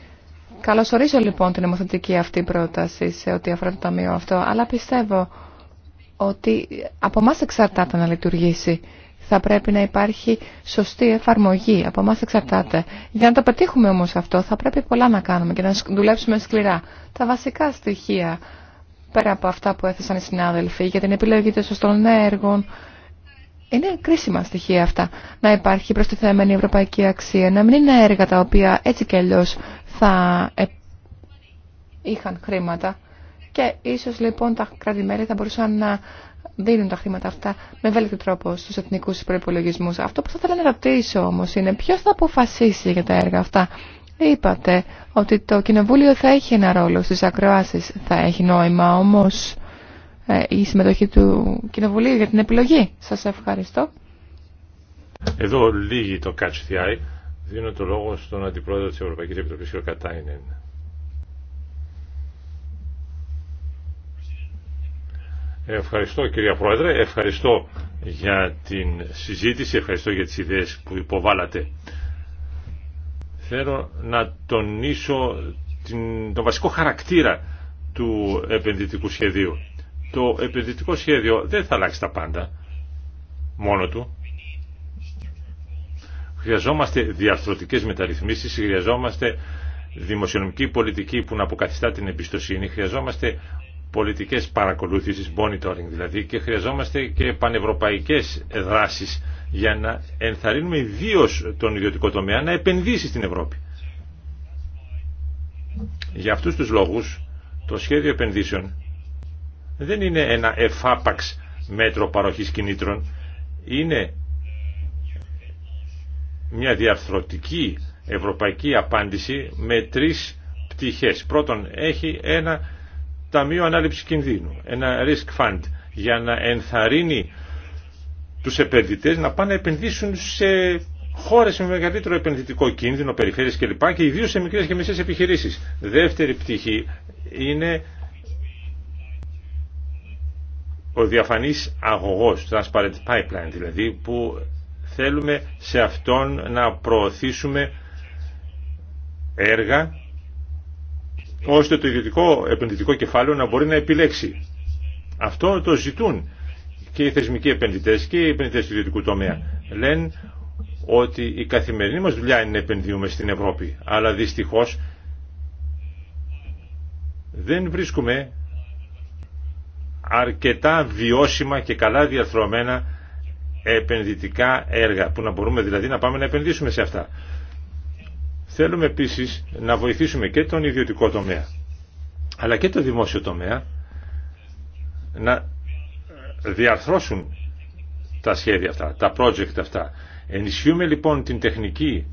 Καλωσορίζω λοιπόν την νομοθετική αυτή πρόταση σε ό,τι αφορά το ταμείο αυτό, αλλά πιστεύω ότι από εμά εξαρτάται να λειτουργήσει. Θα πρέπει να υπάρχει σωστή εφαρμογή. Από εμά εξαρτάται. Για να το πετύχουμε όμω αυτό, θα πρέπει πολλά να κάνουμε και να δουλέψουμε σκληρά. Τα βασικά στοιχεία, πέρα από αυτά που έθεσαν οι συνάδελφοι, για την επιλογή των σωστών έργων, είναι κρίσιμα στοιχεία αυτά. Να υπάρχει προστιθέμενη ευρωπαϊκή αξία, να μην είναι έργα τα οποία έτσι και αλλιώ θα ε, είχαν χρήματα. Και ίσως λοιπόν τα κράτη-μέλη θα μπορούσαν να δίνουν τα χρήματα αυτά με βέλτιο τρόπο στους εθνικούς προϋπολογισμούς. Αυτό που θα ήθελα να ρωτήσω όμως είναι ποιος θα αποφασίσει για τα έργα αυτά. Είπατε ότι το Κοινοβούλιο θα έχει ένα ρόλο στις ακροάσεις. Θα έχει νόημα όμως ε, η συμμετοχή του Κοινοβουλίου για την επιλογή. Σας ευχαριστώ. Εδώ λίγη το Catch the Eye. Δίνω το λόγο στον Αντιπρόεδρο της Ευρωπαϊκής Επιτροπής, ο Κατάινεν. Ευχαριστώ κυρία Πρόεδρε, ευχαριστώ για την συζήτηση, ευχαριστώ για τις ιδέες που υποβάλατε. Θέλω να τονίσω την, τον βασικό χαρακτήρα του επενδυτικού σχεδίου το επενδυτικό σχέδιο δεν θα αλλάξει τα πάντα μόνο του. Χρειαζόμαστε διαρθρωτικές μεταρρυθμίσεις, χρειαζόμαστε δημοσιονομική πολιτική που να αποκαθιστά την εμπιστοσύνη, χρειαζόμαστε πολιτικές παρακολούθησης, monitoring δηλαδή, και χρειαζόμαστε και πανευρωπαϊκές δράσεις για να ενθαρρύνουμε ιδίω τον ιδιωτικό τομέα να επενδύσει στην Ευρώπη. Για αυτούς τους λόγους το σχέδιο επενδύσεων δεν είναι ένα εφάπαξ μέτρο παροχής κινήτρων, είναι μια διαρθρωτική ευρωπαϊκή απάντηση με τρεις πτυχές. Πρώτον, έχει ένα ταμείο ανάληψης κινδύνου, ένα risk fund, για να ενθαρρύνει τους επενδυτές να πάνε να επενδύσουν σε χώρες με μεγαλύτερο επενδυτικό κίνδυνο, περιφέρειες κλπ. και ιδίως σε μικρές και μεσές επιχειρήσεις. Δεύτερη πτυχή είναι ο διαφανής αγωγός, transparent pipeline δηλαδή, που θέλουμε σε αυτόν να προωθήσουμε έργα ώστε το ιδιωτικό επενδυτικό κεφάλαιο να μπορεί να επιλέξει. Αυτό το ζητούν και οι θεσμικοί επενδυτές και οι επενδυτές του ιδιωτικού τομέα. Λένε ότι η καθημερινή μας δουλειά είναι να επενδύουμε στην Ευρώπη, αλλά δυστυχώς δεν βρίσκουμε αρκετά βιώσιμα και καλά διαρθρωμένα επενδυτικά έργα που να μπορούμε δηλαδή να πάμε να επενδύσουμε σε αυτά. Θέλουμε επίσης να βοηθήσουμε και τον ιδιωτικό τομέα αλλά και το δημόσιο τομέα να διαρθρώσουν τα σχέδια αυτά, τα project αυτά. Ενισχύουμε λοιπόν την τεχνική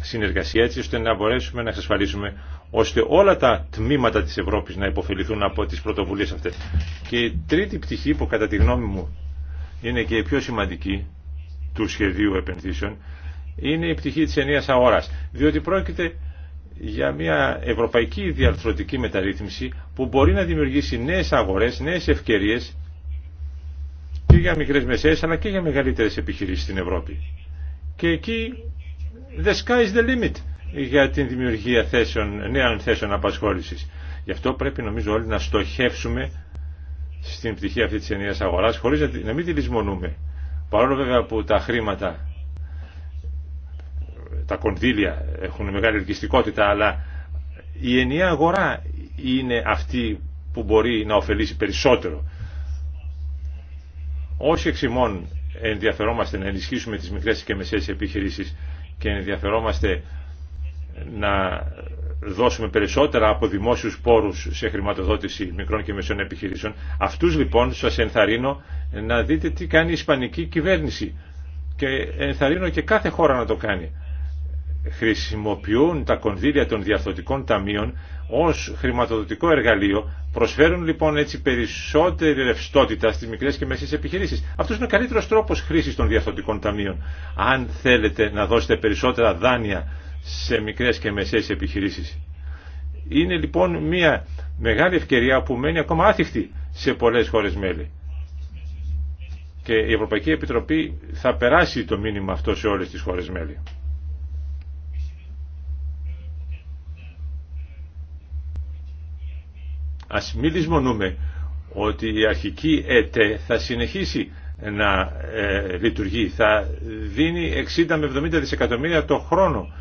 συνεργασία έτσι ώστε να μπορέσουμε να εξασφαλίσουμε ώστε όλα τα τμήματα της Ευρώπης να υποφεληθούν από τις πρωτοβουλίες αυτές. Και η τρίτη πτυχή που κατά τη γνώμη μου είναι και η πιο σημαντική του σχεδίου επενδύσεων είναι η πτυχή της ενίας αγοράς, διότι πρόκειται για μια ευρωπαϊκή διαρθρωτική μεταρρύθμιση που μπορεί να δημιουργήσει νέες αγορές, νέες ευκαιρίες και για μικρές μεσαίες αλλά και για μεγαλύτερες επιχειρήσεις στην Ευρώπη. Και εκεί the sky is the limit για την δημιουργία θέσεων, νέων θέσεων απασχόλησης. Γι' αυτό πρέπει νομίζω όλοι να στοχεύσουμε στην πτυχή αυτή της ενιαίας αγοράς χωρίς να μην τη λησμονούμε. Παρόλο βέβαια που τα χρήματα, τα κονδύλια έχουν μεγάλη ελκυστικότητα, αλλά η ενιαία αγορά είναι αυτή που μπορεί να ωφελήσει περισσότερο. Όσοι εξ ενδιαφερόμαστε να ενισχύσουμε τις μικρές και μεσαίες επιχειρήσεις και ενδιαφερόμαστε να δώσουμε περισσότερα από δημόσιους πόρους σε χρηματοδότηση μικρών και μεσών επιχειρήσεων. Αυτούς λοιπόν σας ενθαρρύνω να δείτε τι κάνει η Ισπανική κυβέρνηση και ενθαρρύνω και κάθε χώρα να το κάνει. Χρησιμοποιούν τα κονδύλια των διαρθωτικών ταμείων ως χρηματοδοτικό εργαλείο, προσφέρουν λοιπόν έτσι περισσότερη ρευστότητα στις μικρές και μεσές επιχειρήσεις. Αυτός είναι ο καλύτερος τρόπος χρήσης των διαρθωτικών ταμείων. Αν θέλετε να δώσετε περισσότερα δάνεια σε μικρές και μεσαίες επιχειρήσεις. Είναι λοιπόν μια μεγάλη ευκαιρία που μένει ακόμα άθιχτη σε πολλές χώρες μέλη. Και η Ευρωπαϊκή Επιτροπή θα περάσει το μήνυμα αυτό σε όλες τις χώρες μέλη. Ας μην λησμονούμε ότι η αρχική ΕΤΕ θα συνεχίσει να ε, λειτουργεί, θα δίνει 60 με 70 δισεκατομμύρια το χρόνο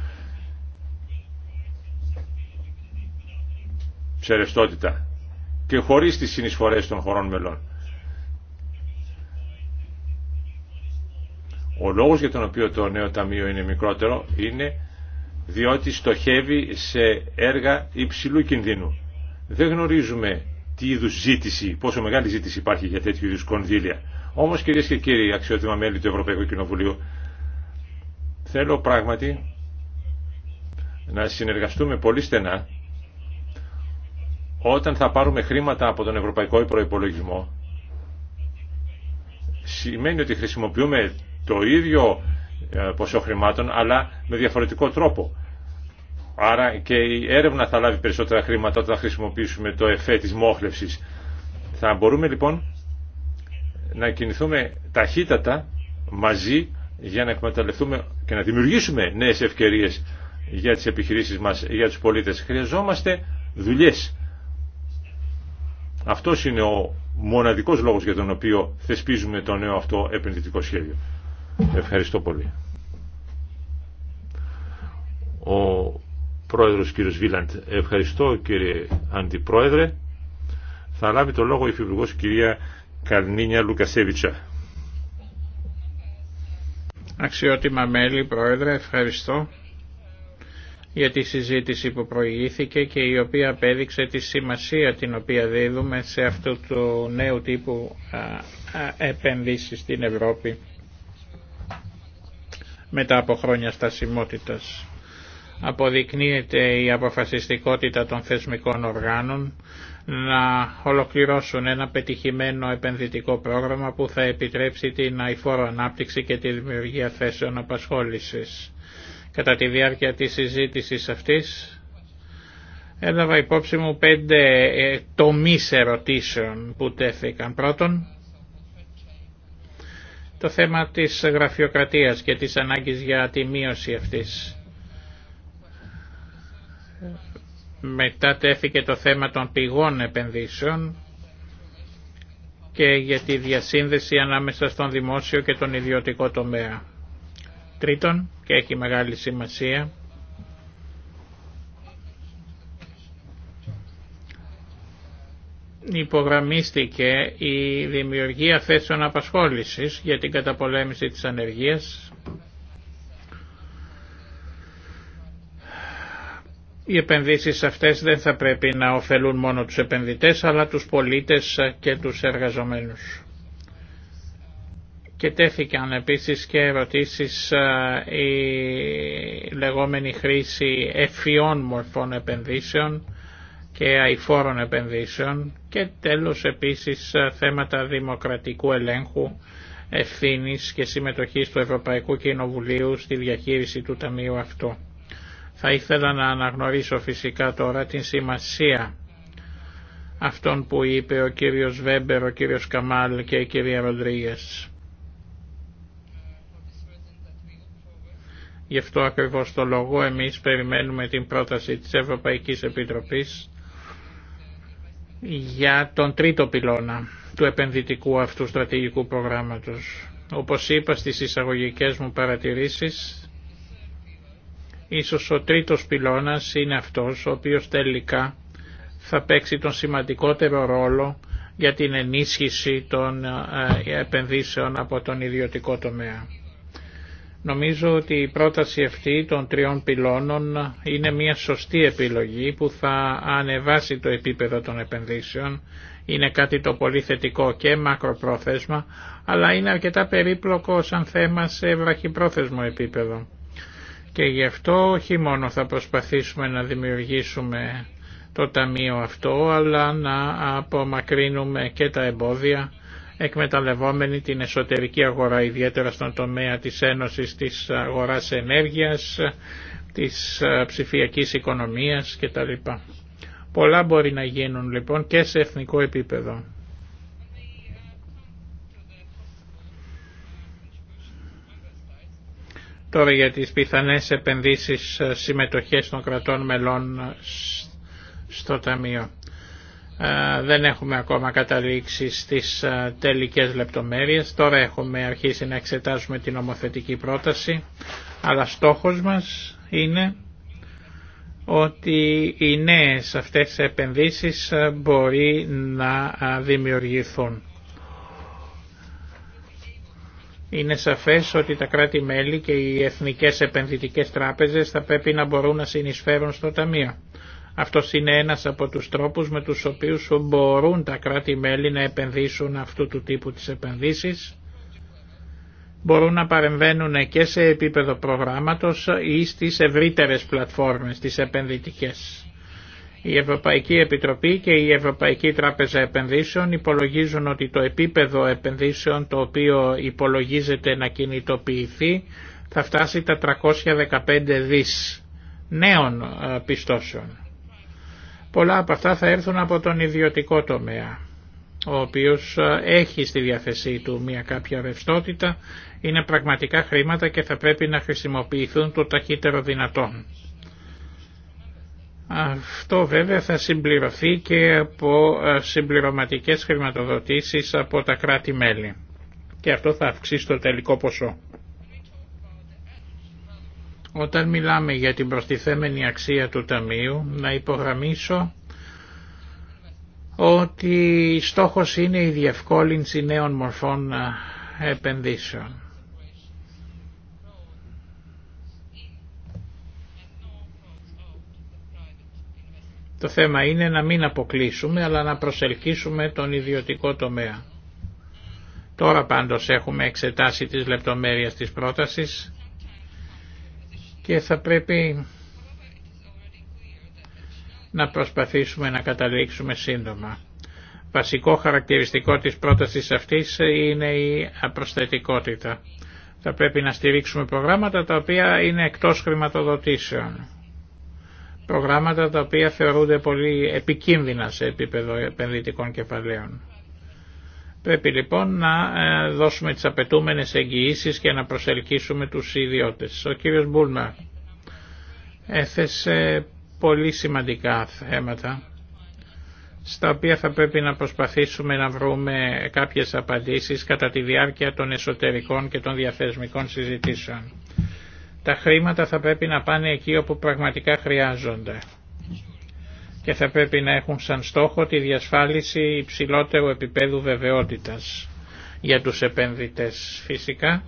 σερεστότητα και χωρίς τις συνεισφορές των χωρών μελών. Ο λόγος για τον οποίο το νέο ταμείο είναι μικρότερο είναι διότι στοχεύει σε έργα υψηλού κινδύνου. Δεν γνωρίζουμε τι είδους ζήτηση, πόσο μεγάλη ζήτηση υπάρχει για τέτοιου είδους κονδύλια. Όμως κυρίες και κύριοι αξιότιμα μέλη του Ευρωπαϊκού Κοινοβουλίου, θέλω πράγματι να συνεργαστούμε πολύ στενά όταν θα πάρουμε χρήματα από τον Ευρωπαϊκό Προϋπολογισμό, σημαίνει ότι χρησιμοποιούμε το ίδιο ε, ποσό χρημάτων, αλλά με διαφορετικό τρόπο. Άρα και η έρευνα θα λάβει περισσότερα χρήματα όταν χρησιμοποιήσουμε το εφέ της μόχλευσης. Θα μπορούμε λοιπόν να κινηθούμε ταχύτατα μαζί για να εκμεταλλευτούμε και να δημιουργήσουμε νέες ευκαιρίες για τις επιχειρήσεις μας, για τους πολίτες. Χρειαζόμαστε δουλειές. Αυτό είναι ο μοναδικός λόγος για τον οποίο θεσπίζουμε το νέο αυτό επενδυτικό σχέδιο. Ευχαριστώ πολύ. Ο πρόεδρος κύριος Βίλαντ. Ευχαριστώ κύριε Αντιπρόεδρε. Θα λάβει το λόγο η Υφυπουργός κυρία Καλνίνια Λουκασέβιτσα. Αξιότιμα μέλη, Πρόεδρε, ευχαριστώ για τη συζήτηση που προηγήθηκε και η οποία απέδειξε τη σημασία την οποία δίδουμε σε αυτού του νέου τύπου επενδύσεις στην Ευρώπη μετά από χρόνια στασιμότητας. Αποδεικνύεται η αποφασιστικότητα των θεσμικών οργάνων να ολοκληρώσουν ένα πετυχημένο επενδυτικό πρόγραμμα που θα επιτρέψει την αηφόρο ανάπτυξη και τη δημιουργία θέσεων απασχόλησης. Κατά τη διάρκεια της συζήτησης αυτής έλαβα υπόψη μου πέντε ε, τομείς ερωτήσεων που τέθηκαν. Πρώτον, το θέμα της γραφειοκρατίας και της ανάγκης για τη μείωση αυτής. Μετά τέθηκε το θέμα των πηγών επενδύσεων και για τη διασύνδεση ανάμεσα στον δημόσιο και τον ιδιωτικό τομέα. Τρίτον, και έχει μεγάλη σημασία, υπογραμμίστηκε η δημιουργία θέσεων απασχόλησης για την καταπολέμηση της ανεργίας. Οι επενδύσεις αυτές δεν θα πρέπει να ωφελούν μόνο τους επενδυτές αλλά τους πολίτες και τους εργαζομένους και τέθηκαν επίσης και ερωτήσεις ε, η λεγόμενη χρήση ευφυών μορφών επενδύσεων και αηφόρων επενδύσεων και τέλος επίσης ε, θέματα δημοκρατικού ελέγχου ευθύνη και συμμετοχής του Ευρωπαϊκού Κοινοβουλίου στη διαχείριση του Ταμείου αυτού. Θα ήθελα να αναγνωρίσω φυσικά τώρα την σημασία αυτών που είπε ο κύριος Βέμπερ, ο κύριος Καμάλ και η κυρία Ροντρίγες. Γι' αυτό ακριβώς το λόγο εμείς περιμένουμε την πρόταση της Ευρωπαϊκής Επιτροπής για τον τρίτο πυλώνα του επενδυτικού αυτού στρατηγικού προγράμματος. Όπως είπα στις εισαγωγικές μου παρατηρήσεις, ίσως ο τρίτος πυλώνας είναι αυτός ο οποίος τελικά θα παίξει τον σημαντικότερο ρόλο για την ενίσχυση των ε, επενδύσεων από τον ιδιωτικό τομέα. Νομίζω ότι η πρόταση αυτή των τριών πυλώνων είναι μια σωστή επιλογή που θα ανεβάσει το επίπεδο των επενδύσεων. Είναι κάτι το πολύ θετικό και μακροπρόθεσμα, αλλά είναι αρκετά περίπλοκο σαν θέμα σε βραχυπρόθεσμο επίπεδο. Και γι' αυτό όχι μόνο θα προσπαθήσουμε να δημιουργήσουμε το ταμείο αυτό, αλλά να απομακρύνουμε και τα εμπόδια εκμεταλλευόμενοι την εσωτερική αγορά, ιδιαίτερα στον τομέα της Ένωσης της Αγοράς Ενέργειας, της ε, ψηφιακής οικονομίας κτλ. Πολλά μπορεί να γίνουν λοιπόν και σε εθνικό επίπεδο. Τώρα για τις πιθανές επενδύσεις ε, συμμετοχές των κρατών μελών ε, στο Ταμείο. Ε, δεν έχουμε ακόμα καταλήξει στις ε, τελικές λεπτομέρειες. Τώρα έχουμε αρχίσει να εξετάζουμε την ομοθετική πρόταση, αλλά στόχος μας είναι ότι οι νέες αυτές επενδύσεις ε, μπορεί να δημιουργηθούν. Είναι σαφές ότι τα κράτη-μέλη και οι εθνικές επενδυτικές τράπεζες θα πρέπει να μπορούν να συνεισφέρουν στο Ταμείο. Αυτό είναι ένας από τους τρόπους με τους οποίους μπορούν τα κράτη-μέλη να επενδύσουν αυτού του τύπου τις επενδύσεις. Μπορούν να παρεμβαίνουν και σε επίπεδο προγράμματος ή στις ευρύτερες πλατφόρμες, τις επενδυτικές. Η Ευρωπαϊκή Επιτροπή και η Ευρωπαϊκή Τράπεζα Επενδύσεων υπολογίζουν ότι το επίπεδο επενδύσεων το οποίο υπολογίζεται να κινητοποιηθεί θα φτάσει τα 315 δις νέων ε, πιστώσεων. Πολλά από αυτά θα έρθουν από τον ιδιωτικό τομέα, ο οποίος ε, έχει στη διάθεσή του μια κάποια ρευστότητα, είναι πραγματικά χρήματα και θα πρέπει να χρησιμοποιηθούν το ταχύτερο δυνατόν. Αυτό βέβαια θα συμπληρωθεί και από ε, συμπληρωματικές χρηματοδοτήσεις από τα κράτη-μέλη και αυτό θα αυξήσει το τελικό ποσό. Όταν μιλάμε για την προστιθέμενη αξία του Ταμείου, να υπογραμμίσω ότι στόχος είναι η διευκόλυνση νέων μορφών επενδύσεων. Το θέμα είναι να μην αποκλείσουμε αλλά να προσελκύσουμε τον ιδιωτικό τομέα. Τώρα πάντως έχουμε εξετάσει τις λεπτομέρειες της πρότασης και θα πρέπει να προσπαθήσουμε να καταλήξουμε σύντομα. Βασικό χαρακτηριστικό της πρότασης αυτής είναι η απροσθετικότητα. Θα πρέπει να στηρίξουμε προγράμματα τα οποία είναι εκτός χρηματοδοτήσεων. Προγράμματα τα οποία θεωρούνται πολύ επικίνδυνα σε επίπεδο επενδυτικών κεφαλαίων. Πρέπει λοιπόν να ε, δώσουμε τις απαιτούμενες εγγυήσεις και να προσελκύσουμε τους ιδιώτες. Ο κύριος Μπούλμα έθεσε πολύ σημαντικά θέματα στα οποία θα πρέπει να προσπαθήσουμε να βρούμε κάποιες απαντήσεις κατά τη διάρκεια των εσωτερικών και των διαθεσμικών συζητήσεων. Τα χρήματα θα πρέπει να πάνε εκεί όπου πραγματικά χρειάζονται και θα πρέπει να έχουν σαν στόχο τη διασφάλιση υψηλότερου επίπεδου βεβαιότητας για τους επενδυτές. Φυσικά,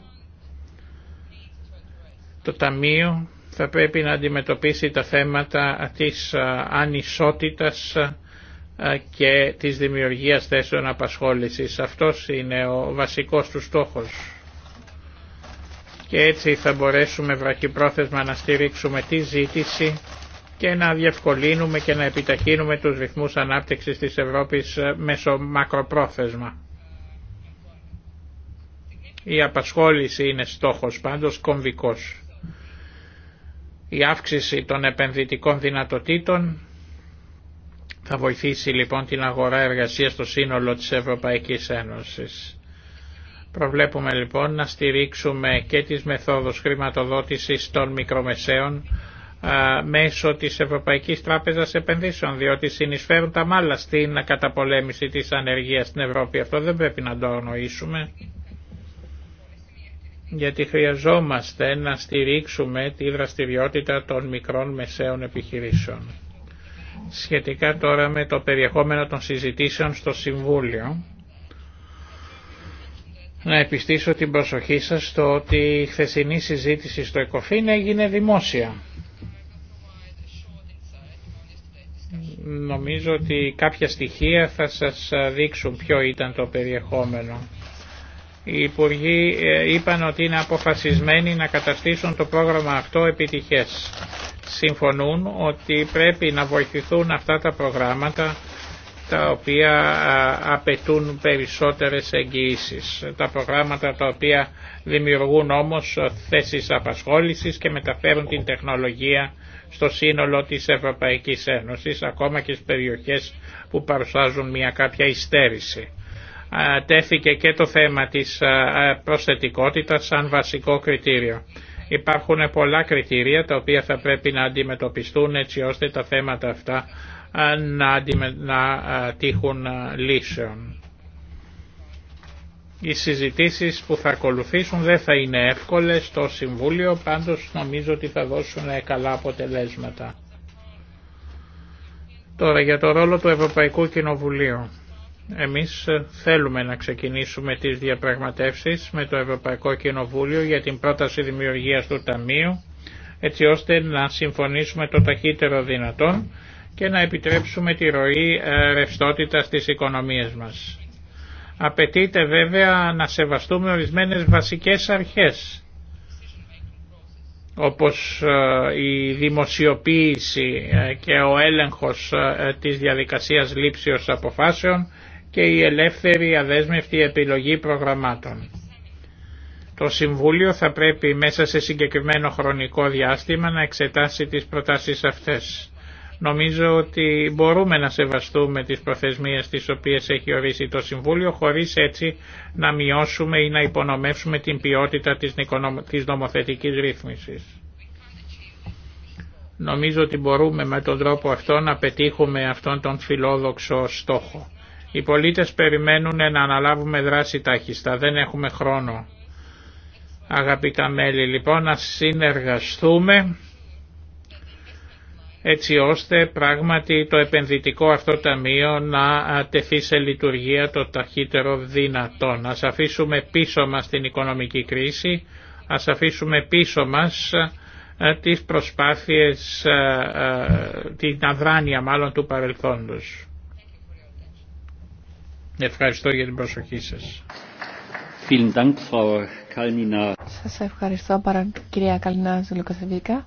το Ταμείο θα πρέπει να αντιμετωπίσει τα θέματα της ανισότητας και της δημιουργίας θέσεων απασχόλησης. Αυτός είναι ο βασικός του στόχος. Και έτσι θα μπορέσουμε βραχυπρόθεσμα να στηρίξουμε τη ζήτηση και να διευκολύνουμε και να επιταχύνουμε τους ρυθμούς ανάπτυξης της Ευρώπης ε, μέσω μακροπρόθεσμα. Η απασχόληση είναι στόχος πάντως κομβικός. Η αύξηση των επενδυτικών δυνατοτήτων θα βοηθήσει λοιπόν την αγορά εργασίας στο σύνολο της Ευρωπαϊκής Ένωσης. Προβλέπουμε λοιπόν να στηρίξουμε και τις μεθόδους χρηματοδότησης των μικρομεσαίων μέσω της Ευρωπαϊκής Τράπεζας Επενδύσεων, διότι συνεισφέρουν τα μάλλα στην καταπολέμηση της ανεργίας στην Ευρώπη. Αυτό δεν πρέπει να το αγνοήσουμε, γιατί χρειαζόμαστε να στηρίξουμε τη δραστηριότητα των μικρών μεσαίων επιχειρήσεων. Σχετικά τώρα με το περιεχόμενο των συζητήσεων στο Συμβούλιο, να επιστήσω την προσοχή σας στο ότι η χθεσινή συζήτηση στο ΕΚΟΦΗΝ έγινε δημόσια Νομίζω ότι κάποια στοιχεία θα σας ε, δείξουν ποιο ήταν το περιεχόμενο. Οι Υπουργοί ε, είπαν ότι είναι αποφασισμένοι να καταστήσουν το πρόγραμμα αυτό επιτυχές. Συμφωνούν ότι πρέπει να βοηθηθούν αυτά τα προγράμματα τα οποία απαιτούν περισσότερες εγγυήσεις. Τα προγράμματα τα οποία δημιουργούν όμως θέσεις απασχόλησης και μεταφέρουν την τεχνολογία στο σύνολο της Ευρωπαϊκής Ένωσης, ακόμα και στις περιοχές που παρουσιάζουν μια κάποια υστέρηση. Τέθηκε και το θέμα της προσθετικότητας σαν βασικό κριτήριο. Υπάρχουν πολλά κριτήρια τα οποία θα πρέπει να αντιμετωπιστούν έτσι ώστε τα θέματα αυτά να τύχουν λύσεων. Οι συζητήσεις που θα ακολουθήσουν δεν θα είναι εύκολες στο Συμβούλιο, πάντως νομίζω ότι θα δώσουν καλά αποτελέσματα. Τώρα για το ρόλο του Ευρωπαϊκού Κοινοβουλίου. Εμείς θέλουμε να ξεκινήσουμε τις διαπραγματεύσεις με το Ευρωπαϊκό Κοινοβούλιο για την πρόταση δημιουργίας του Ταμείου, έτσι ώστε να συμφωνήσουμε το ταχύτερο δυνατόν και να επιτρέψουμε τη ροή ε, ρευστότητα στις οικονομίες μας. Απαιτείται βέβαια να σεβαστούμε ορισμένες βασικές αρχές όπως ε, η δημοσιοποίηση ε, και ο έλεγχος ε, της διαδικασίας λήψεως αποφάσεων και η ελεύθερη αδέσμευτη επιλογή προγραμμάτων. Το Συμβούλιο θα πρέπει μέσα σε συγκεκριμένο χρονικό διάστημα να εξετάσει τις προτάσεις αυτές. Νομίζω ότι μπορούμε να σεβαστούμε τις προθεσμίες τις οποίες έχει ορίσει το Συμβούλιο χωρίς έτσι να μειώσουμε ή να υπονομεύσουμε την ποιότητα της νομοθετικής ρύθμισης. Νομίζω ότι μπορούμε με τον τρόπο αυτό να πετύχουμε αυτόν τον φιλόδοξο στόχο. Οι πολίτες περιμένουν να αναλάβουμε δράση τάχιστα, δεν έχουμε χρόνο. Αγαπητά μέλη λοιπόν να συνεργαστούμε έτσι ώστε πράγματι το επενδυτικό αυτό ταμείο να τεθεί σε λειτουργία το ταχύτερο δυνατόν. Ας αφήσουμε πίσω μας την οικονομική κρίση, ας αφήσουμε πίσω μας τις προσπάθειες, την αδράνεια μάλλον του παρελθόντος. Ευχαριστώ για την προσοχή σας. Σας ευχαριστώ παρά κυρία Καλινάζου Λουκασεβίκα.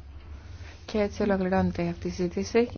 Και έτσι ολοκληρώνεται αυτή η συζήτηση.